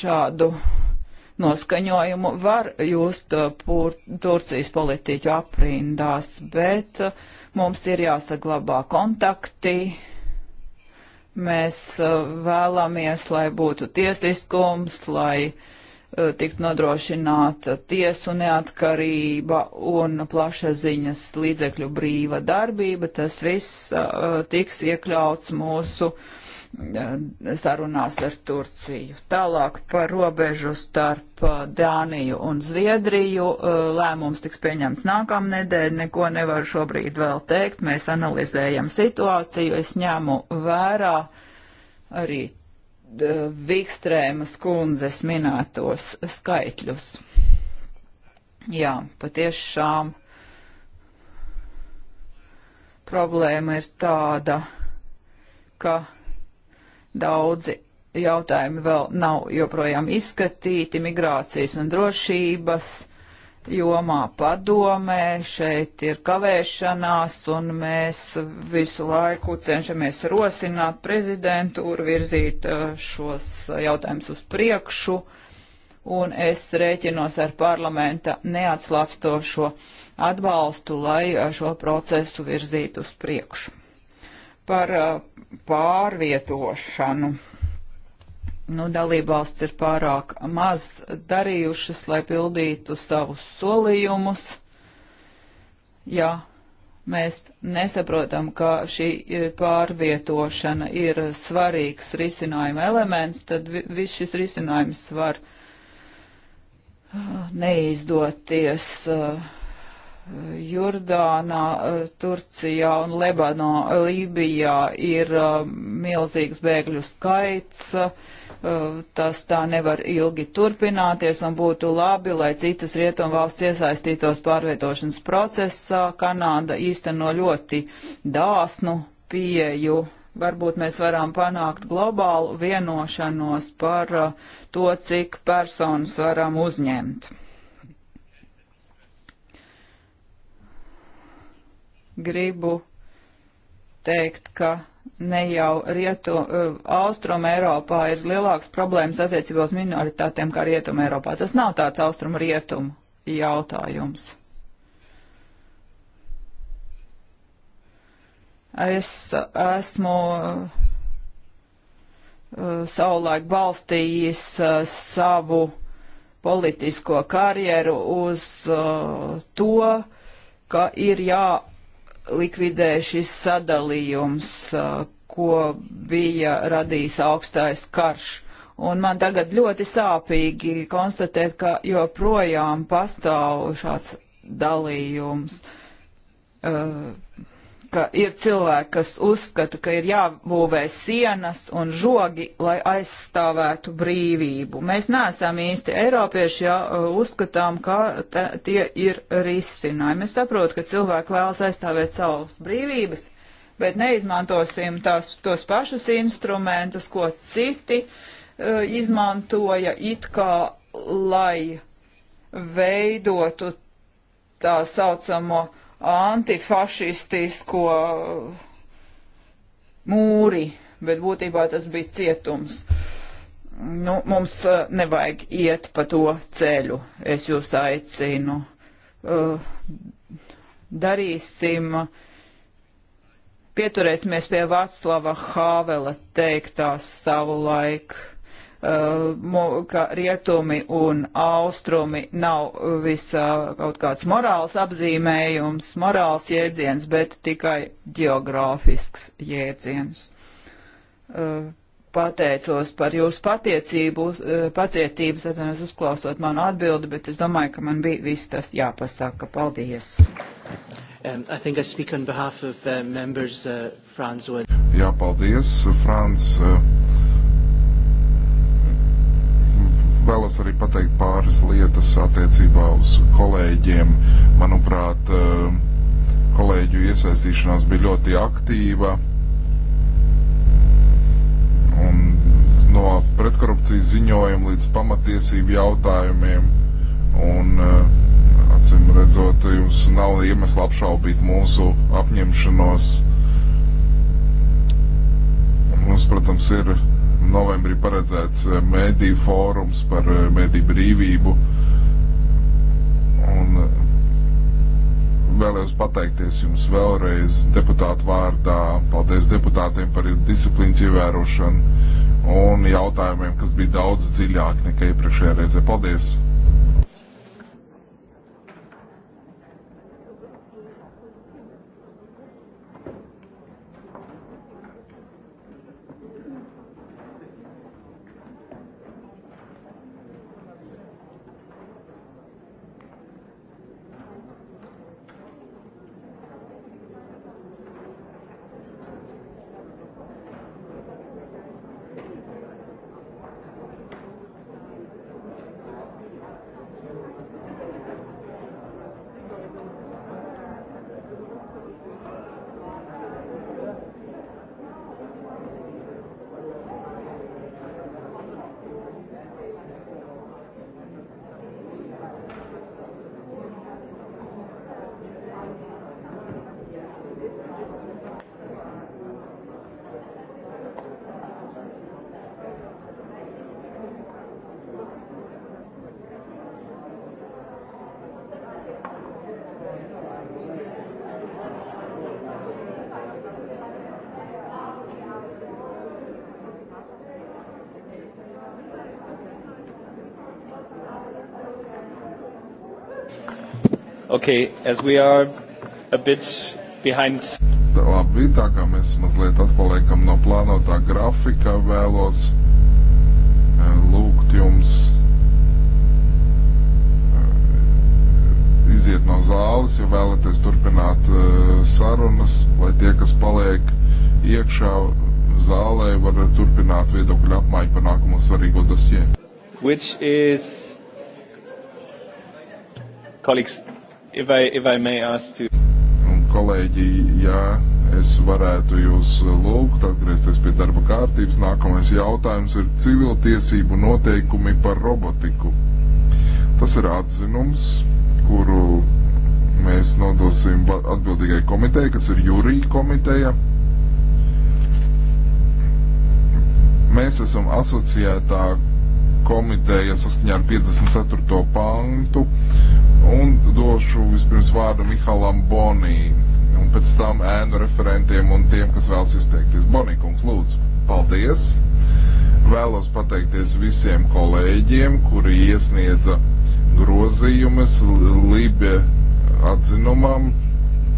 šādu noskaņojumu var just pur, Turcijas politiķu aprindās, bet mums ir jāsaglabā kontakti. Mēs vēlamies, lai būtu tiesiskums, lai uh, Eh, tikt nodrošināta tiesu neatkarība un plašsaziņas līdzekļu brīva darbība. Tas viss uh, tiks iekļauts mūsu uh, sarunās ar Turciju. Tālāk par robežu starp Dāniju un Zviedriju. Uh, lēmums tiks pieņemts nākamnedēļ, neko nevaru šobrīd vēl teikt. Mēs analizējam situāciju, es ņemu vērā arī Vikstrēmas kundzes minētos skaitļus. Jā, patiešām problēma ir tāda, ka daudzi jautājumi vēl nav joprojām izskatīti, migrācijas un drošības jautājumi jomā padomē, šeit ir kavēšanās un mēs visu laiku cenšamies rosināt prezidentūru, virzīt uh, šos jautājumus uz priekšu un es rēķinos ar parlamenta neatslāpstošo atbalstu, lai uh, šo procesu virzītu uz priekšu. Par uh, pārvietošanu nu, dalībvalsts ir pārāk maz darījušas, lai pildītu savus solījumus. Jā, mēs nesaprotam, ka šī e, pārvietošana ir svarīgs risinājuma elements, tad viss šis risinājums var e, neizdoties. Uh, Jordānā, Turcijā un Lebanā, Lībijā ir milzīgs bēgļu skaits, Uh, tas tā nevar ilgi turpināties un būtu labi, lai citas rietumvalsts iesaistītos pārvietošanas procesā. Kanāda īsteno ļoti dāsnu pieju. Varbūt mēs varam panākt globālu vienošanos par uh, to, cik personas varam uzņemt. Gribu teikt, ka ne jau rietu, uh, austrumu Eiropā ir lielāks problēmas attiecībā uz minoritātiem kā rietumu Eiropā. Tas nav tāds austrumu rietumu jautājums. Es esmu uh, savulaik balstījis uh, savu politisko karjeru uz to, ka ir jā jālikvidē šis sadalījums, ko bija radījis augstais karš. Un man tagad ļoti sāpīgi konstatēt, ka joprojām pastāv šāds dalījums. Uh, ka ir cilvēki, kas uzskata, ka ir jābūvē sienas un žogi, lai aizstāvētu brīvību. Mēs neesam īsti eiropieši, ja uh, uzskatām, ka tie ir risinājumi. Es saprotu, ka cilvēki vēlas aizstāvēt savas brīvības, bet neizmantosim tās, tos pašus instrumentus, ko citi uh, izmantoja it kā, lai veidotu tā saucamo uh, antifašistisko mūri, bet būtībā tas bija cietums. Nu, mums e, nevajag iet pa to ceļu. Es jūs aicinu. E, darīsim, pieturēsimies pie Vaclava Hāvela teiktās savu laiku Uh, ka rietumi un austrumi nav visa kaut kāds morāls apzīmējums, morāls jēdziens, bet tikai geogrāfisks jēdziens. Uh, pateicos par jūsu patiecību, uh, pacietību, atvainojos uzklausot manu atbildi, bet es domāju, ka man bija viss tas jāpasaka. Paldies! Um, I think I speak on behalf of uh, members, uh, Franz. Jā, paldies, Franz. Uh, vēlos arī pateikt pāris lietas attiecībā uz kolēģiem. Manuprāt, eh, kolēģu iesaistīšanās bija ļoti aktīva. Un no pretkorupcijas ziņojuma līdz pamatiesību jautājumiem. Un, eh, acīm redzot, jums nav iemesla apšaubīt mūsu apņemšanos. Mums, protams, ir novembrī paredzēts eh, mediju fórums par eh, mediju brīvību. Un eh, vēlējos pateikties jums vēlreiz deputātu vārdā. Paldies deputātiem par disciplīnas ievērošanu un jautājumiem, kas bija daudz dziļāk nekā iepriekšējā reizē. Paldies! Okay, as we are a bit behind. Labi, tā kā mēs mazliet atpaliekam no plānotā grafika, vēlos eh, lūgt jums eh, iziet no zāles, ja vēlaties turpināt eh, sarunas, lai tie, kas paliek iekšā zālē, var turpināt viedokļu apmaiņu par nākamo svarīgo dosiem. Which is colleagues, if I, if I may ask you. Un kolēģi, jā, es varētu jūs eh, lūgt atgriezties pie darba kārtības. Nākamais jautājums ir civiltiesību noteikumi par robotiku. Tas ir atzinums, kuru mēs nodosim atbildīgai komitejai, kas ir jūrija komiteja. Mēs esam asociētā komiteja saskaņā ar 54. pantu un došu vispirms vārdu Mihalam Bonī un pēc tam ēnu referentiem un tiem, kas vēlas izteikties. Bonīkums, lūdzu, paldies! Vēlos pateikties visiem kolēģiem, kuri iesniedza grozījumus Libe atzinumam,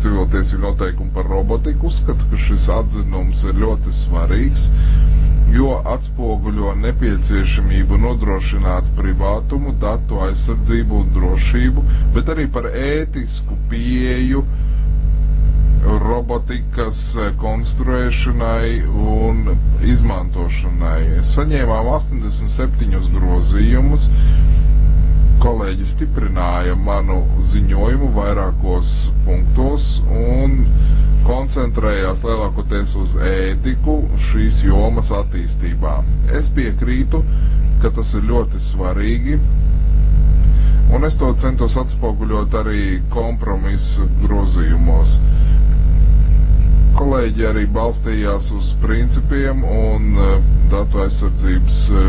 civiltiesību noteikumu par robotiku. Uzskatu, ka šis atzinums ir ļoti svarīgs. Uh, jo atspoguļo nepieciešamību nodrošināt privātumu, datu aizsardzību un drošību, bet arī par ētisku pieeju robotikas eh, konstruēšanai un izmantošanai. Saņēmām 87 grozījumus. Kolēģi stiprināja manu ziņojumu vairākos punktos un uh, koncentrējās lielākoties uz ētiku šīs jomas attīstībā. Es piekrītu, ka tas ir ļoti svarīgi, un es to centos atspoguļot arī kompromisu grozījumos. Kolēģi arī balstījās uz principiem un eh, datu aizsardzības eh,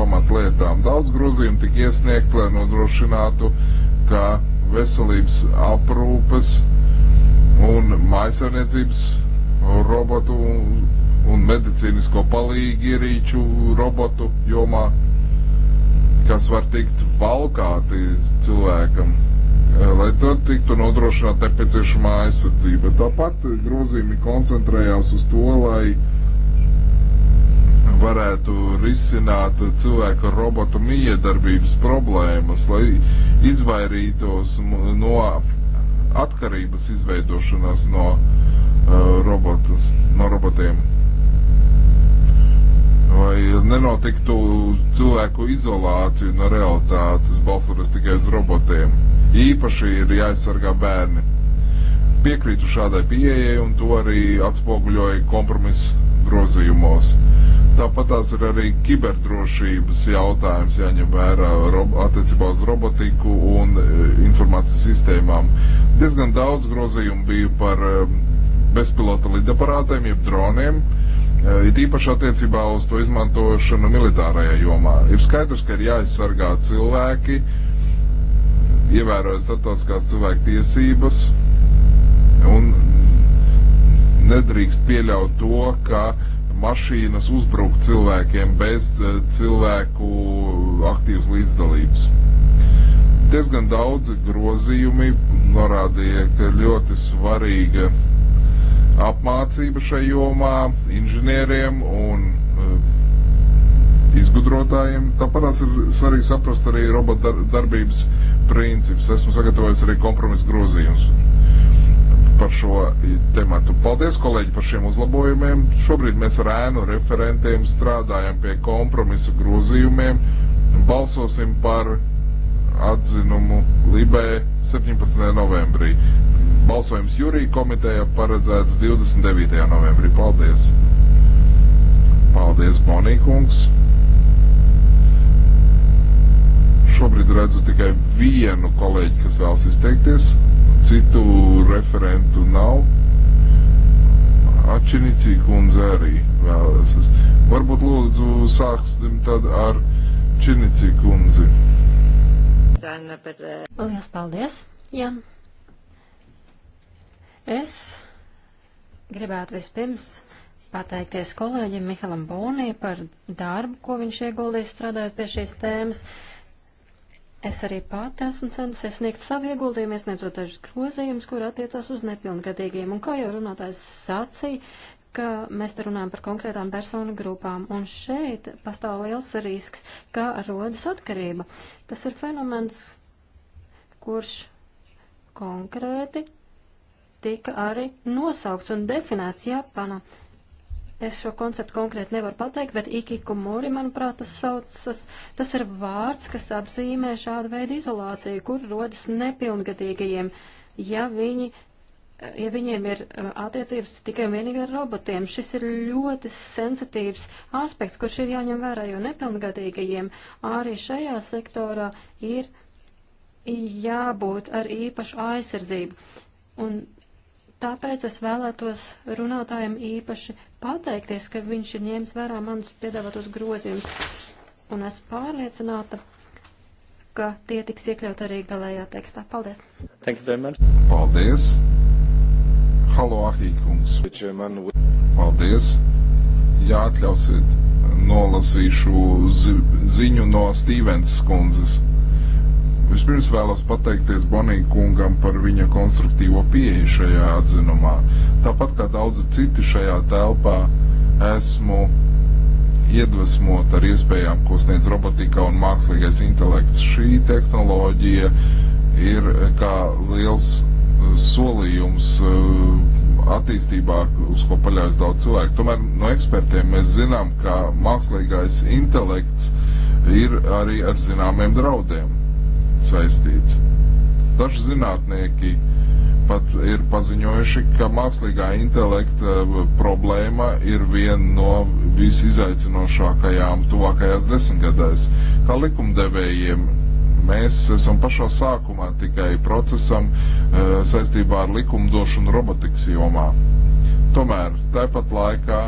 pamatlietām. Daudz grozījumu tika iesniegt, lai nodrošinātu, ka veselības aprūpes un maisaimniecības robotu un medicīnisko palīgi ierīču robotu jomā, kas var tikt valkāti cilvēkam, eh, lai tur tiktu nodrošināt nepieciešamā aizsardzība. Tāpat grozījumi koncentrējās uz to, lai varētu risināt cilvēku ar robotu miedarbības problēmas, lai izvairītos no atkarības izveidošanās no uh, robotas, no robotiem. Vai nenotiktu cilvēku izolācija no realitātes, balstoties tikai uz robotiem. Īpaši ir jāaizsargā bērni. Piekrītu šādai pieejai, un to arī atspoguļoja kompromiss grozījumos. Tāpat tās ir arī kiberdrošības jautājums jāņem vērā attiecībā uz robotiku un e, informācijas sistēmām. Diezgan daudz grozījumu bija par e, bezpilota lidaparātiem, jeb droniem. E, it īpaši attiecībā uz to izmantošanu militārajā jomā. Ir skaidrs, ka ir jāaizsargā cilvēki, ievērojot starptautiskās cilvēku tiesības, un nedrīkst pieļaut to, ka mašīnas uzbruk cilvēkiem bez eh, cilvēku aktīvas līdzdalības. Diezgan daudzi grozījumi norādīja, ka ļoti svarīga apmācība šai jomā inženieriem un eh, izgudrotājiem. Tāpat tās ir svarīgi saprast arī robota darbības princips. Esmu sagatavojis arī kompromisu grozījumus par šo tematu. Paldies, kolēģi, par šiem uzlabojumiem. Šobrīd mēs ar ēnu referentiem strādājam pie kompromisa grozījumiem. Balsosim par atzinumu Libē 17. novembrī. Balsojums jūrija komiteja paredzēts 29. novembrī. Paldies! Paldies, Bonīkungs! Šobrīd redzu tikai vienu kolēģi, kas vēlas izteikties. Citu referentu nav. Ačinicī kundze arī vēlas. Varbūt lūdzu sāksim tad ar Činicī kundzi. Lielas paldies, Jan. Es gribētu vispirms pateikties kolēģim Mihalam Bonī par darbu, ko viņš ieguldījis strādājot pie šīs tēmas. Uh, Es arī pati esmu centusies sniegt savu ieguldījumu, iesniedzot dažus grozījumus, kur attiecās uz nepilngadīgiem. Un kā jau runātājs sacīja, ka mēs te runājam par konkrētām personu grupām, un šeit pastāv liels risks, kā rodas atkarība. Tas ir fenomens, kurš konkrēti tika arī nosaukts un definēts Japāna Es šo konceptu konkrēti nevaru pateikt, bet ikikumori, manuprāt, tas saucas, tas ir vārds, kas apzīmē šādu veidu izolāciju, kur rodas nepilngadīgajiem, ja, viņi, ja viņiem ir uh, attiecības tikai un vienīgi ar robotiem. Šis ir ļoti sensitīvs aspekts, kurš ir jāņem vērā, jo nepilngadīgajiem arī šajā sektorā ir jābūt ar īpašu aizsardzību. Un tāpēc es vēlētos runātājiem īpaši pateikties, ka viņš ir ņēmis vērā manus piedāvātos grozījumus. Un es pārliecināta, ka tie tiks iekļaut arī galējā tekstā. Paldies! Thank you very much! Paldies! Halo, Ahīkums! Paldies! Jā, atļausiet, nolasīšu zi ziņu no Stīvens kundzes. Vispirms vēlos pateikties Bonija kungam par viņa konstruktīvo pieeju šajā atzinumā. Tāpat kā daudzi citi šajā telpā, esmu iedvesmota ar iespējām, ko sniedz robotika un mākslīgais intelekts. Šī tehnoloģija ir eh, kā liels eh, solījums eh, attīstībā, uz ko paļaujas daudz cilvēku. Tomēr no ekspertiem mēs zinām, ka mākslīgais intelekts ir arī ar zināmiem draudiem saistīts. Daži zinātnieki pat ir paziņojuši, ka mākslīgā intelekta uh, problēma ir viena no visizaicinošākajām tuvākajās desmitgadēs. Kā likumdevējiem mēs esam pašā sākumā tikai procesam uh, saistībā ar likumdošanu robotikas jomā. Tomēr tāpat laikā,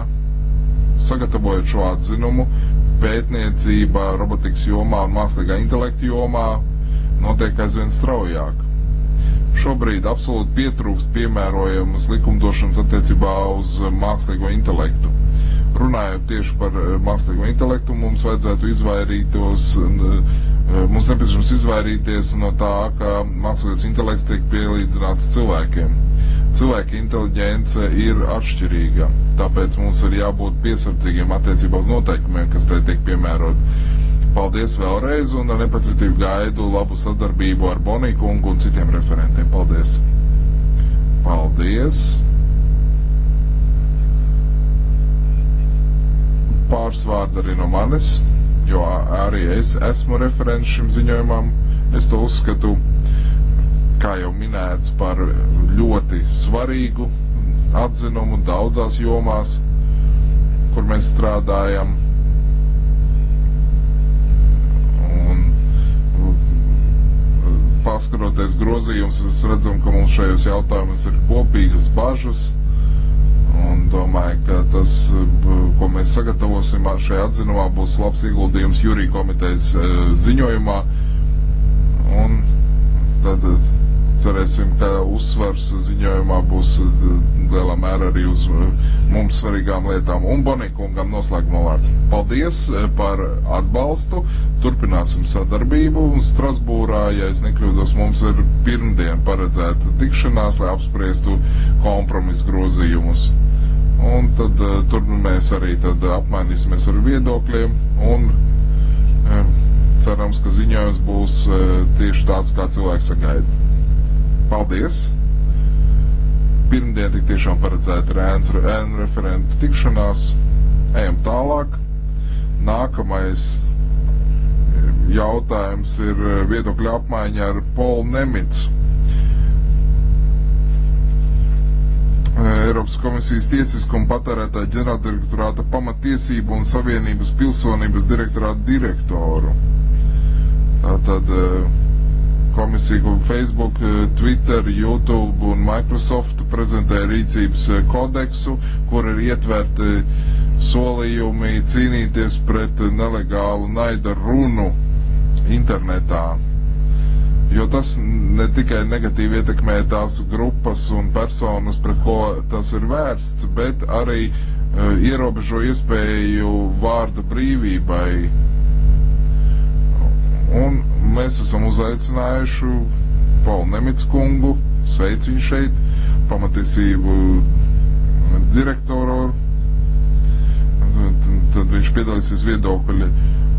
sagatavojot šo atzinumu, pētniecība robotikas jomā un mākslīgā intelekta jomā notiek aizvien straujāk. Šobrīd absolūti pietrūkst piemērojamas likumdošanas attiecībā uz eh, mākslīgo intelektu. Runājot tieši par eh, mākslīgo intelektu, mums vajadzētu izvairītos, eh, mums nepieciešams izvairīties no tā, ka mākslīgais intelekts tiek pielīdzināts cilvēkiem. Cilvēka inteliģence ir atšķirīga, tāpēc mums ir jābūt piesardzīgiem attiecībā uz noteikumiem, kas te tiek piemērot paldies vēlreiz un ar nepacietību gaidu labu sadarbību ar Boniju kungu un citiem referentiem. Paldies! Paldies! Pāris vārdi arī no manis, jo arī es esmu referents šim ziņojumam. Es to uzskatu, kā jau minēts, par ļoti svarīgu atzinumu daudzās jomās, kur mēs strādājam paskaroties grozījums, es redzam, ka mums šajos jautājumus ir kopīgas bažas. Un domāju, ka tas, ko mēs sagatavosim šajā atzinumā, būs labs ieguldījums jūrī komitejas e, ziņojumā. Un tad e, cerēsim, ka uzsvars ziņojumā būs e, lielā mērā arī uz eh, mums svarīgām lietām. Un Bonikungam noslēgumā vārds. Paldies eh, par atbalstu. Turpināsim sadarbību. Un Strasbūrā, ja es nekļūdos, mums ir pirmdien paredzēta tikšanās, lai apspriestu kompromisu grozījumus. Un tad eh, tur mēs arī tad apmainīsimies ar viedokļiem un cerams, ka ziņojums būs tieši tāds, kā cilvēks sagaida. Paldies! pirmdien tik tiešām paredzēta rēnu referentu tikšanās. Ejam tālāk. Nākamais eh, jautājums ir eh, viedokļa apmaiņa ar Polu Nemicu. Eh, Eiropas komisijas tiesiskuma patērētāja ģenerāldirektorāta pamatiesību un savienības pilsonības direktorāta direktoru. Tātad uh, komisija Facebook, eh, Twitter, YouTube un Microsoft prezentē rīcības eh, kodeksu, kur ir ietverti eh, solījumi cīnīties pret nelegālu naida runu internetā. Jo tas ne tikai negatīvi ietekmē tās grupas un personas, pret ko tas ir vērsts, bet arī uh, ierobežo iespēju vārda brīvībai. Un mēs esam uzaicinājuši Paulu Nemits kungu, sveicu viņu šeit, pamatiesību direktoru. Tad viņš piedalīsies viedokļu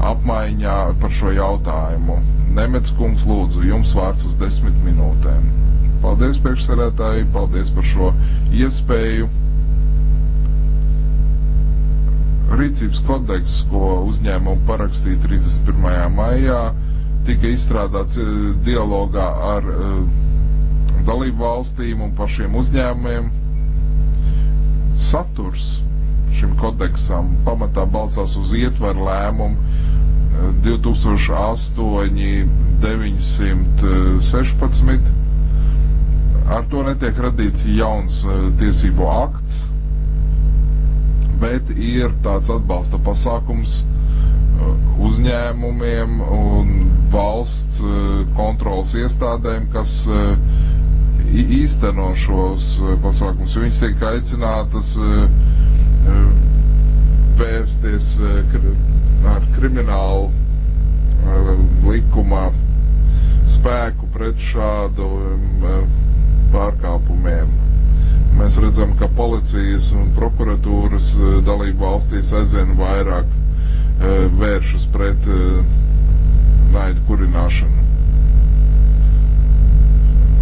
apmaiņā par šo jautājumu. Nemets kungs, lūdzu, jums vārds uz desmit minūtēm. Paldies priekšsarētāji, paldies par šo iespēju. Rīcības kodeks, ko uzņēmumu parakstīja 31. maijā, tika izstrādāts eh, dialogā ar eh, dalību valstīm un pašiem uzņēmumiem. Saturs šim kodeksam pamatā balstās uz ietveru lēmumu 2008-916. Eh, ar to netiek radīts jauns tiesību akts, bet ir tāds atbalsta pasākums uzņēmumiem un valsts eh, kontrolas iestādēm, kas eh, īsteno šos eh, pasākumus. Viņas tiek aicinātas vērsties ar kriminālu likuma spēku pret šādu pārkāpumiem. Mēs redzam, ka policijas un prokuratūras dalību valstīs aizvien vairāk vēršas pret uh, naida kurināšanu.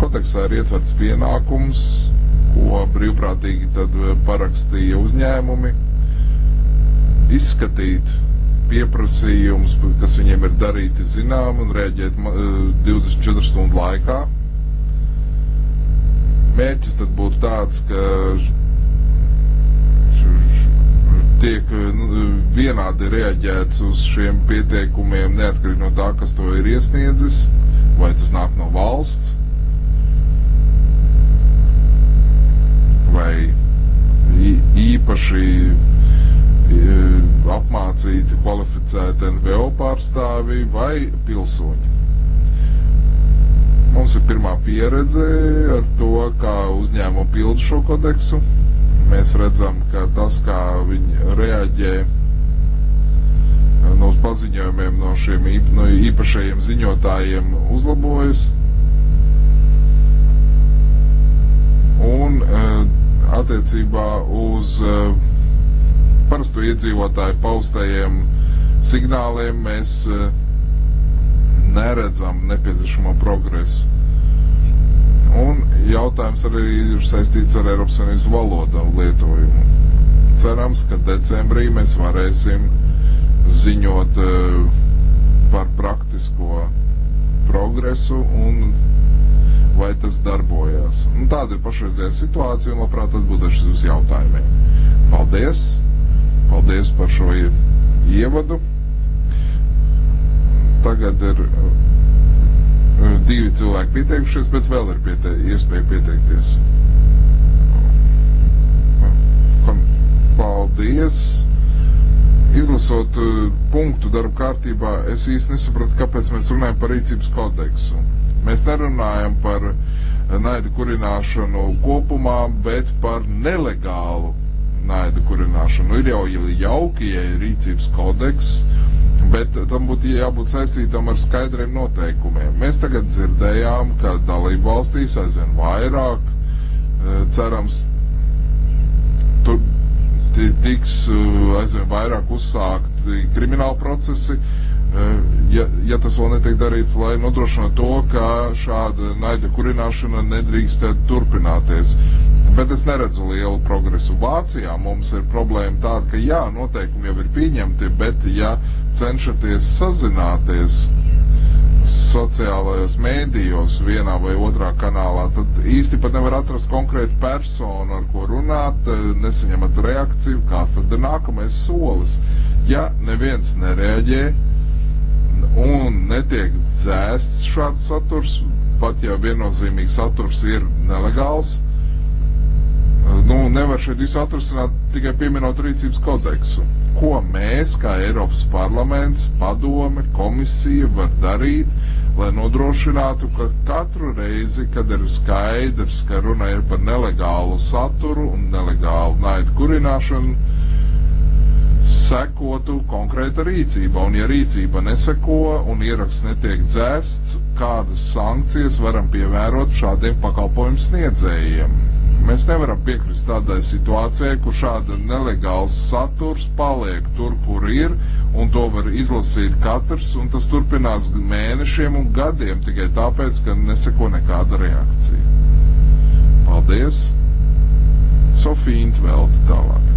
Kodeksā ir ietverts pienākums, ko brīvprātīgi tad eh, parakstīja uzņēmumi, izskatīt pieprasījums, kas viņiem ir darīti zinām un rēģēt 24 eh, stundu laikā. Mērķis tad būtu tāds, ka tiek eh, nu, vienādi reaģēts uz šiem pieteikumiem, neatkarīgi no tā, kas to ir iesniedzis, vai tas nāk no valsts, vai īpaši apmācīti, kvalificēti NVO pārstāvji vai pilsoņi. Mums ir pirmā pieredze ar to, kā uzņēmumu pildu šo kodeksu mēs redzam, ka tas, kā viņi reaģē eh, no paziņojumiem no šiem no īpašajiem ziņotājiem, uzlabojas. Un eh, attiecībā uz eh, parasto iedzīvotāju paustajiem signāliem mēs neredzam nepieciešamo progresu Un jautājums arī ir saistīts ar Eiropas Savienības valodu lietojumu. Cerams, ka decembrī mēs varēsim ziņot eh, par praktisko progresu un vai tas darbojās. Un tāda ir pašreizējā situācija un labprāt atbildēšu uz jautājumiem. Paldies! Paldies par šo ievadu! Tagad ir divi cilvēki pieteikušies, bet vēl ir piete iespēja pieteikties. Paldies! Izlasot punktu darba kārtībā, es īsti nesapratu, kāpēc mēs runājam par rīcības kodeksu. Mēs nerunājam par naidu kurināšanu kopumā, bet par nelegālu naidu kurināšanu. Ir jau jauki, ja ir rīcības kodeks, bet tam būtu jābūt saistītam ar skaidriem noteikumiem. Mēs tagad dzirdējām, ka dalību valstīs aizvien vairāk eh, cerams tur tiks eh, aizvien vairāk uzsākt krimināla procesi, ja, ja tas vēl netiek darīts, lai nodrošinātu to, ka šāda naida kurināšana nedrīkst turpināties. Bet es neredzu lielu progresu. Vācijā mums ir problēma tāda, ka jā, noteikumi jau ir pieņemti, bet ja cenšaties sazināties sociālajos mēdījos vienā vai otrā kanālā, tad īsti pat nevar atrast konkrētu personu, ar ko runāt, nesaņemat reakciju, kāds tad ir nākamais solis. Ja neviens nereaģē, un netiek dzēsts šāds saturs, pat ja viennozīmīgi saturs ir nelegāls, nu, nevar šeit visu atrasināt tikai pieminot rīcības kodeksu. Ko mēs, kā Eiropas parlaments, padome, komisija var darīt, lai nodrošinātu, ka katru reizi, kad ir skaidrs, ka runa ir par nelegālu saturu un nelegālu naidu kurināšanu, sekotu konkrēta rīcība, un ja rīcība neseko un ieraksts netiek dzēsts, kādas sankcijas varam pievērot šādiem pakalpojumu sniedzējiem. Mēs nevaram piekrist tādai situācijai, kur šāda nelegāls saturs paliek tur, kur ir, un to var izlasīt katrs, un tas turpinās mēnešiem un gadiem tikai tāpēc, ka neseko nekāda reakcija. Paldies! Sofija Intveld tālāk.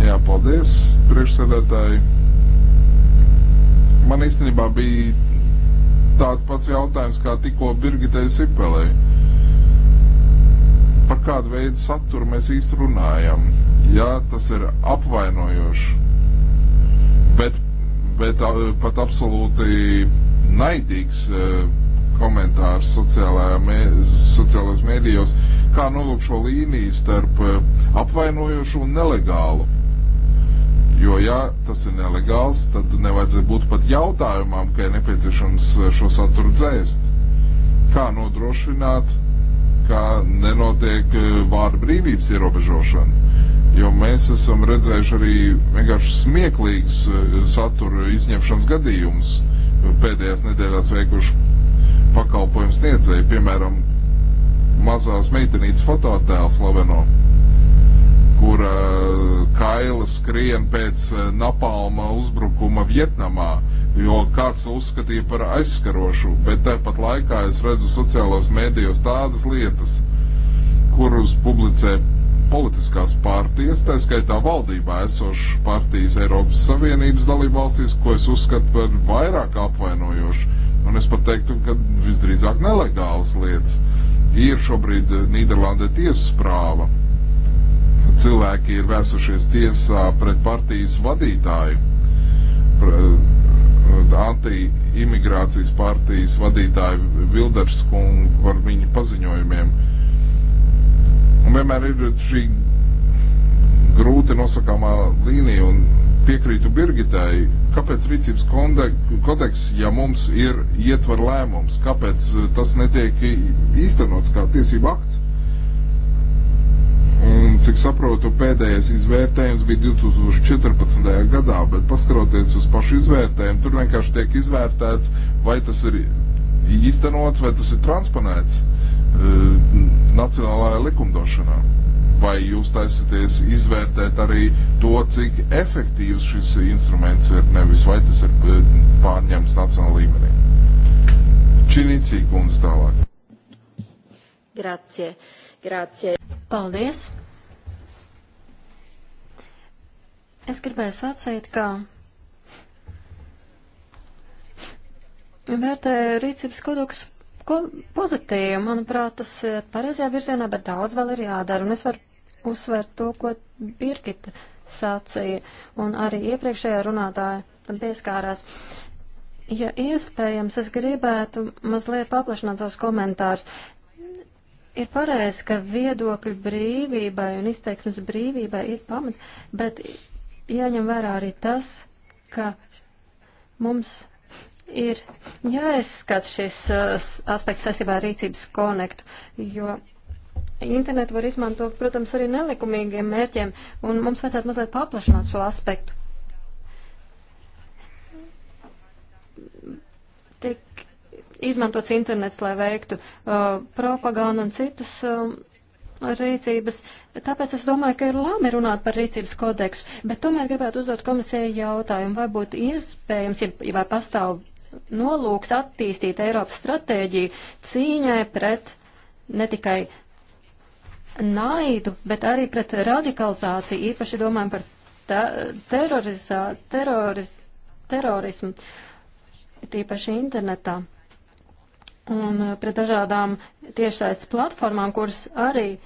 Jā, paldies, priekšsēdētāji. Man īstenībā bija tāds pats jautājums, kā tikko Birgitei Sipelei. Par kādu veidu saturu mēs īsti runājam? Jā, tas ir apvainojoši, bet, bet pat absolūti naidīgs e, komentārs mē, sociālajos mēdījos, kā novilkt šo līniju starp e, apvainojošu un nelegālu. Jo, ja tas ir nelegāls, tad nevajadzētu būt pat jautājumam, ka ir nepieciešams eh, šo saturu dzēst. Kā nodrošināt, ka nenotiek eh, vārdu brīvības ierobežošana? Jo mēs esam redzējuši arī vienkārši smieklīgus eh, satura izņemšanas gadījumus pēdējās nedēļās veikuši pakalpojumu sniedzēji, piemēram, mazās meitenītes fototēls slaveno kura eh, kaila skrien pēc eh, napalma uzbrukuma Vietnamā, jo kāds to uzskatīja par aizskarošu, bet tāpat laikā es redzu sociālos mēdījos tādas lietas, kurus publicē politiskās partijas, tā skaitā valdībā esošas partijas Eiropas Savienības dalībvalstīs, ko es uzskatu par vairāk apvainojošu. Un es pat teiktu, ka visdrīzāk nelegālas lietas ir šobrīd eh, Nīderlandē tiesas prāva cilvēki ir vērsušies tiesā pret partijas vadītāju, eh, anti-imigrācijas partijas vadītāju Vilderskungu par viņu paziņojumiem. Un vienmēr ir šī grūti nosakāmā līnija, un piekrītu Birgitai, kāpēc rīcības kodeks, ja mums ir ietver lēmums, kāpēc tas netiek īstenots kā tiesība akts? Un, cik saprotu, pēdējais izvērtējums bija 2014. gadā, bet paskaroties uz pašu izvērtējumu, tur vienkārši tiek izvērtēts, vai tas ir īstenots, vai tas ir transponēts uh, nacionālajā likumdošanā. Vai jūs taisaties izvērtēt arī to, cik efektīvs šis instruments ir, nevis vai tas ir e, pārņemts nacionālā līmenī? Činīcija kundze tālāk. Grazie. Grazie. Paldies! Es gribēju sacīt, ka vērtē rīcības kodeks ko pozitīvi. Manuprāt, tas ir pareizajā virzienā, bet daudz vēl ir jādara. Un es varu uzsvērt to, ko Birgita sacīja, un arī iepriekšējā runātāja tam pieskārās. Ja iespējams, es gribētu mazliet paplašināt savus komentārus ir pareizi, ka viedokļu brīvībai un izteiksmes brīvībai ir pamats, bet jāņem vērā arī tas, ka mums ir jāizskata šis uh, aspekts saistībā ar rīcības konektu, jo internetu var izmantot, protams, arī nelikumīgiem mērķiem, un mums vajadzētu mazliet paplašināt šo aspektu. Tik izmantots internets, lai veiktu uh, propagandu un citas uh, rīcības. Tāpēc es domāju, ka ir labi runāt par rīcības kodeksu, bet tomēr gribētu uzdot komisijai jautājumu, vai būtu iespējams, ja vai pastāv nolūks attīstīt Eiropas stratēģiju cīņai pret ne tikai naidu, bet arī pret radikalizāciju, īpaši domājam par terorizā, teroriz, terorismu, tīpaši internetā un uh, pret dažādām tiešsaistes platformām, kuras arī,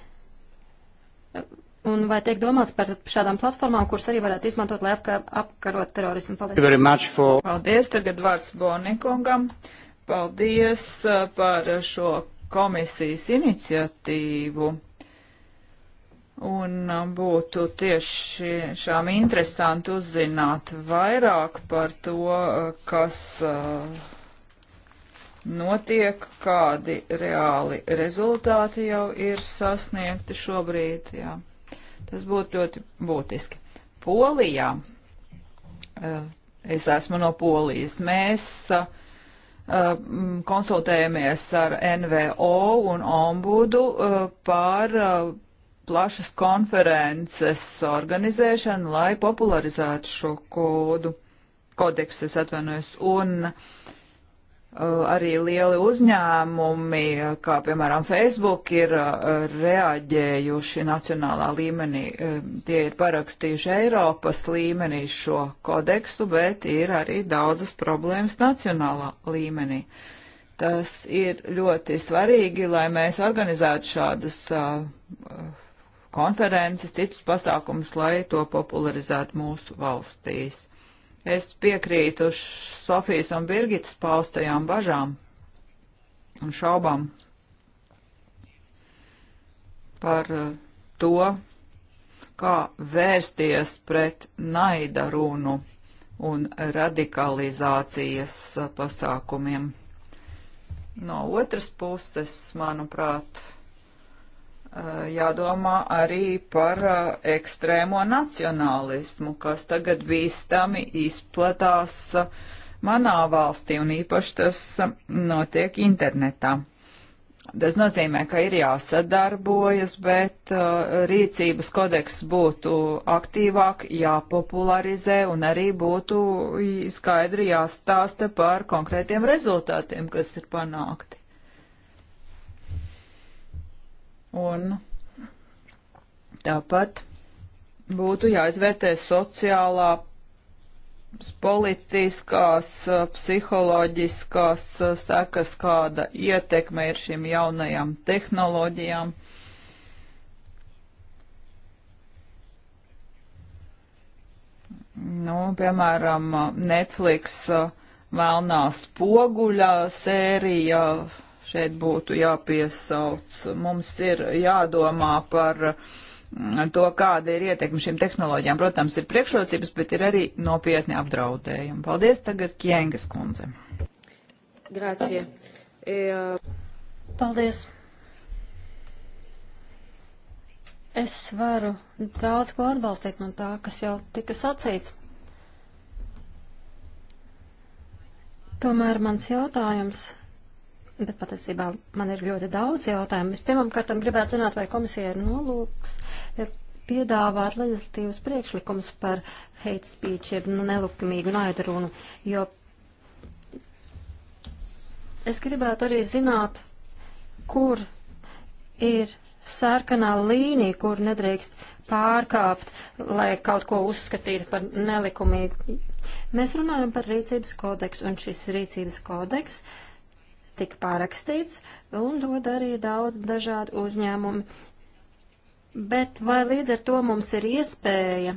un vai tiek domāts par šādām platformām, kuras arī varētu izmantot, lai apka, apkarot terorismu. Paldies. For... Paldies, tagad vārds Bonikungam. Paldies uh, par šo komisijas iniciatīvu. Un uh, būtu tieši šām interesanti uzzināt vairāk par to, kas uh, notiek, kādi reāli rezultāti jau ir sasniegti šobrīd. Jā. Tas būtu ļoti būtiski. Polijā, eh, es esmu no Polijas, mēs eh, konsultējamies ar NVO un ombudu eh, par plašas konferences organizēšanu, lai popularizētu šo kodu, kodeksus atvainojas, un uh, Eh, arī lieli uzņēmumi, eh, kā piemēram Facebook, ir eh, reaģējuši nacionālā līmenī. Tie ir parakstījuši Eiropas līmenī šo kodeksu, bet ir arī daudzas problēmas nacionālā līmenī. Tas ir ļoti svarīgi, lai mēs organizētu šādas konferences, citus pasākumus, lai to popularizētu mūsu valstīs. Es piekrītu Sofijas un Birgitas paustajām bažām un šaubām par eh, to, kā vērsties pret naida runu un radikalizācijas eh, pasākumiem. No otras puses, manuprāt, Eh, jādomā arī par eh, ekstrēmo nacionālismu, kas tagad bīstami izplatās eh, manā valstī un īpaši tas notiek internetā. Tas nozīmē, ka ir jāsadarbojas, bet rīcības kodeks būtu aktīvāk jāpopularizē un arī būtu skaidri jāstāsta par konkrētiem rezultātiem, kas ir panākti. Un tāpat būtu jāizvērtē sociālā, politiskās, psiholoģiskās sekas, kāda ietekme ir šīm jaunajām tehnoloģijām. Nu, piemēram, Netflix uh, Melnā spoguļa sērija šeit būtu jāpiesauc. Mums ir jādomā par mm, to, kāda ir ietekme šīm tehnoloģijām. Protams, ir priekšrocības, bet ir arī nopietni apdraudējumi. Paldies tagad Kjēngas kundze. Grācie. E, uh, Paldies. Es varu daudz ko atbalstīt no tā, kas jau tika sacīts. Tomēr mans jautājums bet patiesībā man ir ļoti daudz jautājumu. Vispirmam kārtam gribētu zināt, vai komisija ir nolūks ir piedāvāt legislatīvus priekšlikumus par hate speech, jeb nelukumīgu naidarunu, jo es gribētu arī zināt, kur ir sarkanā līnija, kur nedrīkst pārkāpt, lai kaut ko uzskatītu par nelikumīgu. Mēs runājam par rīcības kodeksu, un šis rīcības kodeks uh, tika pārakstīts un dod arī daudz dažādu uzņēmumu. Bet vai līdz ar to mums ir iespēja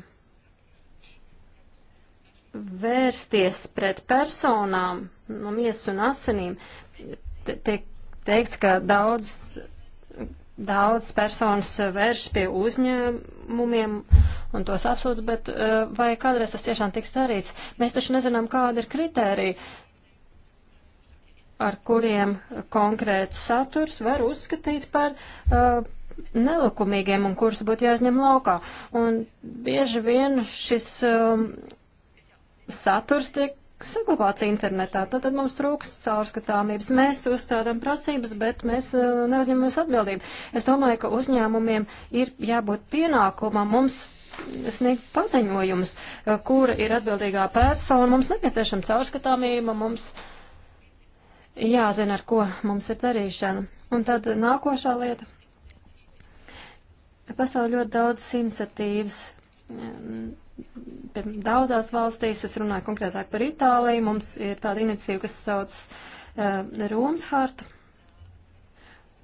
vērsties pret personām no nu, miesas un asinīm? Tiek teikts, ka daudz, daudz personas vēršas pie uzņēmumiem un tos apsūdz, bet eh, vai kādreiz tas tiešām tiks darīts? Mēs taču nezinām, kāda ir kritērija ar kuriem konkrēts saturs var uzskatīt par uh, nelikumīgiem un kurus būtu jāizņem laukā. Un bieži vien šis um, saturs tiek saglabāts internetā, tad, tad mums trūks caurskatāmības. Mēs uzstādām prasības, bet mēs uh, neuzņemamies atbildību. Es domāju, ka uzņēmumiem ir jābūt pienākumam mums sniegt paziņojumus, uh, kura ir atbildīgā persona. Mums nepieciešama caurskatāmība, mums uh, jāzina, ar ko mums ir darīšana. Un tad nākošā lieta. Pasauli ļoti daudz iniciatīvas. Daudzās valstīs, es runāju konkrētāk par Itāliju, mums ir tāda iniciatīva, kas sauc uh, eh, Romas harta.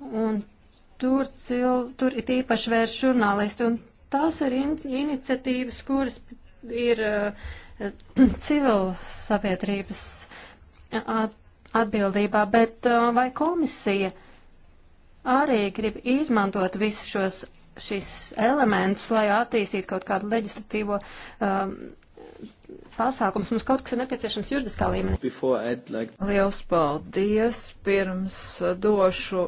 Un tur, cil, tur ir īpaši vērš žurnālisti, un tās ir in, iniciatīvas, kuras ir uh, eh, civil sabiedrības at, atbildībā, bet uh, vai komisija arī grib izmantot visus šos šis elementus, lai attīstītu kaut kādu leģislatīvo um, pasākums. Mums kaut kas ir nepieciešams juridiskā līmenī. Like... Liels paldies! Pirms uh, došu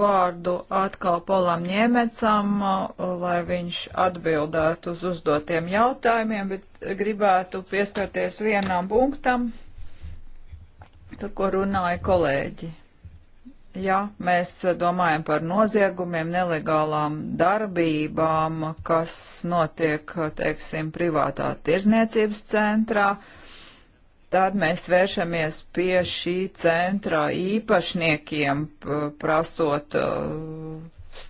vārdu atkal Polam Ņēmecam, uh, lai viņš atbildētu uz uzdotiem jautājumiem, bet gribētu pieskarties vienam punktam par ko runāja kolēģi. Ja mēs domājam par noziegumiem, nelegālām darbībām, kas notiek, teiksim, privātā tirzniecības centrā, tad mēs vēršamies pie šī centra īpašniekiem, prasot uh,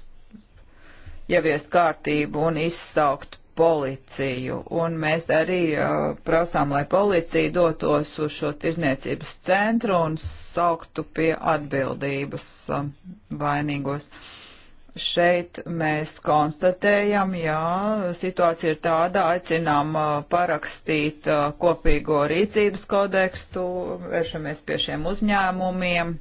ieviest kārtību un izsaukt policiju, un mēs arī uh, prasām, lai policija dotos uz šo tirzniecības centru un sauktu pie atbildības uh, vainīgos. Šeit mēs konstatējam, jā, situācija ir tāda, aicinām uh, parakstīt kopīgo rīcības kodekstu, vēršamies pie šiem uzņēmumiem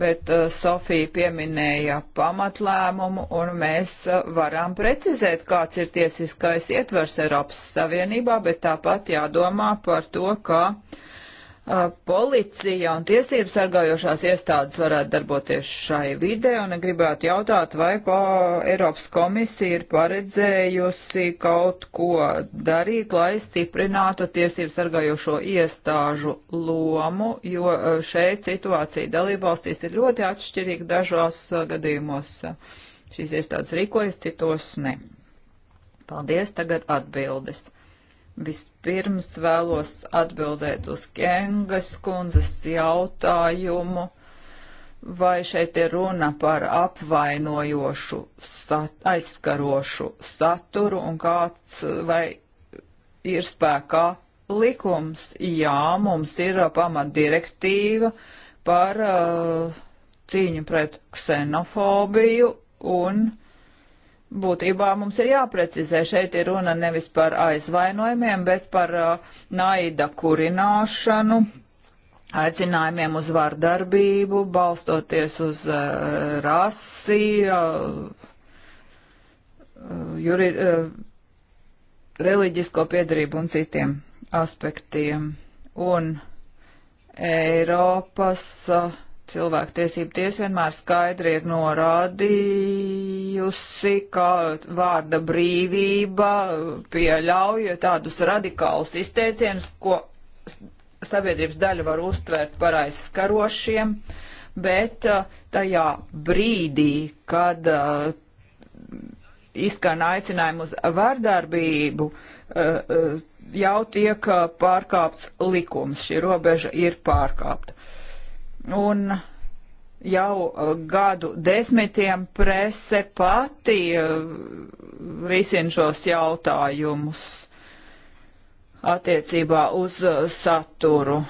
bet uh, Sofija pieminēja pamatlēmumu, un mēs uh, varam precizēt, kāds ir tiesiskais ietvers Eiropas Savienībā, bet tāpat jādomā par to, kā uh, Uh, policija un tiesības sargājošās iestādes varētu darboties šai vidē, un gribētu jautāt, vai pa Eiropas komisija ir paredzējusi kaut ko darīt, lai stiprinātu tiesības sargājošo iestāžu lomu, jo uh, šeit situācija dalībvalstīs ir ļoti atšķirīga dažos uh, gadījumos. Šīs iestādes rīkojas, citos ne. Paldies, tagad atbildes. Vispirms vēlos atbildēt uz Kengas kundzes jautājumu, vai šeit ir runa par apvainojošu, sat, aizskarošu saturu un kāds vai ir spēkā likums. Jā, mums ir uh, pamatdirektīva par uh, cīņu pret ksenofobiju un Būtībā mums ir jāprecizē, šeit ir runa nevis par aizvainojumiem, bet par uh, naida kurināšanu, aicinājumiem uz vardarbību, balstoties uz uh, rasi, uh, uh juri, uh, reliģisko piedarību un citiem aspektiem. Un Eiropas uh, cilvēktiesību tiesa vienmēr skaidri ir norādījusi, ka vārda brīvība pieļauj tādus radikālus izteicienus, ko sabiedrības daļa var uztvert par aizskarošiem, bet uh, tajā brīdī, kad uh, izskan aicinājumu uz vardarbību, uh, jau tiek pārkāpts likums, šī robeža ir pārkāpta un jau uh, gadu desmitiem prese pati uh, risina šos jautājumus attiecībā uz uh, saturu.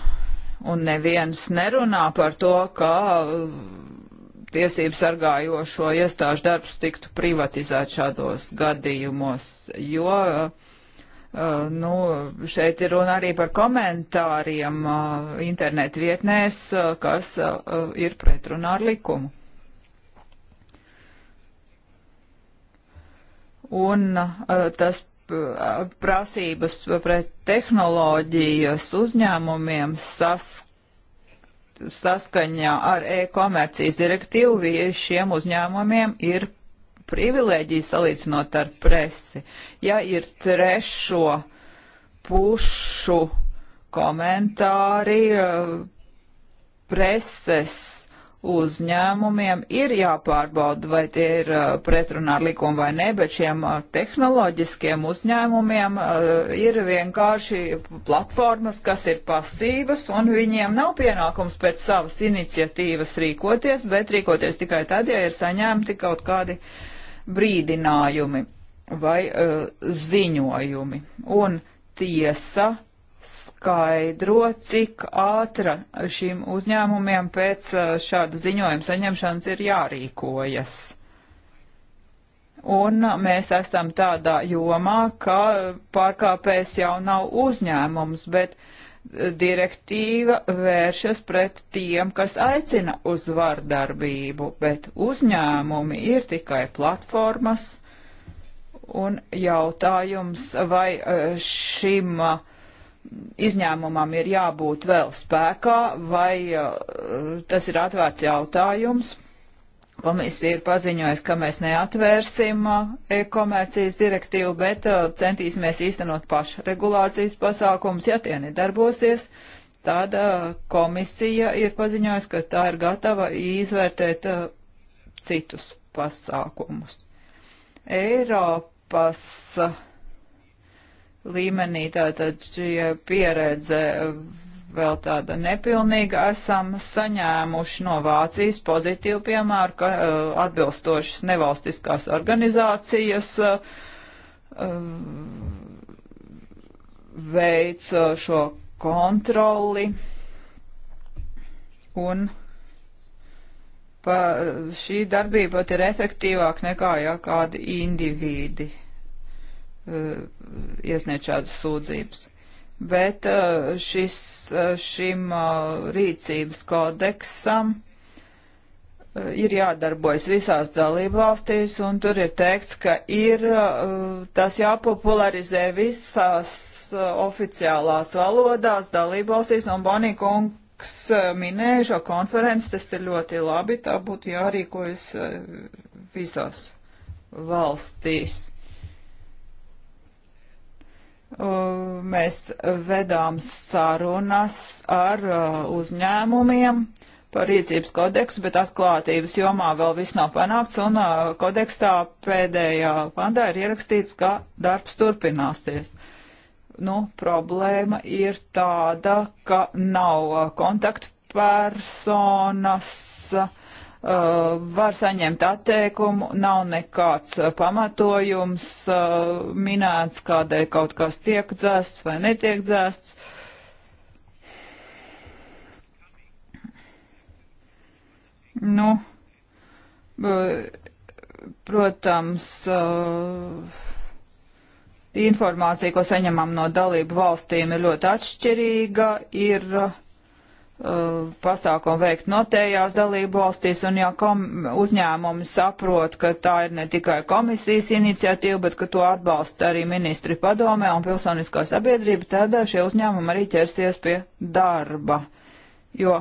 Un neviens nerunā par to, kā tiesību sargājošo iestāžu darbs tiktu privatizēt šādos gadījumos, jo uh, Uh, nu, šeit ir runa arī par komentāriem uh, eh, internetu vietnēs, uh, kas ir pretrunā ar likumu. Un tas prasības pret tehnoloģijas uzņēmumiem saskatīt saskaņā ar e-komercijas direktīvu šiem uzņēmumiem ir privilēģija salīdzinot ar presi. Ja ir trešo pušu komentāri eh, preses uzņēmumiem, ir jāpārbauda, vai tie ir eh, pretrunā ar likumu vai ne, bet šiem eh, tehnoloģiskiem uzņēmumiem ir vienkārši platformas, kas ir pasīvas, un viņiem nav pienākums pēc savas iniciatīvas rīkoties, bet rīkoties tikai tad, ja ir saņemti kaut kādi uh, brīdinājumi vai uh, ziņojumi. Un tiesa skaidro, cik ātra šīm uzņēmumiem pēc uh, šāda ziņojuma saņemšanas ir jārīkojas. Un mēs esam tādā jomā, ka eh, pārkāpējs jau nav uzņēmums, bet uh, direktīva vēršas pret tiem, kas aicina uz vardarbību, bet uzņēmumi ir tikai platformas, un jautājums, vai e, šim e, izņēmumam ir jābūt vēl spēkā, vai e, tas ir atvērts jautājums. Komisija ir paziņojusi, ka mēs neatvērsim uh, e-komercijas direktīvu, bet uh, centīsimies īstenot pašregulācijas pasākumus. Ja tie nedarbosies, tad uh, komisija ir paziņojusi, ka tā ir gatava izvērtēt citus pasākumus. Eiropas līmenī tātad šī pieredze vēl tāda nepilnīga, esam saņēmuši no Vācijas pozitīvu piemēru, ka uh, atbilstošas nevalstiskās organizācijas uh, veic uh, šo kontroli un pa, šī darbība pat ir efektīvāk nekā, ja kādi indivīdi uh, iesniedz šādas sūdzības bet uh, šis, uh, šim uh, rīcības kodeksam ir jādarbojas visās dalībvalstīs, un tur ir teikts, ka ir tas jāpopularizē visās oficiālās valodās dalībvalstīs, un Bonikungs minēja šo konferenci, tas ir ļoti labi, tā būtu jārīkojas visās valstīs. Uh, mēs vedām sarunas ar uh, uzņēmumiem par rīcības kodeksu, bet atklātības jomā vēl viss nav panākts, un uh, kodeksā pēdējā pandā ir ierakstīts, ka darbs turpināsies. Nu, problēma ir tāda, ka nav kontaktpersonas, uh, uh, var saņemt atteikumu, nav nekāds uh, pamatojums uh, minēts, kādēļ kaut kas tiek dzēsts vai netiek dzēsts. Nu, uh, protams, uh, informācija, ko saņemam no dalību valstīm, ir ļoti atšķirīga. Ir, uh, pasākumu veikt notējās dalību valstīs, un ja kom, uzņēmumi saprot, ka tā ir ne tikai komisijas iniciatīva, bet ka to atbalsta arī ministri padomē un pilsoniskā sabiedrība, tad šie uzņēmumi arī ķersies pie darba. Jo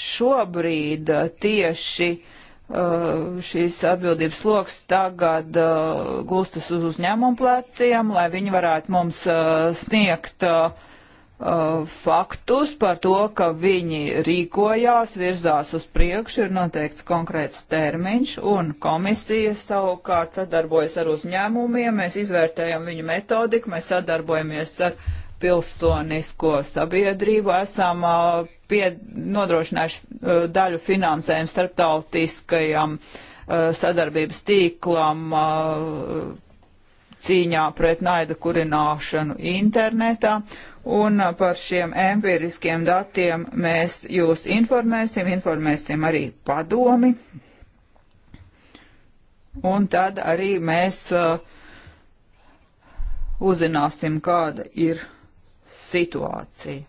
šobrīd uh, tieši uh, šīs atbildības sloks tagad uh, gulstas uz uzņēmumu pleciem, lai viņi varētu mums sniegt uh, Uh, faktus par to, ka viņi rīkojās, virzās uz priekšu, ir noteikts konkrēts termiņš, un komisija savukārt sadarbojas ar uzņēmumiem, mēs izvērtējam viņu metodiku, mēs sadarbojamies ar pilsonisko sabiedrību, esam uh, pie, nodrošinājuši uh, daļu finansējumu starptautiskajam sadarbības tīklam cīņā pret naida kurināšanu internetā un par šiem empiriskiem datiem mēs jūs informēsim, informēsim arī padomi, un tad arī mēs uh, uzzināsim, kāda ir situācija.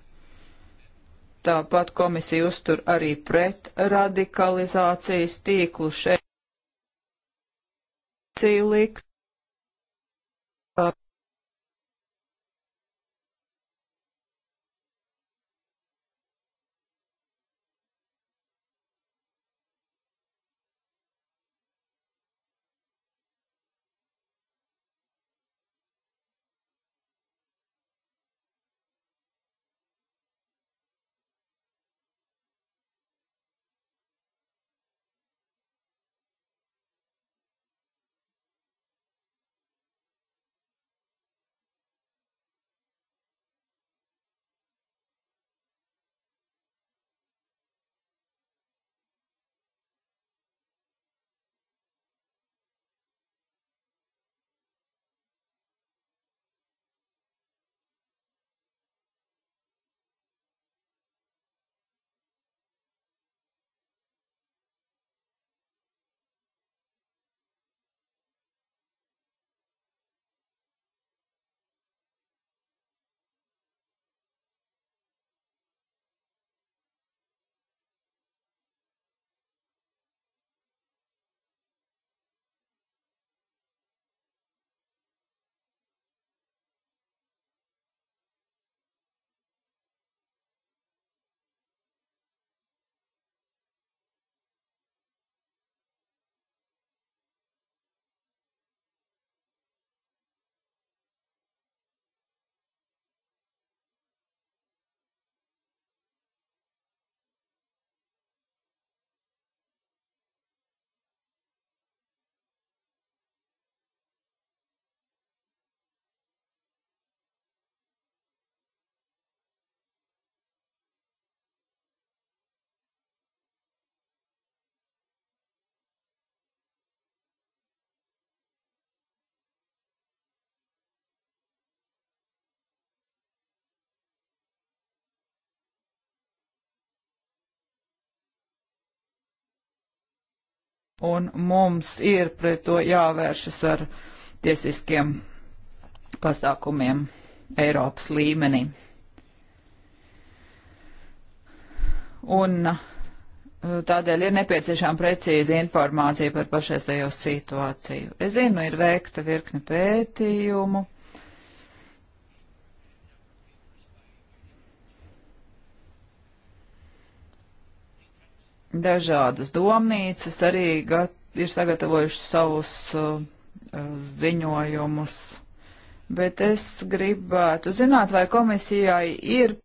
Tāpat komisija uztur arī pret radikalizācijas tīklu šeit. Likt un mums ir pret to jāvēršas ar tiesiskiem pasākumiem Eiropas līmenī. Un eh, tādēļ ir nepieciešama precīza informācija par pašreizējo situāciju. Es zinu, ir veikta virkne pētījumu Dažādas domnīcas arī gat, ir sagatavojuši savus uh, ziņojumus, bet es gribētu zināt, vai komisijai ir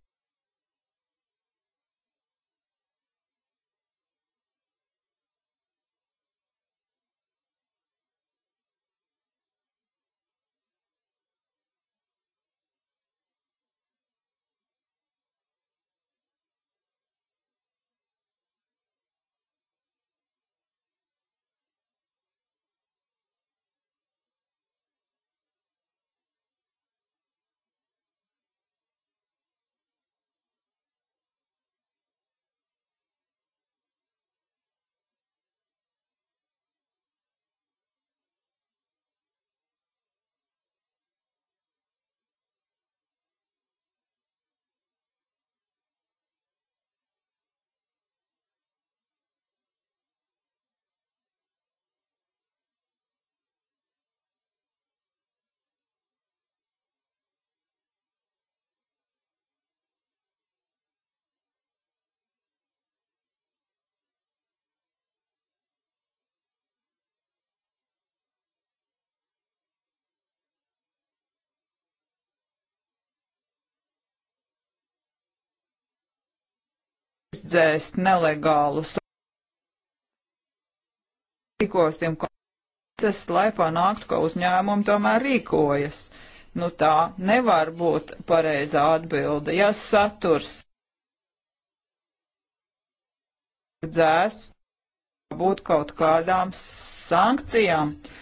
izdzēst nelegālus. Rīkosim konces, lai panāktu, ka uzņēmumi tomēr rīkojas. Nu tā nevar būt pareizā atbilde. Ja saturs dzēst, būtu kaut kādām sankcijām. Uh,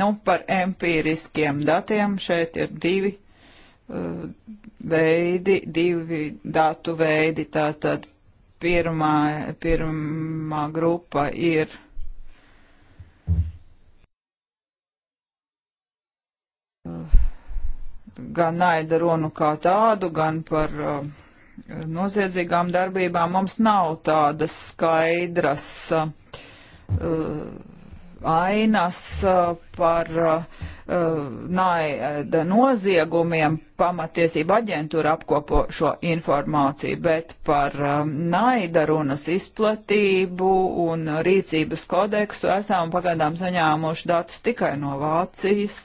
Nu, par empīriskiem datiem šeit ir divi uh, veidi, divi datu veidi. Tātad pirmā, pirmā grupa ir. gan naida runu kā tādu, gan par uh, noziedzīgām darbībām. Mums nav tādas skaidras uh, ainas uh, par uh, naida noziegumiem. Pamatiesība aģentūra apkopo šo informāciju, bet par um, naida runas izplatību un rīcības kodeksu esam pagaidām saņēmuši datus tikai no Vācijas.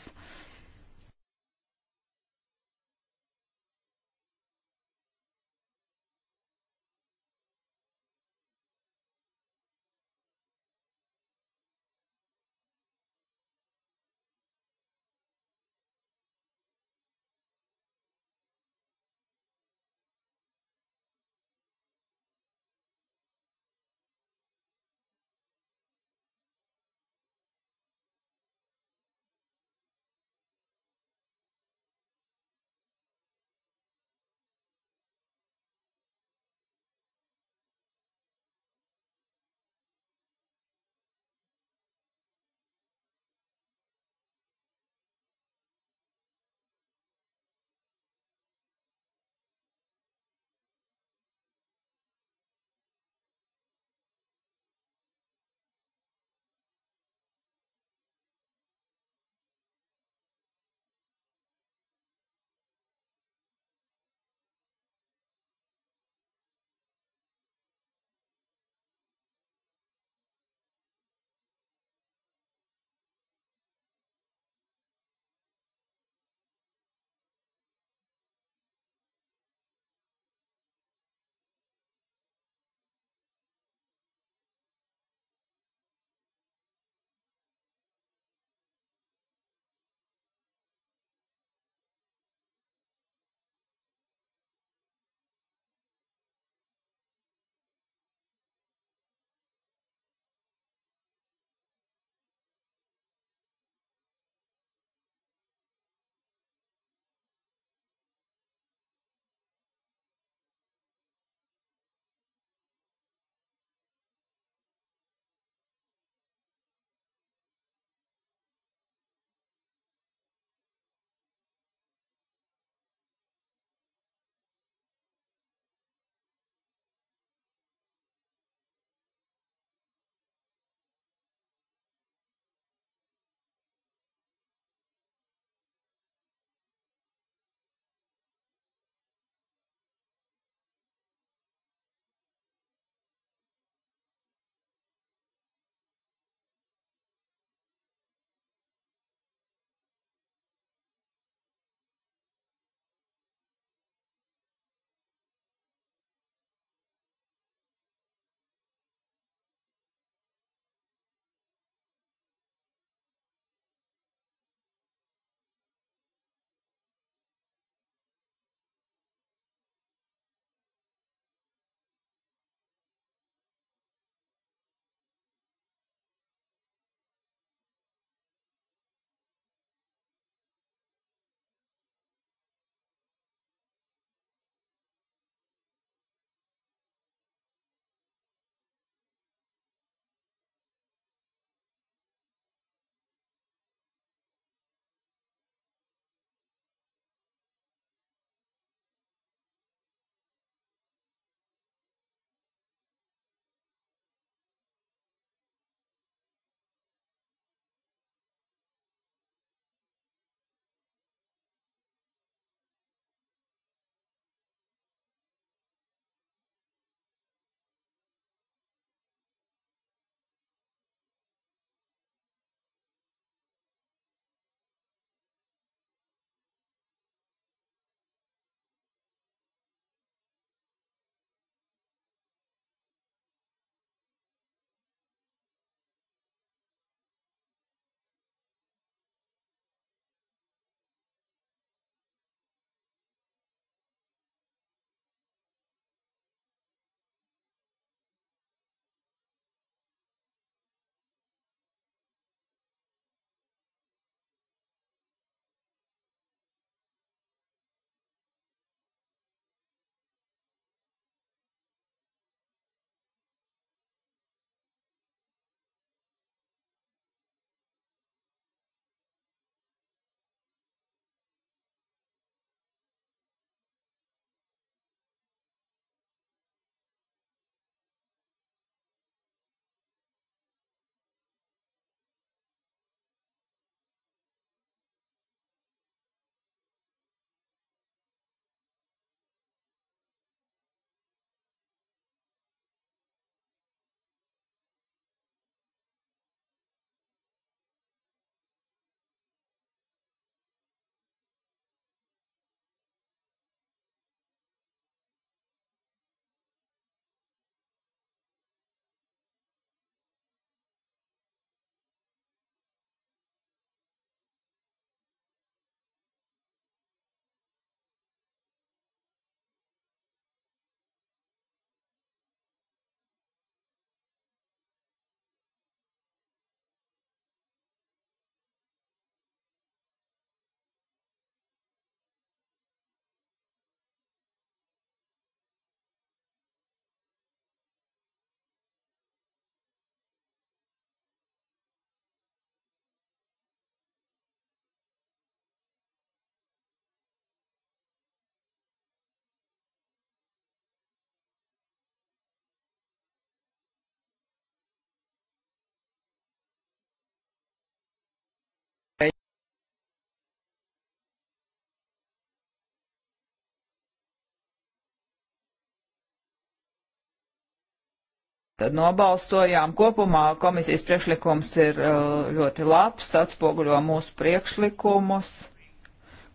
Tad nobalsojām kopumā, komisijas priekšlikums ir uh, ļoti labs, atspoguļo mūsu priekšlikumus.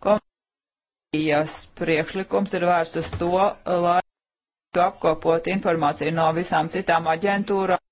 Komisijas priekšlikums ir vērsts uz to, lai apkopot informāciju no visām citām aģentūrām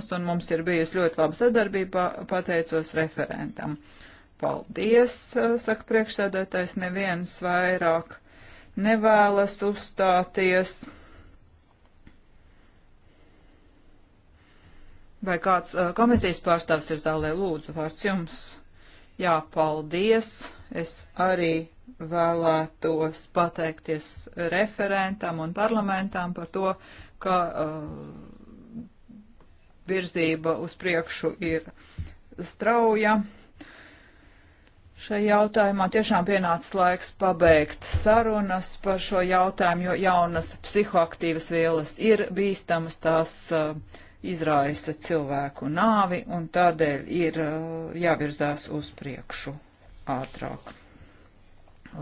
jautājumus, un mums ir bijusi ļoti laba sadarbība, pateicos referentam. Paldies, eh, saka priekšsēdētājs, neviens vairāk nevēlas uzstāties. Vai kāds eh, komisijas pārstāvs ir zālē? Lūdzu, vārds jums. Jā, paldies. Es arī vēlētos pateikties referentam un parlamentam par to, ka uh, virzība uz priekšu ir strauja. Šajā jautājumā tiešām pienācis laiks pabeigt sarunas par šo jautājumu, jo jaunas psihoaktīvas vielas ir bīstamas, tās uh, izraisa cilvēku nāvi un tādēļ ir uh, jāvirzās uz priekšu ātrāk.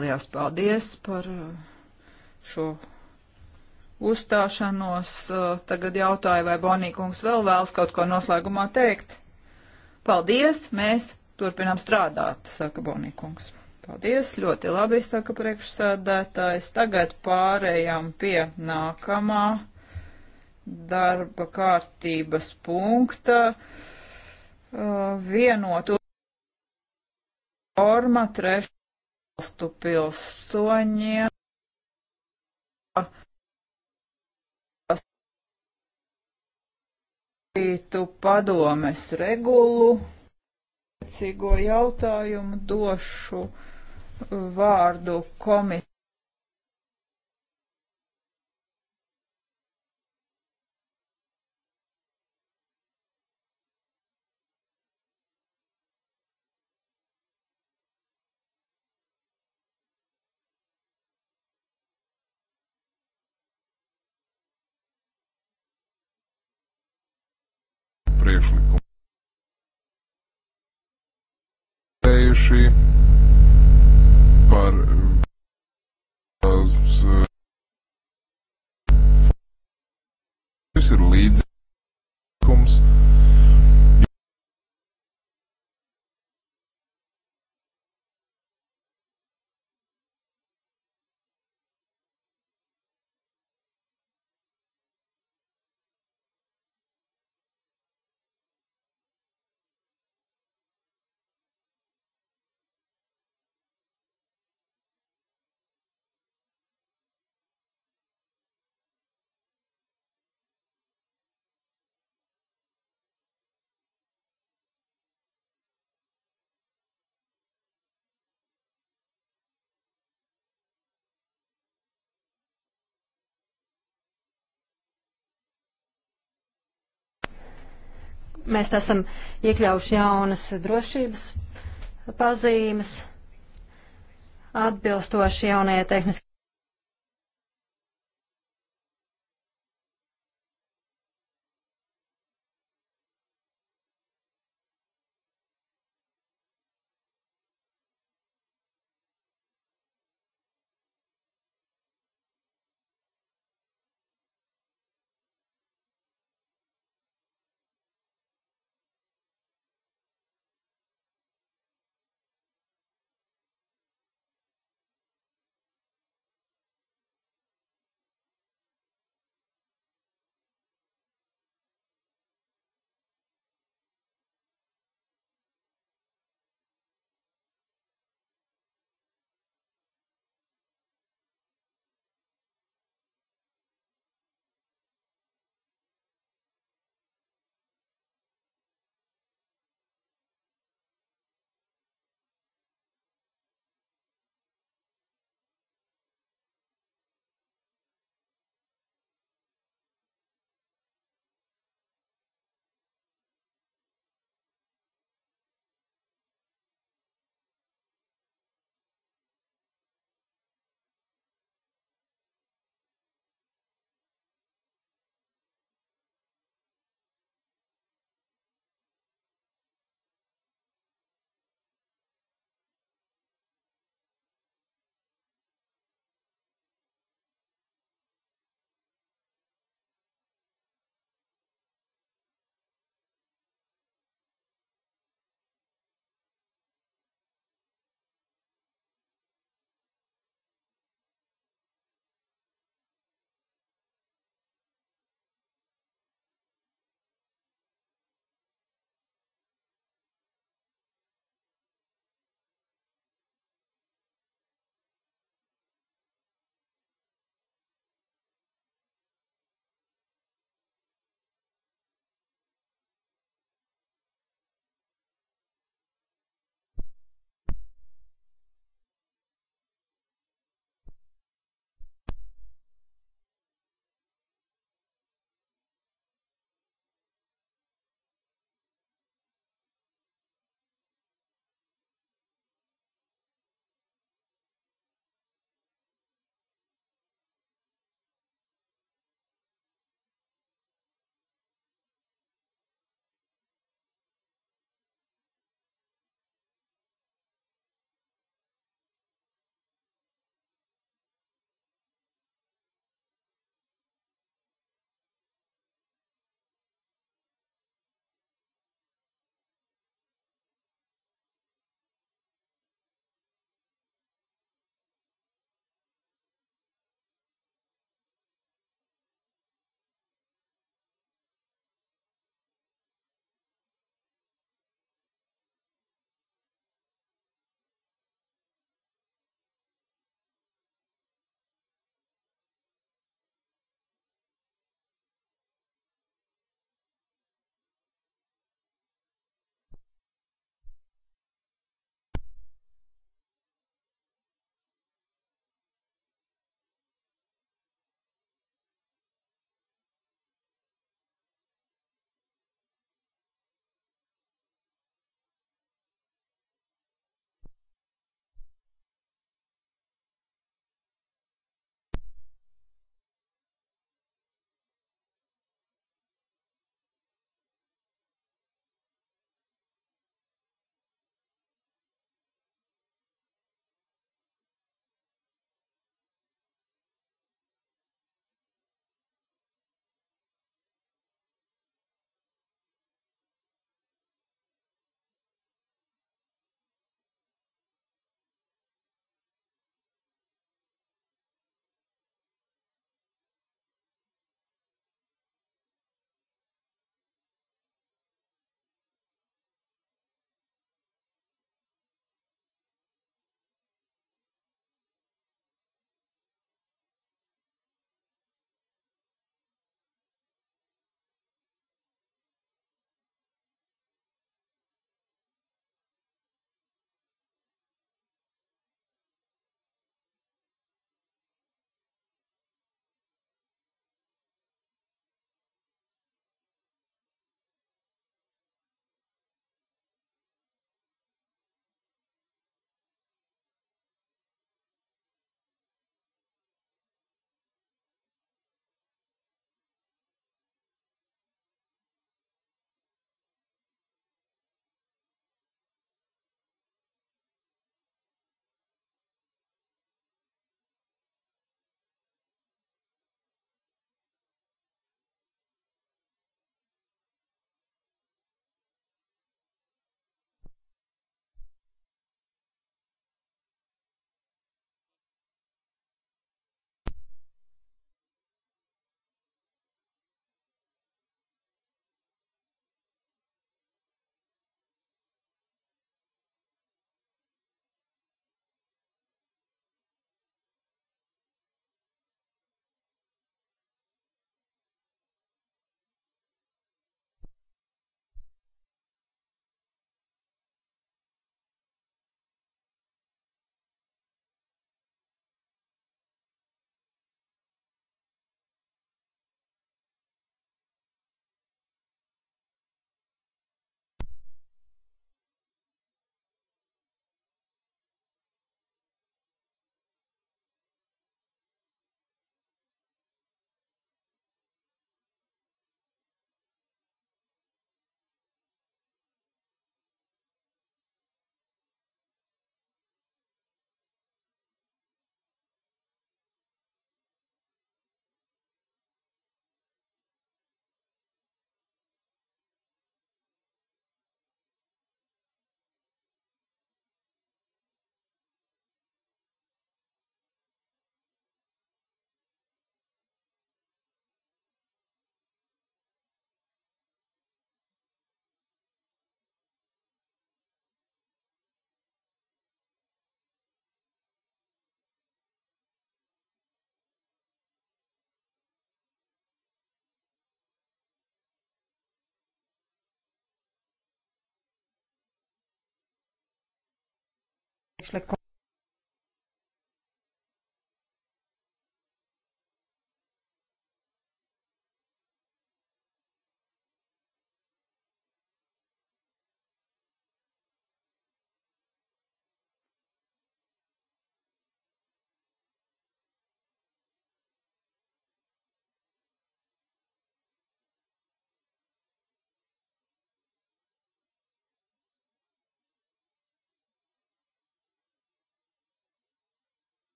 Lielas paldies par uh, šo uzstāšanos. Eh, tagad jautāju, vai Bonīkungs vēl vēlas kaut ko noslēgumā teikt. Paldies, mēs turpinām strādāt, saka Bonīkungs. Paldies, ļoti labi, saka priekšsēdētājs. Tagad pārējām pie nākamā darba kārtības punkta. Eh, Vienotu forma trešu valstu pilsoņiem Citu padomes regulu, cīgo jautājumu došu vārdu komisiju. priekšlikumu. mēs esam iekļauši jaunas drošības pazīmes atbilstoši jaunajai tehniskajai.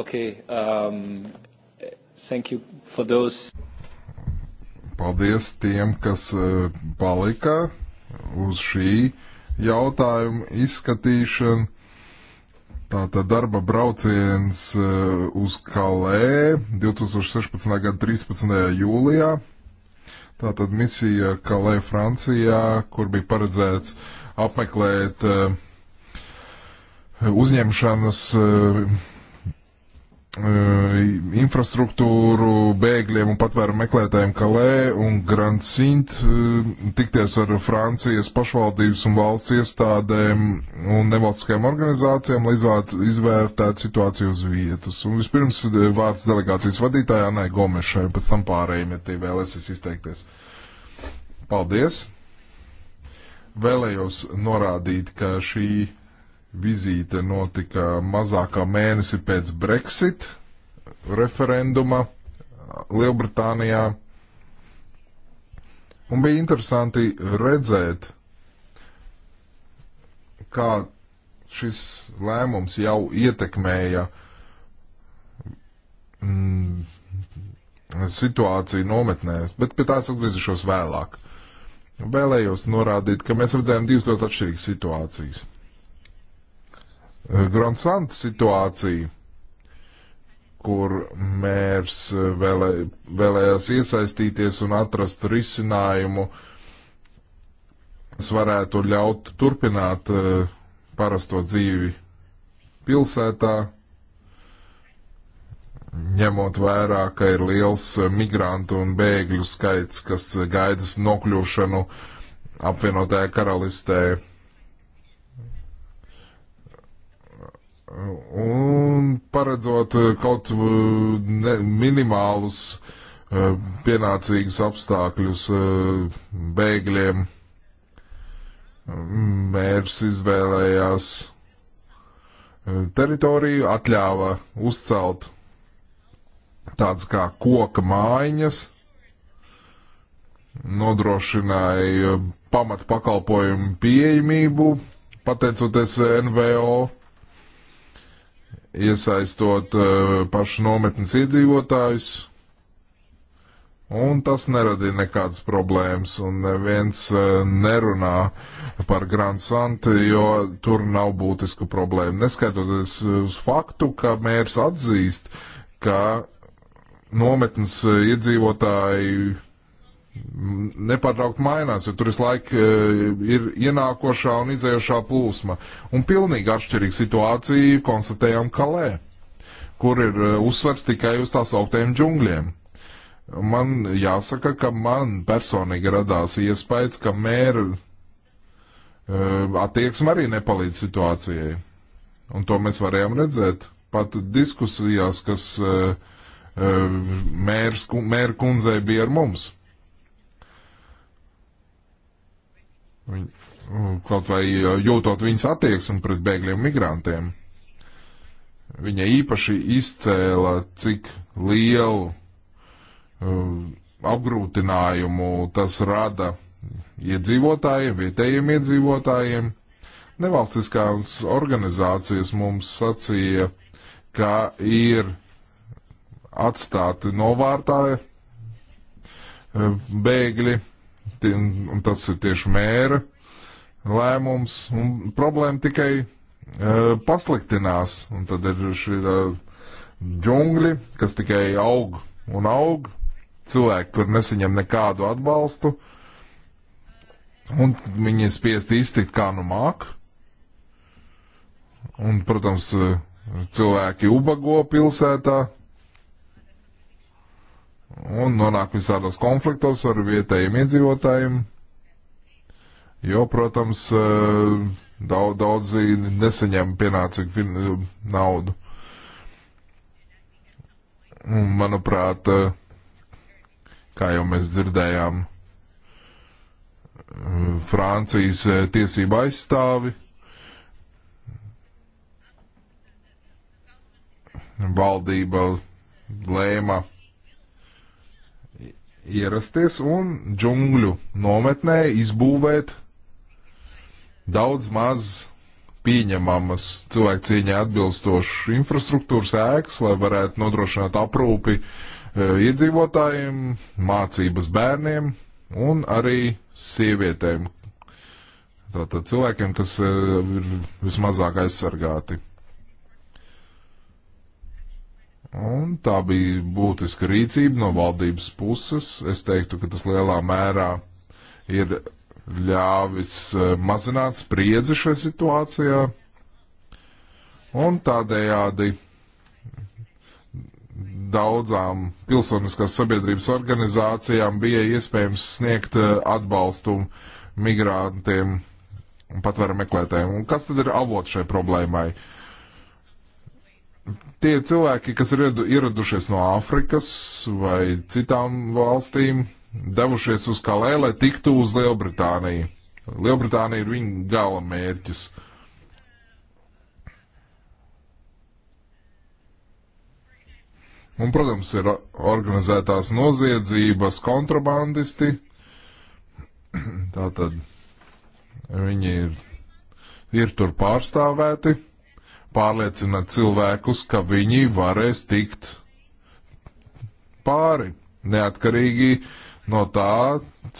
Okay, um, thank you for those. Paldies tiem, kas uh, palika uz šī jautājuma izskatīšanu. Tātad darba brauciens uh, uz Kalē 2016. gada 13. jūlijā. Tātad misija Kalē Francijā, kur bija paredzēts apmeklēt uh, uzņemšanas infrastruktūru bēgļiem un patvēru meklētājiem Kalē un Grand Sint tikties ar Francijas pašvaldības un valsts iestādēm un nevalstiskajām organizācijām, lai izvērt, izvērtētu situāciju uz vietas. Un vispirms vārds delegācijas vadītājā Anai Gomešai, pēc tam pārējiem, ja tie vēlēsies izteikties. Paldies! Vēlējos norādīt, ka šī vizīte notika mazākā mēnesi pēc Brexit referenduma Lielbritānijā. Un bija interesanti redzēt, kā šis lēmums jau ietekmēja mm, situāciju nometnēs, bet pie tās atgriezīšos vēlāk. Vēlējos norādīt, ka mēs redzējām divas ļoti atšķirīgas situācijas. Eh, Gronsanta situāciju, kur mērs eh, vēlē, vēlējās iesaistīties un atrast risinājumu, kas varētu ļaut turpināt eh, parasto dzīvi pilsētā, ņemot vērā, ka ir liels migrantu un bēgļu skaits, kas gaidas nokļūšanu apvienotajā karalistē un paredzot eh, kaut eh, ne, minimālus eh, pienācīgus apstākļus bēgļiem. Mērs izvēlējās teritoriju, atļāva uzcelt tādas kā koka mājiņas, nodrošināja pamat pakalpojumu pieejamību, pateicoties NVO iesaistot eh, pašu nometnes iedzīvotājus. Un tas neradīja nekādas problēmas, un neviens eh, nerunā par Grand Santi, jo tur nav būtisku problēmu. Neskatoties uz faktu, ka mērs atzīst, ka nometnes eh, iedzīvotāji nepārtraukt mainās, jo tur visu laiku eh, ir ienākošā un izējošā plūsma. Un pilnīgi atšķirīga situācija konstatējām Kalē, kur ir eh, uzsvers tikai uz tās augtējiem džungļiem. Man jāsaka, ka man personīgi radās iespējas, ka mēra eh, attieksme arī nepalīdz situācijai. Un to mēs varējām redzēt pat diskusijās, kas mērs, mēra kundzei bija ar mums. Viņ, nu, kaut vai uh, jūtot viņas attieksmi pret bēgļiem migrantiem. Viņa īpaši izcēla, cik lielu uh, apgrūtinājumu tas rada iedzīvotājiem, vietējiem iedzīvotājiem. Nevalstiskās organizācijas mums sacīja, ka ir atstāti novārtāji uh, bēgļi un tas ir tieši mēra lēmums, un problēma tikai e, pasliktinās, un tad ir šī e, džungļi, kas tikai aug un aug, cilvēki, kur nesaņem nekādu atbalstu, un viņi spiest iztikt kā nu māk, un, protams, e, cilvēki ubago pilsētā, un nonāk visādos konfliktos ar vietējiem iedzīvotājiem, jo, protams, eh, daudz, daudzi nesaņem pienācīgu naudu. Un, manuprāt, eh, kā jau mēs dzirdējām, eh, Francijas tiesība aizstāvi valdība lēma ierasties un džungļu nometnē izbūvēt daudz maz pieņemamas cilvēku cieņai atbilstošas infrastruktūras ēkas, lai varētu nodrošināt aprūpi e, iedzīvotājiem, mācības bērniem un arī sievietēm. Tātad cilvēkiem, kas e, ir vismazāk aizsargāti. Un tā bija būtiska rīcība no valdības puses. Es teiktu, ka tas lielā mērā ir ļāvis eh, mazināt spriedzi šajā situācijā. Un tādējādi daudzām pilsoniskās sabiedrības organizācijām bija iespējams sniegt eh, atbalstu migrantiem un patvēra meklētājiem. Un kas tad ir avots šai problēmai? Uh, tie cilvēki, kas ir ieradušies no Āfrikas vai citām valstīm, devušies uz Kalē, lai tiktu uz Lielbritāniju. Lielbritānija ir viņa gala mērķis. Un, protams, ir organizētās noziedzības kontrabandisti. Tātad viņi ir, ir tur pārstāvēti pārliecināt cilvēkus, ka viņi varēs tikt pāri, neatkarīgi no tā,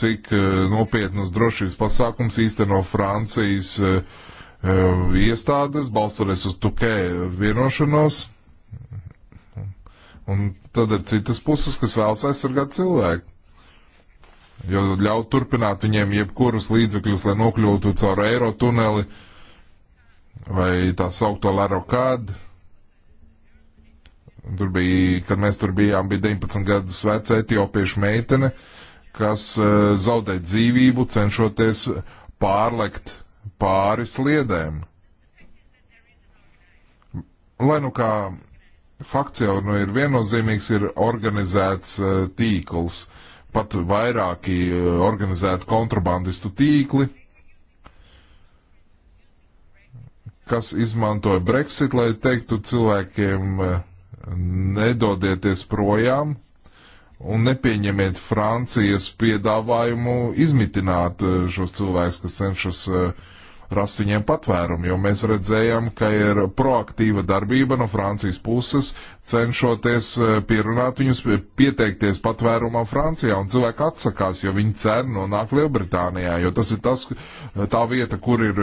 cik eh, nopietnas drošības pasākums īsteno Francijas eh, eh, iestādes, balstoties uz Tukē vienošanos. Un tad ir citas puses, kas vēlas aizsargāt cilvēku. Jo ļaut turpināt viņiem jebkurus līdzekļus, lai nokļūtu caur eiro tuneli, uh, vai tā saukto Larokādu. Tur bija, kad mēs tur bijām, bija 19 gadus veca etiopiešu meitene, kas uh, eh, zaudēja dzīvību, cenšoties pārlekt pāri sliedēm. Lai nu kā fakts jau nu, ir viennozīmīgs, ir organizēts uh, tīkls, pat vairāki uh, eh, organizēti kontrabandistu tīkli kas izmantoja Brexit, lai teiktu cilvēkiem eh, nedodieties projām un nepieņemiet Francijas piedāvājumu izmitināt eh, šos cilvēkus, kas cenšas uh, rast viņiem patvērumu, jo mēs redzējām, ka ir proaktīva darbība no Francijas puses, cenšoties e, pierunāt viņus e, pieteikties patvērumam Francijā, un cilvēki atsakās, jo viņi cer nonāk Lielbritānijā, jo tas ir tas, e, tā vieta, kur ir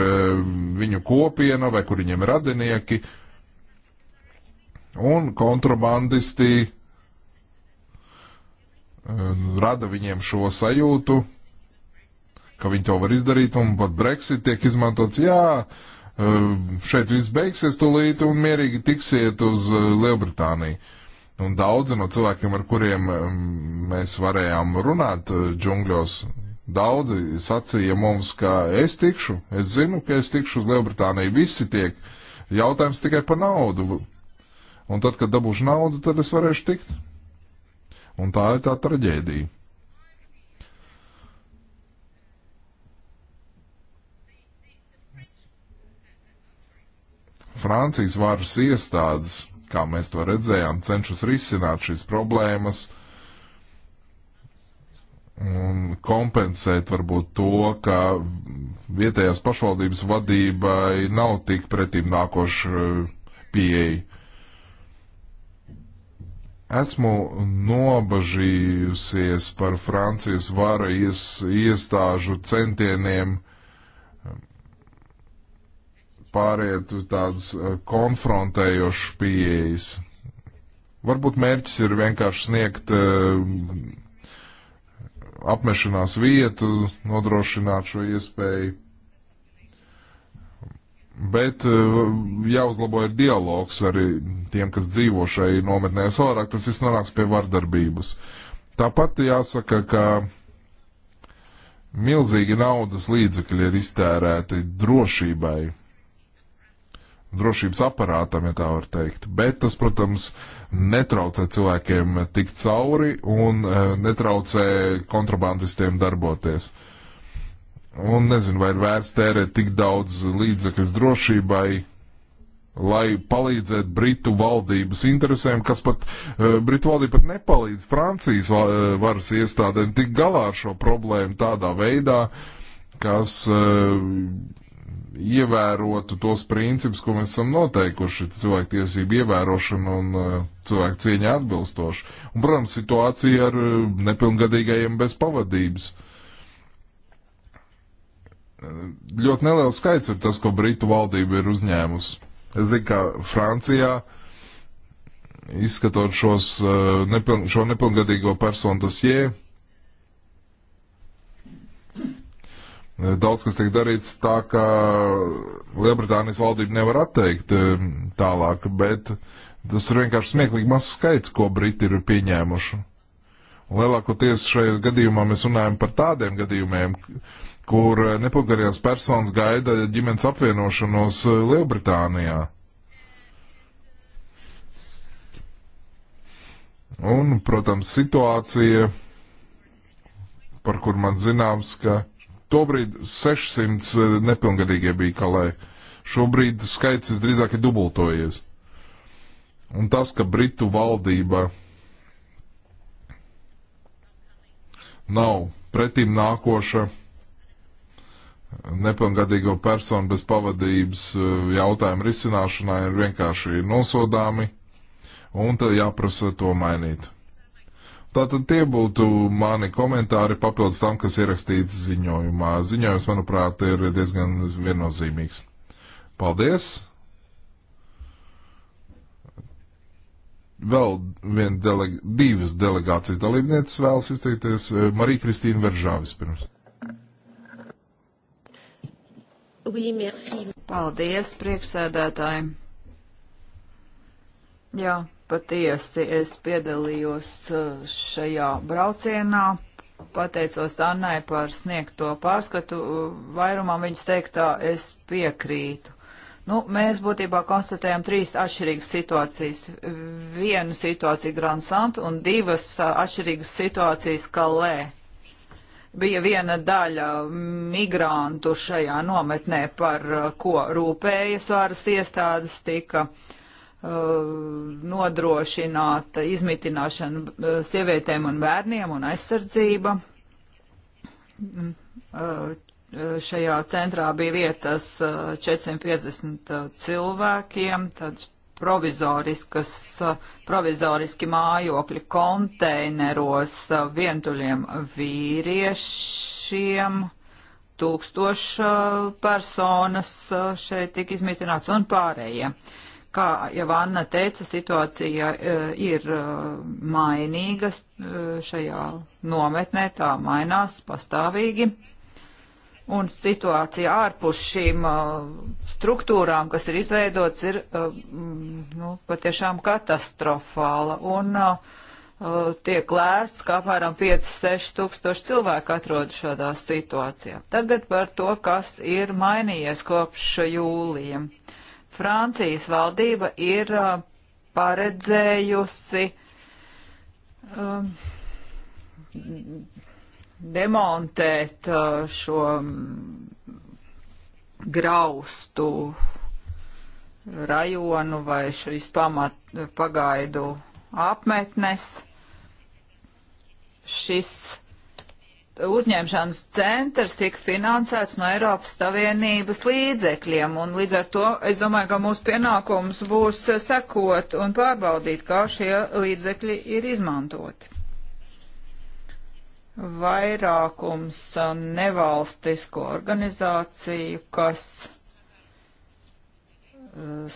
viņu kopiena vai kur viņiem ir radinieki. Un kontrabandisti rada viņiem šo sajūtu, ka viņi to var izdarīt, un pat Brexit tiek izmantots, jā, eh, šeit viss beigsies tūlīt un mierīgi tiksiet uz eh, Lielbritāniju. Un daudzi no cilvēkiem, ar kuriem mēs varējām runāt eh, džungļos, daudzi sacīja mums, ka es tikšu, es zinu, ka es tikšu uz Lielbritāniju, visi tiek. Jautājums tikai par naudu. Un tad, kad dabūšu naudu, tad es varēšu tikt. Un tā ir tā traģēdija. Francijas varas iestādes, kā mēs to redzējām, cenšas risināt šīs problēmas un kompensēt varbūt to, ka vietējās pašvaldības vadībai nav tik pretīm nākoša uh, pieeja. Esmu nobažījusies par Francijas varas iestāžu centieniem uh, pāriet uz tādas eh, konfrontējošas pieejas. Varbūt mērķis ir vienkārši sniegt eh, apmešanās vietu, nodrošināt šo iespēju. Bet eh, jāuzlabo ir dialogs ar tiem, kas dzīvo šai nometnē. Savādāk tas viss nonāks pie vardarbības. Tāpat jāsaka, ka milzīgi naudas līdzekļi ir iztērēti drošībai drošības aparātam, ja tā var teikt. Bet tas, protams, netraucē cilvēkiem tikt cauri un e, netraucē kontrabandistiem darboties. Un nezinu, vai ir vērts tērēt tik daudz līdzekļus drošībai, lai palīdzētu Britu valdības interesēm, kas pat uh, Britu valdība pat nepalīdz Francijas e, varas iestādēm tik galā ar šo problēmu tādā veidā, kas uh, ievērotu tos principus, ko mēs esam noteikuši, cilvēku tiesību ievērošanu un uh, cilvēku cieņa atbilstoši. Un, protams, situācija ar uh, nepilngadīgajiem bez pavadības. Ļoti neliels skaits ir tas, ko Britu valdība ir uzņēmusi. Es zinu, ka Francijā, izskatot šos, uh, nepiln, šo nepilngadīgo personu dosieru, Eh, daudz kas tiek darīts tā, ka Lielbritānijas valdība nevar atteikt eh, tālāk, bet tas ir vienkārši smieklīgi mazs skaits, ko Briti ir pieņēmuši. Lielākoties šajā gadījumā mēs runājam par tādiem gadījumiem, kur eh, nepilngadīgās personas gaida ģimenes apvienošanos Lielbritānijā. Un, protams, situācija, par kur man zināms, ka Tobrīd 600 eh, nepilngadīgie bija kalē. Šobrīd skaits visdrīzāk ir dubultojies. Un tas, ka Britu valdība nav pretim nākoša nepilngadīgo personu bez pavadības eh, jautājumu risināšanā, ir vienkārši nosodāmi, un tad jāprasa to mainīt. Tātad tie būtu mani komentāri papildus tam, kas ierakstīts ziņojumā. Ziņojums, manuprāt, ir diezgan viennozīmīgs. Paldies! Vēl vien delega, divas delegācijas dalībnieces vēlas izteikties. Marija Kristīna Veržā vispirms. Oui, merci. Paldies priekšsēdētājiem. Jā, Patiesi es piedalījos uh, šajā braucienā, pateicos Annai par sniegto pārskatu, vairumam viņas teiktā es piekrītu. Nu, mēs būtībā konstatējam trīs atšķirīgas situācijas. Vienu situāciju Grand Sant un divas uh, atšķirīgas situācijas Kalē. Bija viena daļa migrantu šajā nometnē, par uh, ko rūpējas varas iestādes tika uh, Uh, nodrošināta izmitināšana uh, sievietēm un bērniem un aizsardzība. Mm, uh, šajā centrā bija vietas 450 cilvēkiem, tāds provizoriskas, provizoriski mājokļi konteineros vientuļiem vīriešiem tūkstoša personas šeit tika izmitināts un pārējie. Uh, kā jau Anna teica, situācija e, ir e, mainīga e, šajā nometnē, tā mainās pastāvīgi. Un situācija ārpus šīm struktūrām, kas ir izveidots, ir nu, patiešām katastrofāla. Un tiek lēsts, ka apmēram 5-6 tūkstoši cilvēku atrodas šādā situācijā. Tagad par to, kas ir mainījies kopš jūlijam. Uh, Francijas valdība ir uh, paredzējusi um, demontēt uh, šo mm, graustu rajonu vai šīs pamat pagaidu apmetnes. Šis uzņemšanas centrs tika finansēts no Eiropas Savienības līdzekļiem, un līdz ar to es domāju, ka mūsu pienākums būs sekot un pārbaudīt, kā šie līdzekļi ir izmantoti. Vairākums nevalstisko organizāciju, kas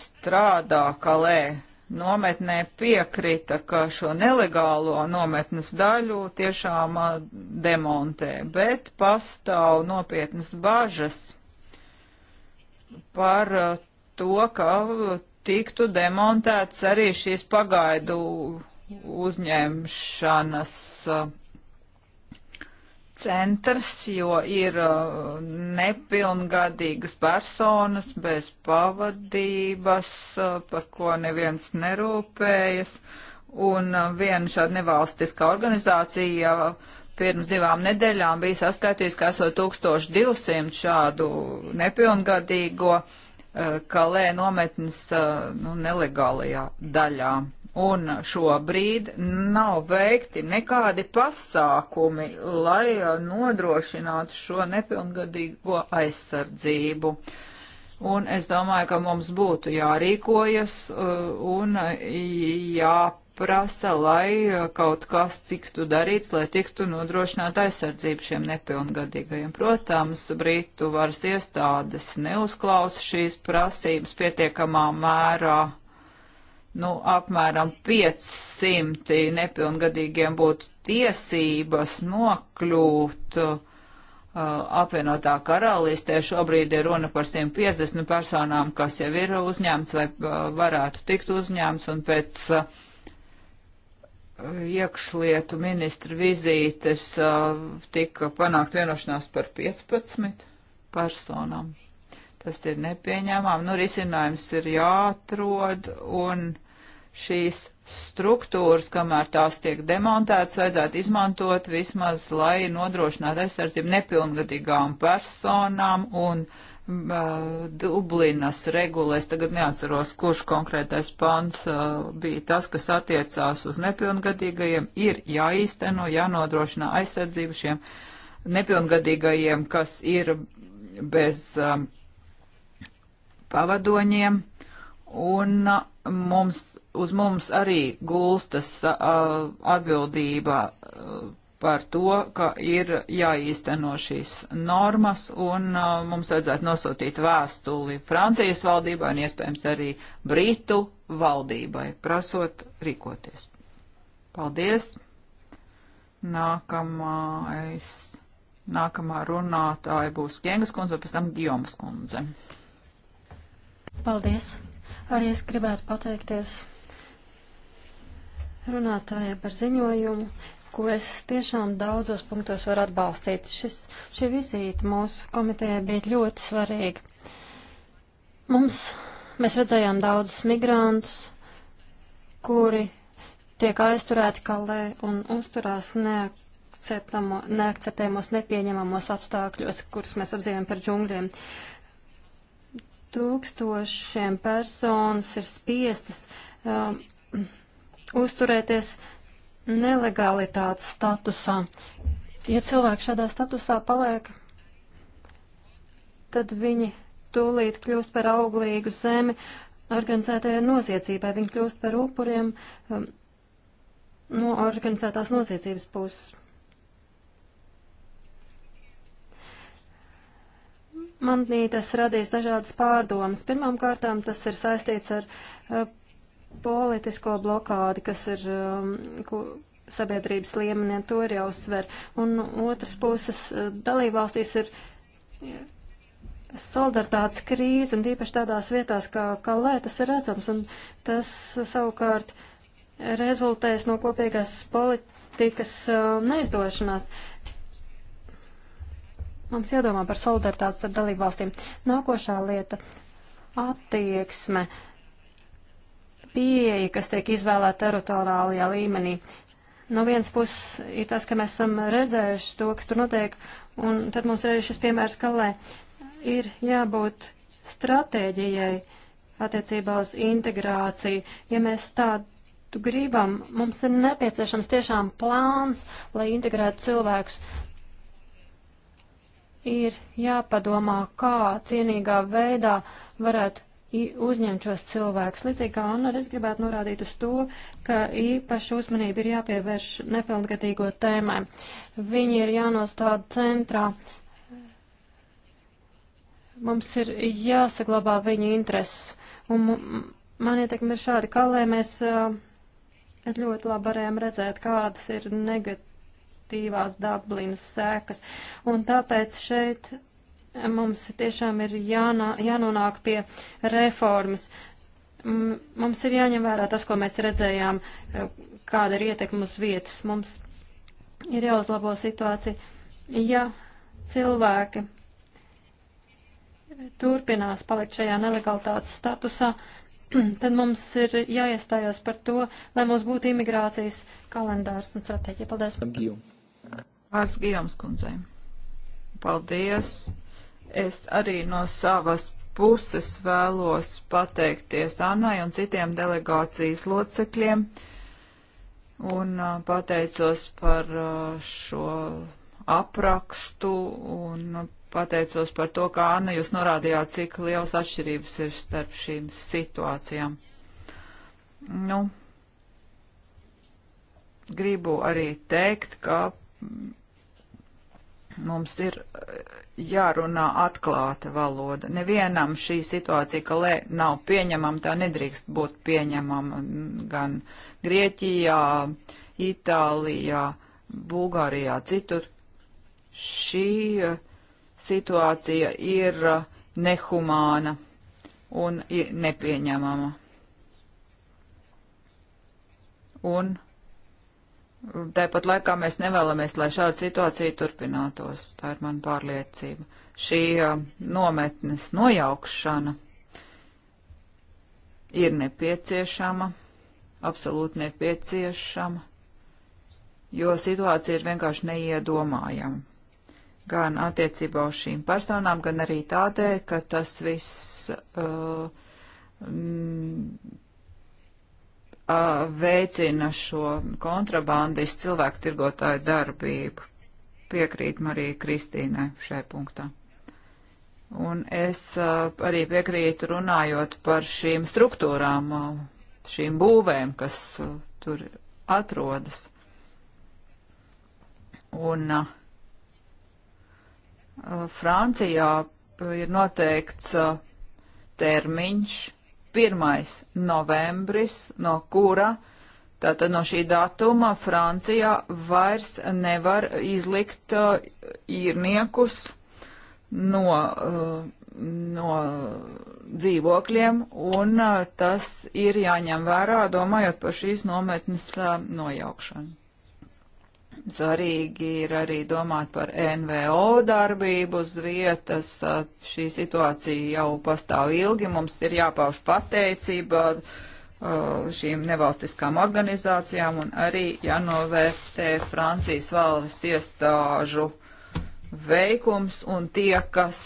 strādā kalē nometnē piekrita, ka šo nelegālo nometnes daļu tiešām demontē, bet pastāv nopietnas bažas par to, ka tiktu demontēts arī šīs pagaidu uzņemšanas centrs, jo ir uh, nepilngadīgas personas bez pavadības, uh, par ko neviens nerūpējas. Un uh, viena šāda nevalstiskā organizācija pirms divām nedēļām bija saskaitījusi, ka esot 1200 šādu nepilngadīgo kalē nometnes nu, nelegālajā daļā. Un šobrīd nav veikti nekādi pasākumi, lai uh, nodrošinātu šo nepilngadīgo aizsardzību. Un es domāju, ka mums būtu jārīkojas uh, un jāprasa, lai uh, kaut kas tiktu darīts, lai tiktu nodrošināta aizsardzība šiem nepilngadīgajiem. Protams, Britu varas iestādes neuzklausa šīs prasības pietiekamā mērā nu, apmēram 500 nepilngadīgiem būtu tiesības nokļūt uh, apvienotā karalistē. Šobrīd ir runa par 150 personām, kas jau ir uzņemts vai uh, varētu tikt uzņemts, un pēc uh, iekšlietu ministra vizītes uh, tika panākt vienošanās par 15 personām. Tas ir nepieņēmām. Nu, risinājums ir jāatrod un šīs struktūras, kamēr tās tiek demontētas, vajadzētu izmantot vismaz, lai nodrošinātu aizsardzību nepilngadīgām personām un uh, Dublinas regulēs, tagad neatceros, kurš konkrētais pants uh, bija tas, kas attiecās uz nepilngadīgajiem, ir jāīsteno, jānodrošina aizsardzību šiem nepilngadīgajiem, kas ir bez um, uh, pavadoņiem, un mums, uz mums arī gulstas atbildība par to, ka ir jāīsteno šīs normas, un mums vajadzētu nosūtīt vēstuli Francijas valdībai un iespējams arī Britu valdībai, prasot rīkoties. Paldies! Nākamais, nākamā runātāja būs Kiengas kundze, pēc tam Gijomas kundze. Paldies! Arī es gribētu pateikties runātājai par ziņojumu, ko es tiešām daudzos punktos varu atbalstīt. Šis, šī vizīte mūsu komitejai bija ļoti svarīga. Mums, mēs redzējām daudzus migrantus, kuri tiek aizturēti kalē un uzturās neakceptamos, nepieņemamos apstākļos, kurus mēs apzīmējam par džungļiem. Uh, tūkstošiem personas ir spiestas um, uzturēties nelegalitātes statusā. Ja cilvēki šādā statusā paliek, tad viņi tūlīt kļūst par auglīgu zemi organizētajai noziedzībai, viņi kļūst par upuriem um, no organizētās noziedzības puses. manī tas radīs dažādas pārdomas. Pirmām kārtām tas ir saistīts ar uh, politisko blokādi, kas ir um, ko, sabiedrības līmenī, to ir jāuzsver. Un otras puses uh, dalībvalstīs ir eh, solidaritātes krīze, un īpaši tādās vietās kā Kalē tas ir redzams, un tas savukārt rezultēs no kopīgās politikas uh, neizdošanās. Uh, Mums jādomā par solidaritātes ar dalībvalstīm. Nākošā lieta - attieksme, pieeja, kas tiek izvēlēta teritoriālajā līmenī. No vienas puses ir tas, ka mēs esam redzējuši to, kas tur notiek, un tad mums ir arī šis piemērs Kalē. Ir jābūt stratēģijai attiecībā uz integrāciju. Ja mēs tādu gribam, mums ir nepieciešams tiešām plāns, lai integrētu cilvēkus ir jāpadomā, kā cienīgā veidā varētu uzņemt šos cilvēkus. Līdzīgi kā Anna, es gribētu norādīt uz to, ka īpaši uzmanība ir jāpievērš nepilngadīgo tēmai. Viņi ir jānostāda centrā. Mums ir jāsaglabā viņu intereses. Un man ietekmi ir šādi, kā lai mēs ļoti labi varējām redzēt, kādas ir negatīvas retroaktīvās Dublinas sēkas. Un tāpēc šeit mums tiešām ir jānā, jānonāk pie reformas. Mums ir jāņem vērā tas, ko mēs redzējām, e, kāda ir ietekma uz vietas. Mums ir jāuzlabo situācija. Ja cilvēki turpinās palikt šajā nelegalitātes statusā, tad mums ir jāiestājās par to, lai mums būtu imigrācijas kalendārs un stratēģija. Paldies! Vārds Gijoms kundzei. Paldies! Es arī no savas puses vēlos pateikties Annai un citiem delegācijas locekļiem un pateicos par šo aprakstu un pateicos par to, kā Anna jūs norādījāt, cik liels atšķirības ir starp šīm situācijām. Nu, gribu arī teikt, ka Mums ir eh, jārunā atklāta valoda. Nevienam šī situācija, ka lē nav pieņemama, tā nedrīkst būt pieņemama gan Grieķijā, Itālijā, Bulgārijā, citur. Šī eh, situācija ir eh, nehumāna un ir nepieņemama. Un Tāpat laikā mēs nevēlamies, lai šāda situācija turpinātos. Tā ir mana pārliecība. Šī nometnes nojaukšana ir nepieciešama, absolūti nepieciešama, jo situācija ir vienkārši neiedomājama. Gan attiecībā uz šīm personām, gan arī tādēļ, ka tas viss. Uh, m, veicina šo kontrabandistu cilvēku tirgotāju darbību. Piekrīt Marija Kristīne šai punktā. Un es arī piekrītu runājot par šīm struktūrām, šīm būvēm, kas tur atrodas. Un Francijā ir noteikts termiņš 1. novembris, no kura Tātad no šī datuma Francijā vairs nevar izlikt uh, īrniekus no, uh, no dzīvokļiem, un uh, tas ir jāņem vērā, domājot par šīs nometnes uh, nojaukšanu. Svarīgi ir arī domāt par NVO darbību uz vietas. Šī situācija jau pastāv ilgi. Mums ir jāpauž pateicība uh, šīm nevalstiskām organizācijām un arī jānovērtē Francijas valdes iestāžu veikums un tie, kas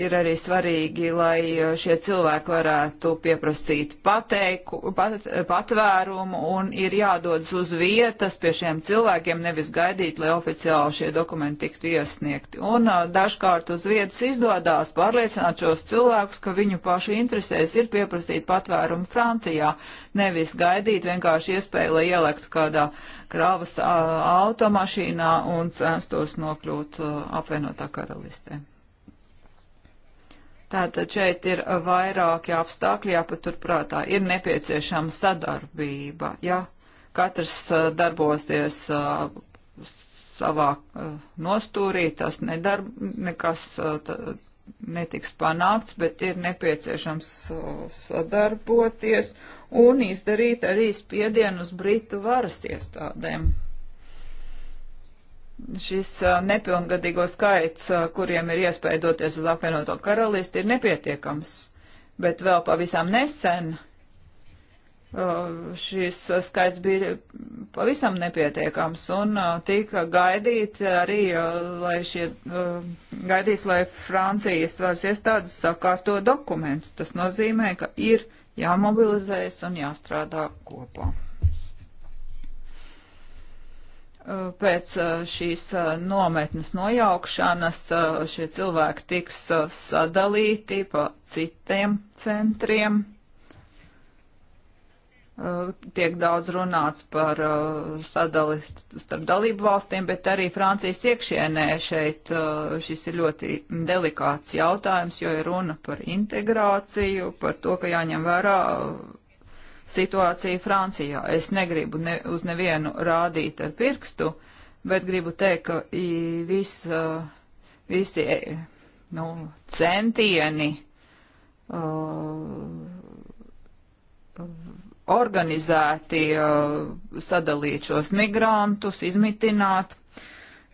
ir arī svarīgi, lai uh, šie cilvēki varētu pieprastīt pateiku, pat, patvērumu un ir jādodas uz vietas pie šiem cilvēkiem, nevis gaidīt, lai oficiāli šie dokumenti tiktu iesniegti. Un uh, dažkārt uz vietas izdodās pārliecināt šos cilvēkus, ka viņu pašu interesēs ir pieprastīt patvērumu Francijā, nevis gaidīt vienkārši iespēju, lai ielektu kādā kravas uh, automašīnā un censtos nokļūt apvienotā karalistē. Tātad šeit ir vairāki apstākļi jāpaturprātā. Ir nepieciešama sadarbība, ja katrs uh, darbosies uh, savā uh, nostūrī, tas nedarb, nekas netiks panākts, bet ir nepieciešams sadarboties un izdarīt arī spiedienu uz Britu varas iestādēm šis nepilngadīgo skaits, kuriem ir iespēja doties uz apvienoto karalisti, ir nepietiekams. Bet vēl pavisam nesen šis skaits bija pavisam nepietiekams un tika gaidīts arī, lai šie, gaidīts, lai Francijas varas iestādes sakārto dokumentus. Tas nozīmē, ka ir jāmobilizējas un jāstrādā kopā. Eh, pēc eh, šīs eh, nometnes nojaukšanas šie cilvēki tiks sadalīti pa citiem centriem. Tiek daudz runāts par sadali starp dalību valstīm, bet arī Francijas iekšienē šeit šis ir ļoti delikāts jautājums, jo ir runa par integrāciju, par to, ka jāņem vērā situāciju Francijā. Es negribu ne, uz nevienu rādīt ar pirkstu, bet gribu teikt, ka vis, visi e, nu, centieni uh, organizēti uh, sadalīt šos migrantus, izmitināt,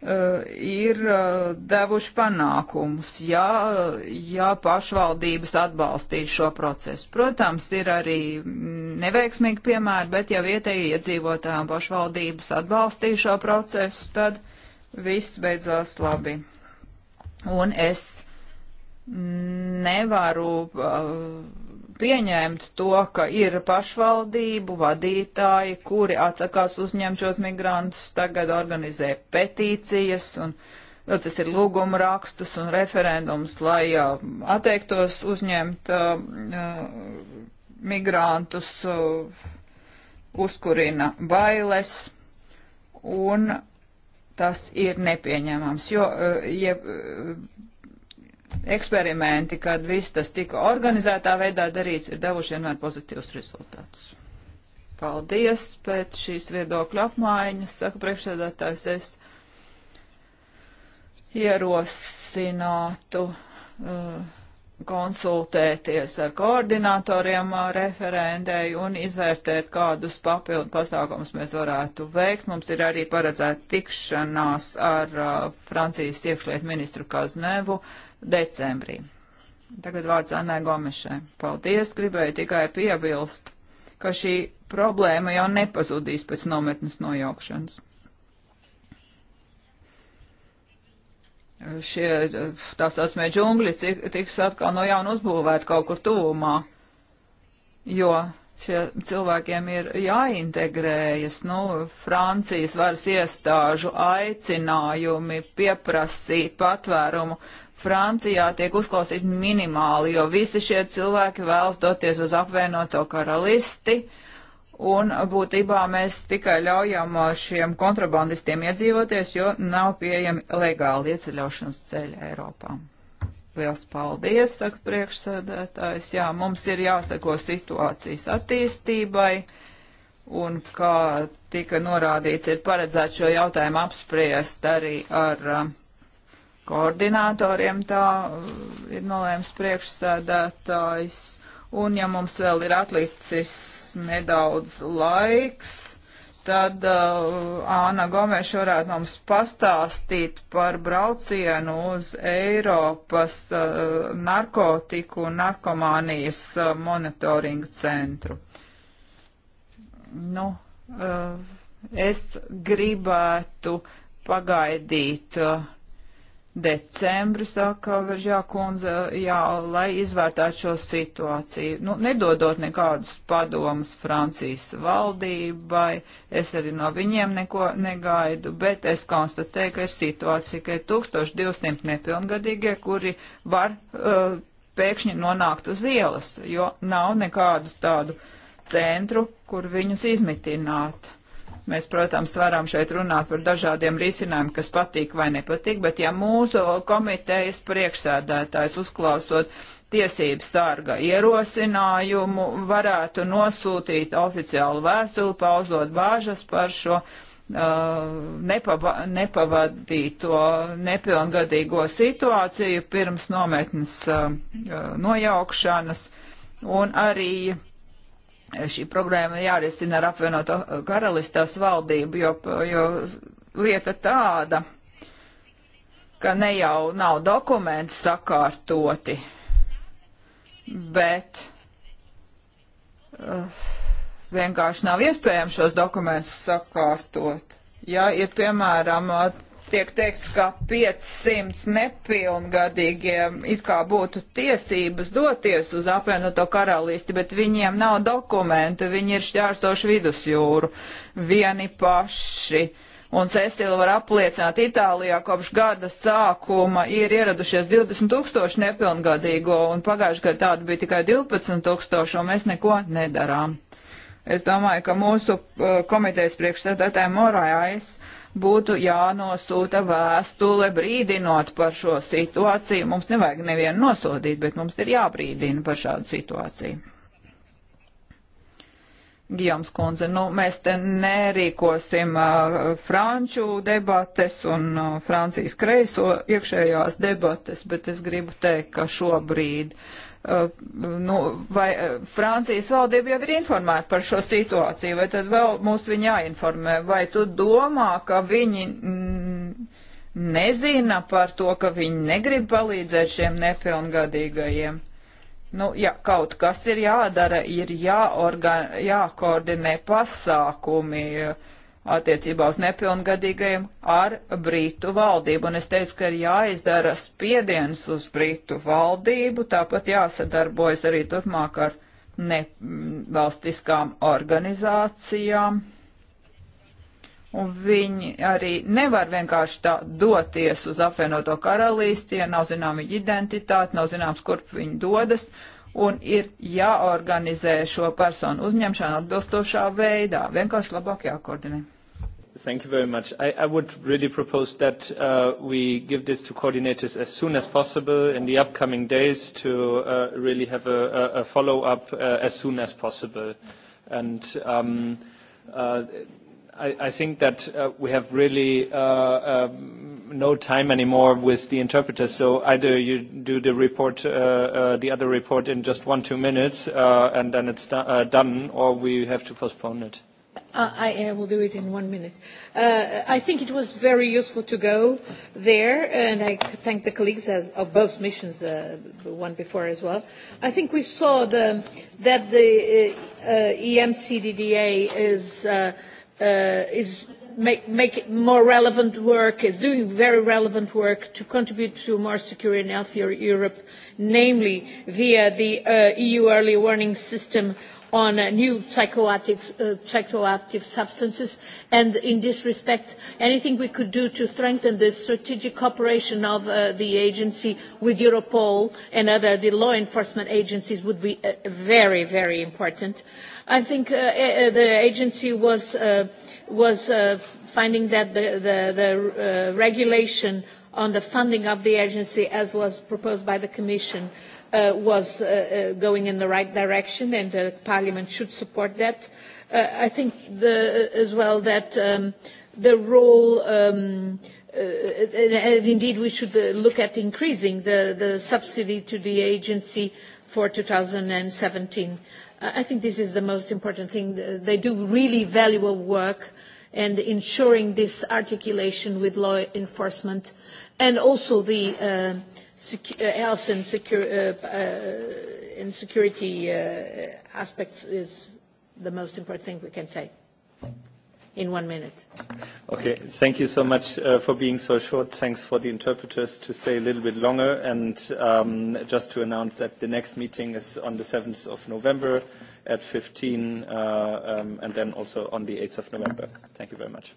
Eh, ir eh, devuši panākumus, ja, ja pašvaldības atbalstīs šo procesu. Protams, ir arī neveiksmīgi piemēri, bet ja vietēji iedzīvotājiem pašvaldības atbalstīs šo procesu, tad viss beidzās labi. Un es nevaru uh, pieņemt to, ka ir pašvaldību vadītāji, kuri atsakās uzņemt šos migrantus, tagad organizē petīcijas un nu, tas ir lūguma rakstus un referendums, lai uh, atteiktos uzņemt uh, migrantus, uh, uzkurina bailes un tas ir nepieņemams, jo ja eksperimenti, kad viss tas tika organizētā veidā darīts, ir devuši vienmēr pozitīvus rezultātus. Paldies pēc šīs viedokļu apmaiņas, saka priekšsēdētājs, es ierosinātu uh, konsultēties ar koordinatoriem uh, referendēju un izvērtēt, kādus papildu pasākumus mēs varētu veikt. Mums ir arī paredzēta tikšanās ar uh, Francijas iekšlietu ministru Kaznevu, uh, decembrī. Tagad vārds Annai Gomešai. Paldies, gribēju tikai piebilst, ka šī problēma jau nepazudīs pēc nometnes nojaukšanas. Šie tā saucamie džungļi tiks atkal no jauna uzbūvēti kaut kur tuvumā, jo šie cilvēkiem ir jāintegrējas. Nu, Francijas varas iestāžu aicinājumi pieprasīt patvērumu Francijā tiek uzklausīti minimāli, jo visi šie cilvēki vēlas doties uz apvienoto karalisti. Un būtībā mēs tikai ļaujam šiem kontrabandistiem iedzīvoties, jo nav pieejami legāli ieceļošanas ceļi Eiropā. Liels paldies, saka priekšsēdētājs. Jā, mums ir jāseko situācijas attīstībai, un kā tika norādīts, ir paredzēts šo jautājumu apspriest arī ar um, koordinatoriem, tā uh, ir nolēms priekšsēdētājs. Un ja mums vēl ir atlicis nedaudz laiks, Tad uh, Āna Gomeša varētu mums pastāstīt par braucienu uz Eiropas uh, narkotiku un narkomānijas uh, monitoringu centru. Nu, uh, es gribētu pagaidīt uh, decembri, saka Veržākundze, jā, lai izvērtētu šo situāciju. Nu, nedodot nekādus padomus Francijas valdībai, es arī no viņiem neko negaidu, bet es konstatēju, ka ir situācija, ka ir 1200 nepilngadīgie, kuri var uh, pēkšņi nonākt uz ielas, jo nav nekādu tādu centru, kur viņus izmitināt. Mēs, protams, varam šeit runāt par dažādiem risinājumiem, kas patīk vai nepatīk, bet ja mūsu komitejas priekšsēdētājs uzklausot tiesību sārga ierosinājumu, varētu nosūtīt oficiālu vēstuli, pauzot bāžas par šo Uh, nepava, nepavadīto nepilngadīgo situāciju pirms nometnes uh, uh nojaukšanas un arī šī problēma jārisina ar apvienoto eh, karalistās valdību, jo, jo lieta tāda, ka ne jau nav dokumenti sakārtoti, bet uh, vienkārši nav iespējams šos dokumentus sakārtot. Ja ir, piemēram, tiek teikts, ka 500 nepilngadīgiem it kā būtu tiesības doties uz apvienoto karalisti, bet viņiem nav dokumenta, viņi ir šķērstoši vidusjūru vieni paši. Un Cecila var apliecināt, Itālijā kopš gada sākuma ir ieradušies 20 tūkstoši nepilngadīgo, un pagājušajā gadā tādu bija tikai 12 tūkstoši, un mēs neko nedarām. Es domāju, ka mūsu uh, komitejas priekšsēdētājai Morais būtu jānosūta vēstule brīdinot par šo situāciju. Mums nevajag nevienu nosodīt, bet mums ir jābrīdina par šādu situāciju. Gijoms kundze, nu, mēs te nerīkosim uh, franču debates un uh, Francijas kreiso iekšējās debates, bet es gribu teikt, ka šobrīd uh, Uh, nu, vai uh, Francijas valdība jau ir informēta par šo situāciju, vai tad vēl mūs viņi jāinformē, vai tu domā, ka viņi nezina par to, ka viņi negrib palīdzēt šiem nepilngadīgajiem? Nu, ja kaut kas ir jādara, ir jāorgan, jākoordinē pasākumi. Uh, attiecībā uz nepilngadīgajiem ar Britu valdību. Un es teicu, ka ir jāizdara spiediens uz Britu valdību, tāpat jāsadarbojas arī turpmāk ar nevalstiskām organizācijām. Un viņi arī nevar vienkārši tā doties uz apvienoto karalīsti, ja nav zināma identitāte, nav zināms, kurp viņi dodas. Uh, un ir jāorganizē šo personu uzņemšanu atbilstošā veidā, vienkārši labāk jākoordinē. Thank you very much. I, I would really propose that uh, we give this to coordinators as soon as possible in the upcoming days to uh, really have a, a follow-up uh, as soon as possible. And um, uh, I, I think that uh, we have really uh, um, no time anymore with the interpreters, so either you do the report, uh, uh, the other report in just one, two minutes, uh, and then it's do uh, done, or we have to postpone it. Uh, I, I will do it in one minute. Uh, I think it was very useful to go there, and I thank the colleagues as, of both missions, the, the one before as well. I think we saw the, that the uh, uh, e EMCDDA is uh, Uh, is make, make it more relevant work, is doing very relevant work to contribute to a more secure and healthier Europe, namely via the uh, EU early warning system on uh, new psychoactive, uh, psychoactive substances. And in this respect, anything we could do to strengthen the strategic cooperation of uh, the agency with Europol and other the law enforcement agencies would be uh, very, very important. Uh, I think uh, uh, the agency was, uh, was uh, finding that the, the, the uh, regulation on the funding of the agency, as was proposed by the Commission, uh, was uh, uh, going in the right direction, and uh, Parliament should support that. Uh, I think the, uh, as well that um, the role um, uh, and uh, indeed we should uh, look at increasing the, the subsidy to the agency for 2017. I think this is the most important thing. They do really valuable work and ensuring this articulation with law enforcement and also the uh, secu uh, health and, secu uh, uh, and security uh, aspects is the most important thing we can say in one minute. Okay, thank you so much uh, for being so short. Thanks for the interpreters to stay a little bit longer. And um, just to announce that the next meeting is on the 7th of November at 15, uh, um, and then also on the 8th of November. Thank you very much.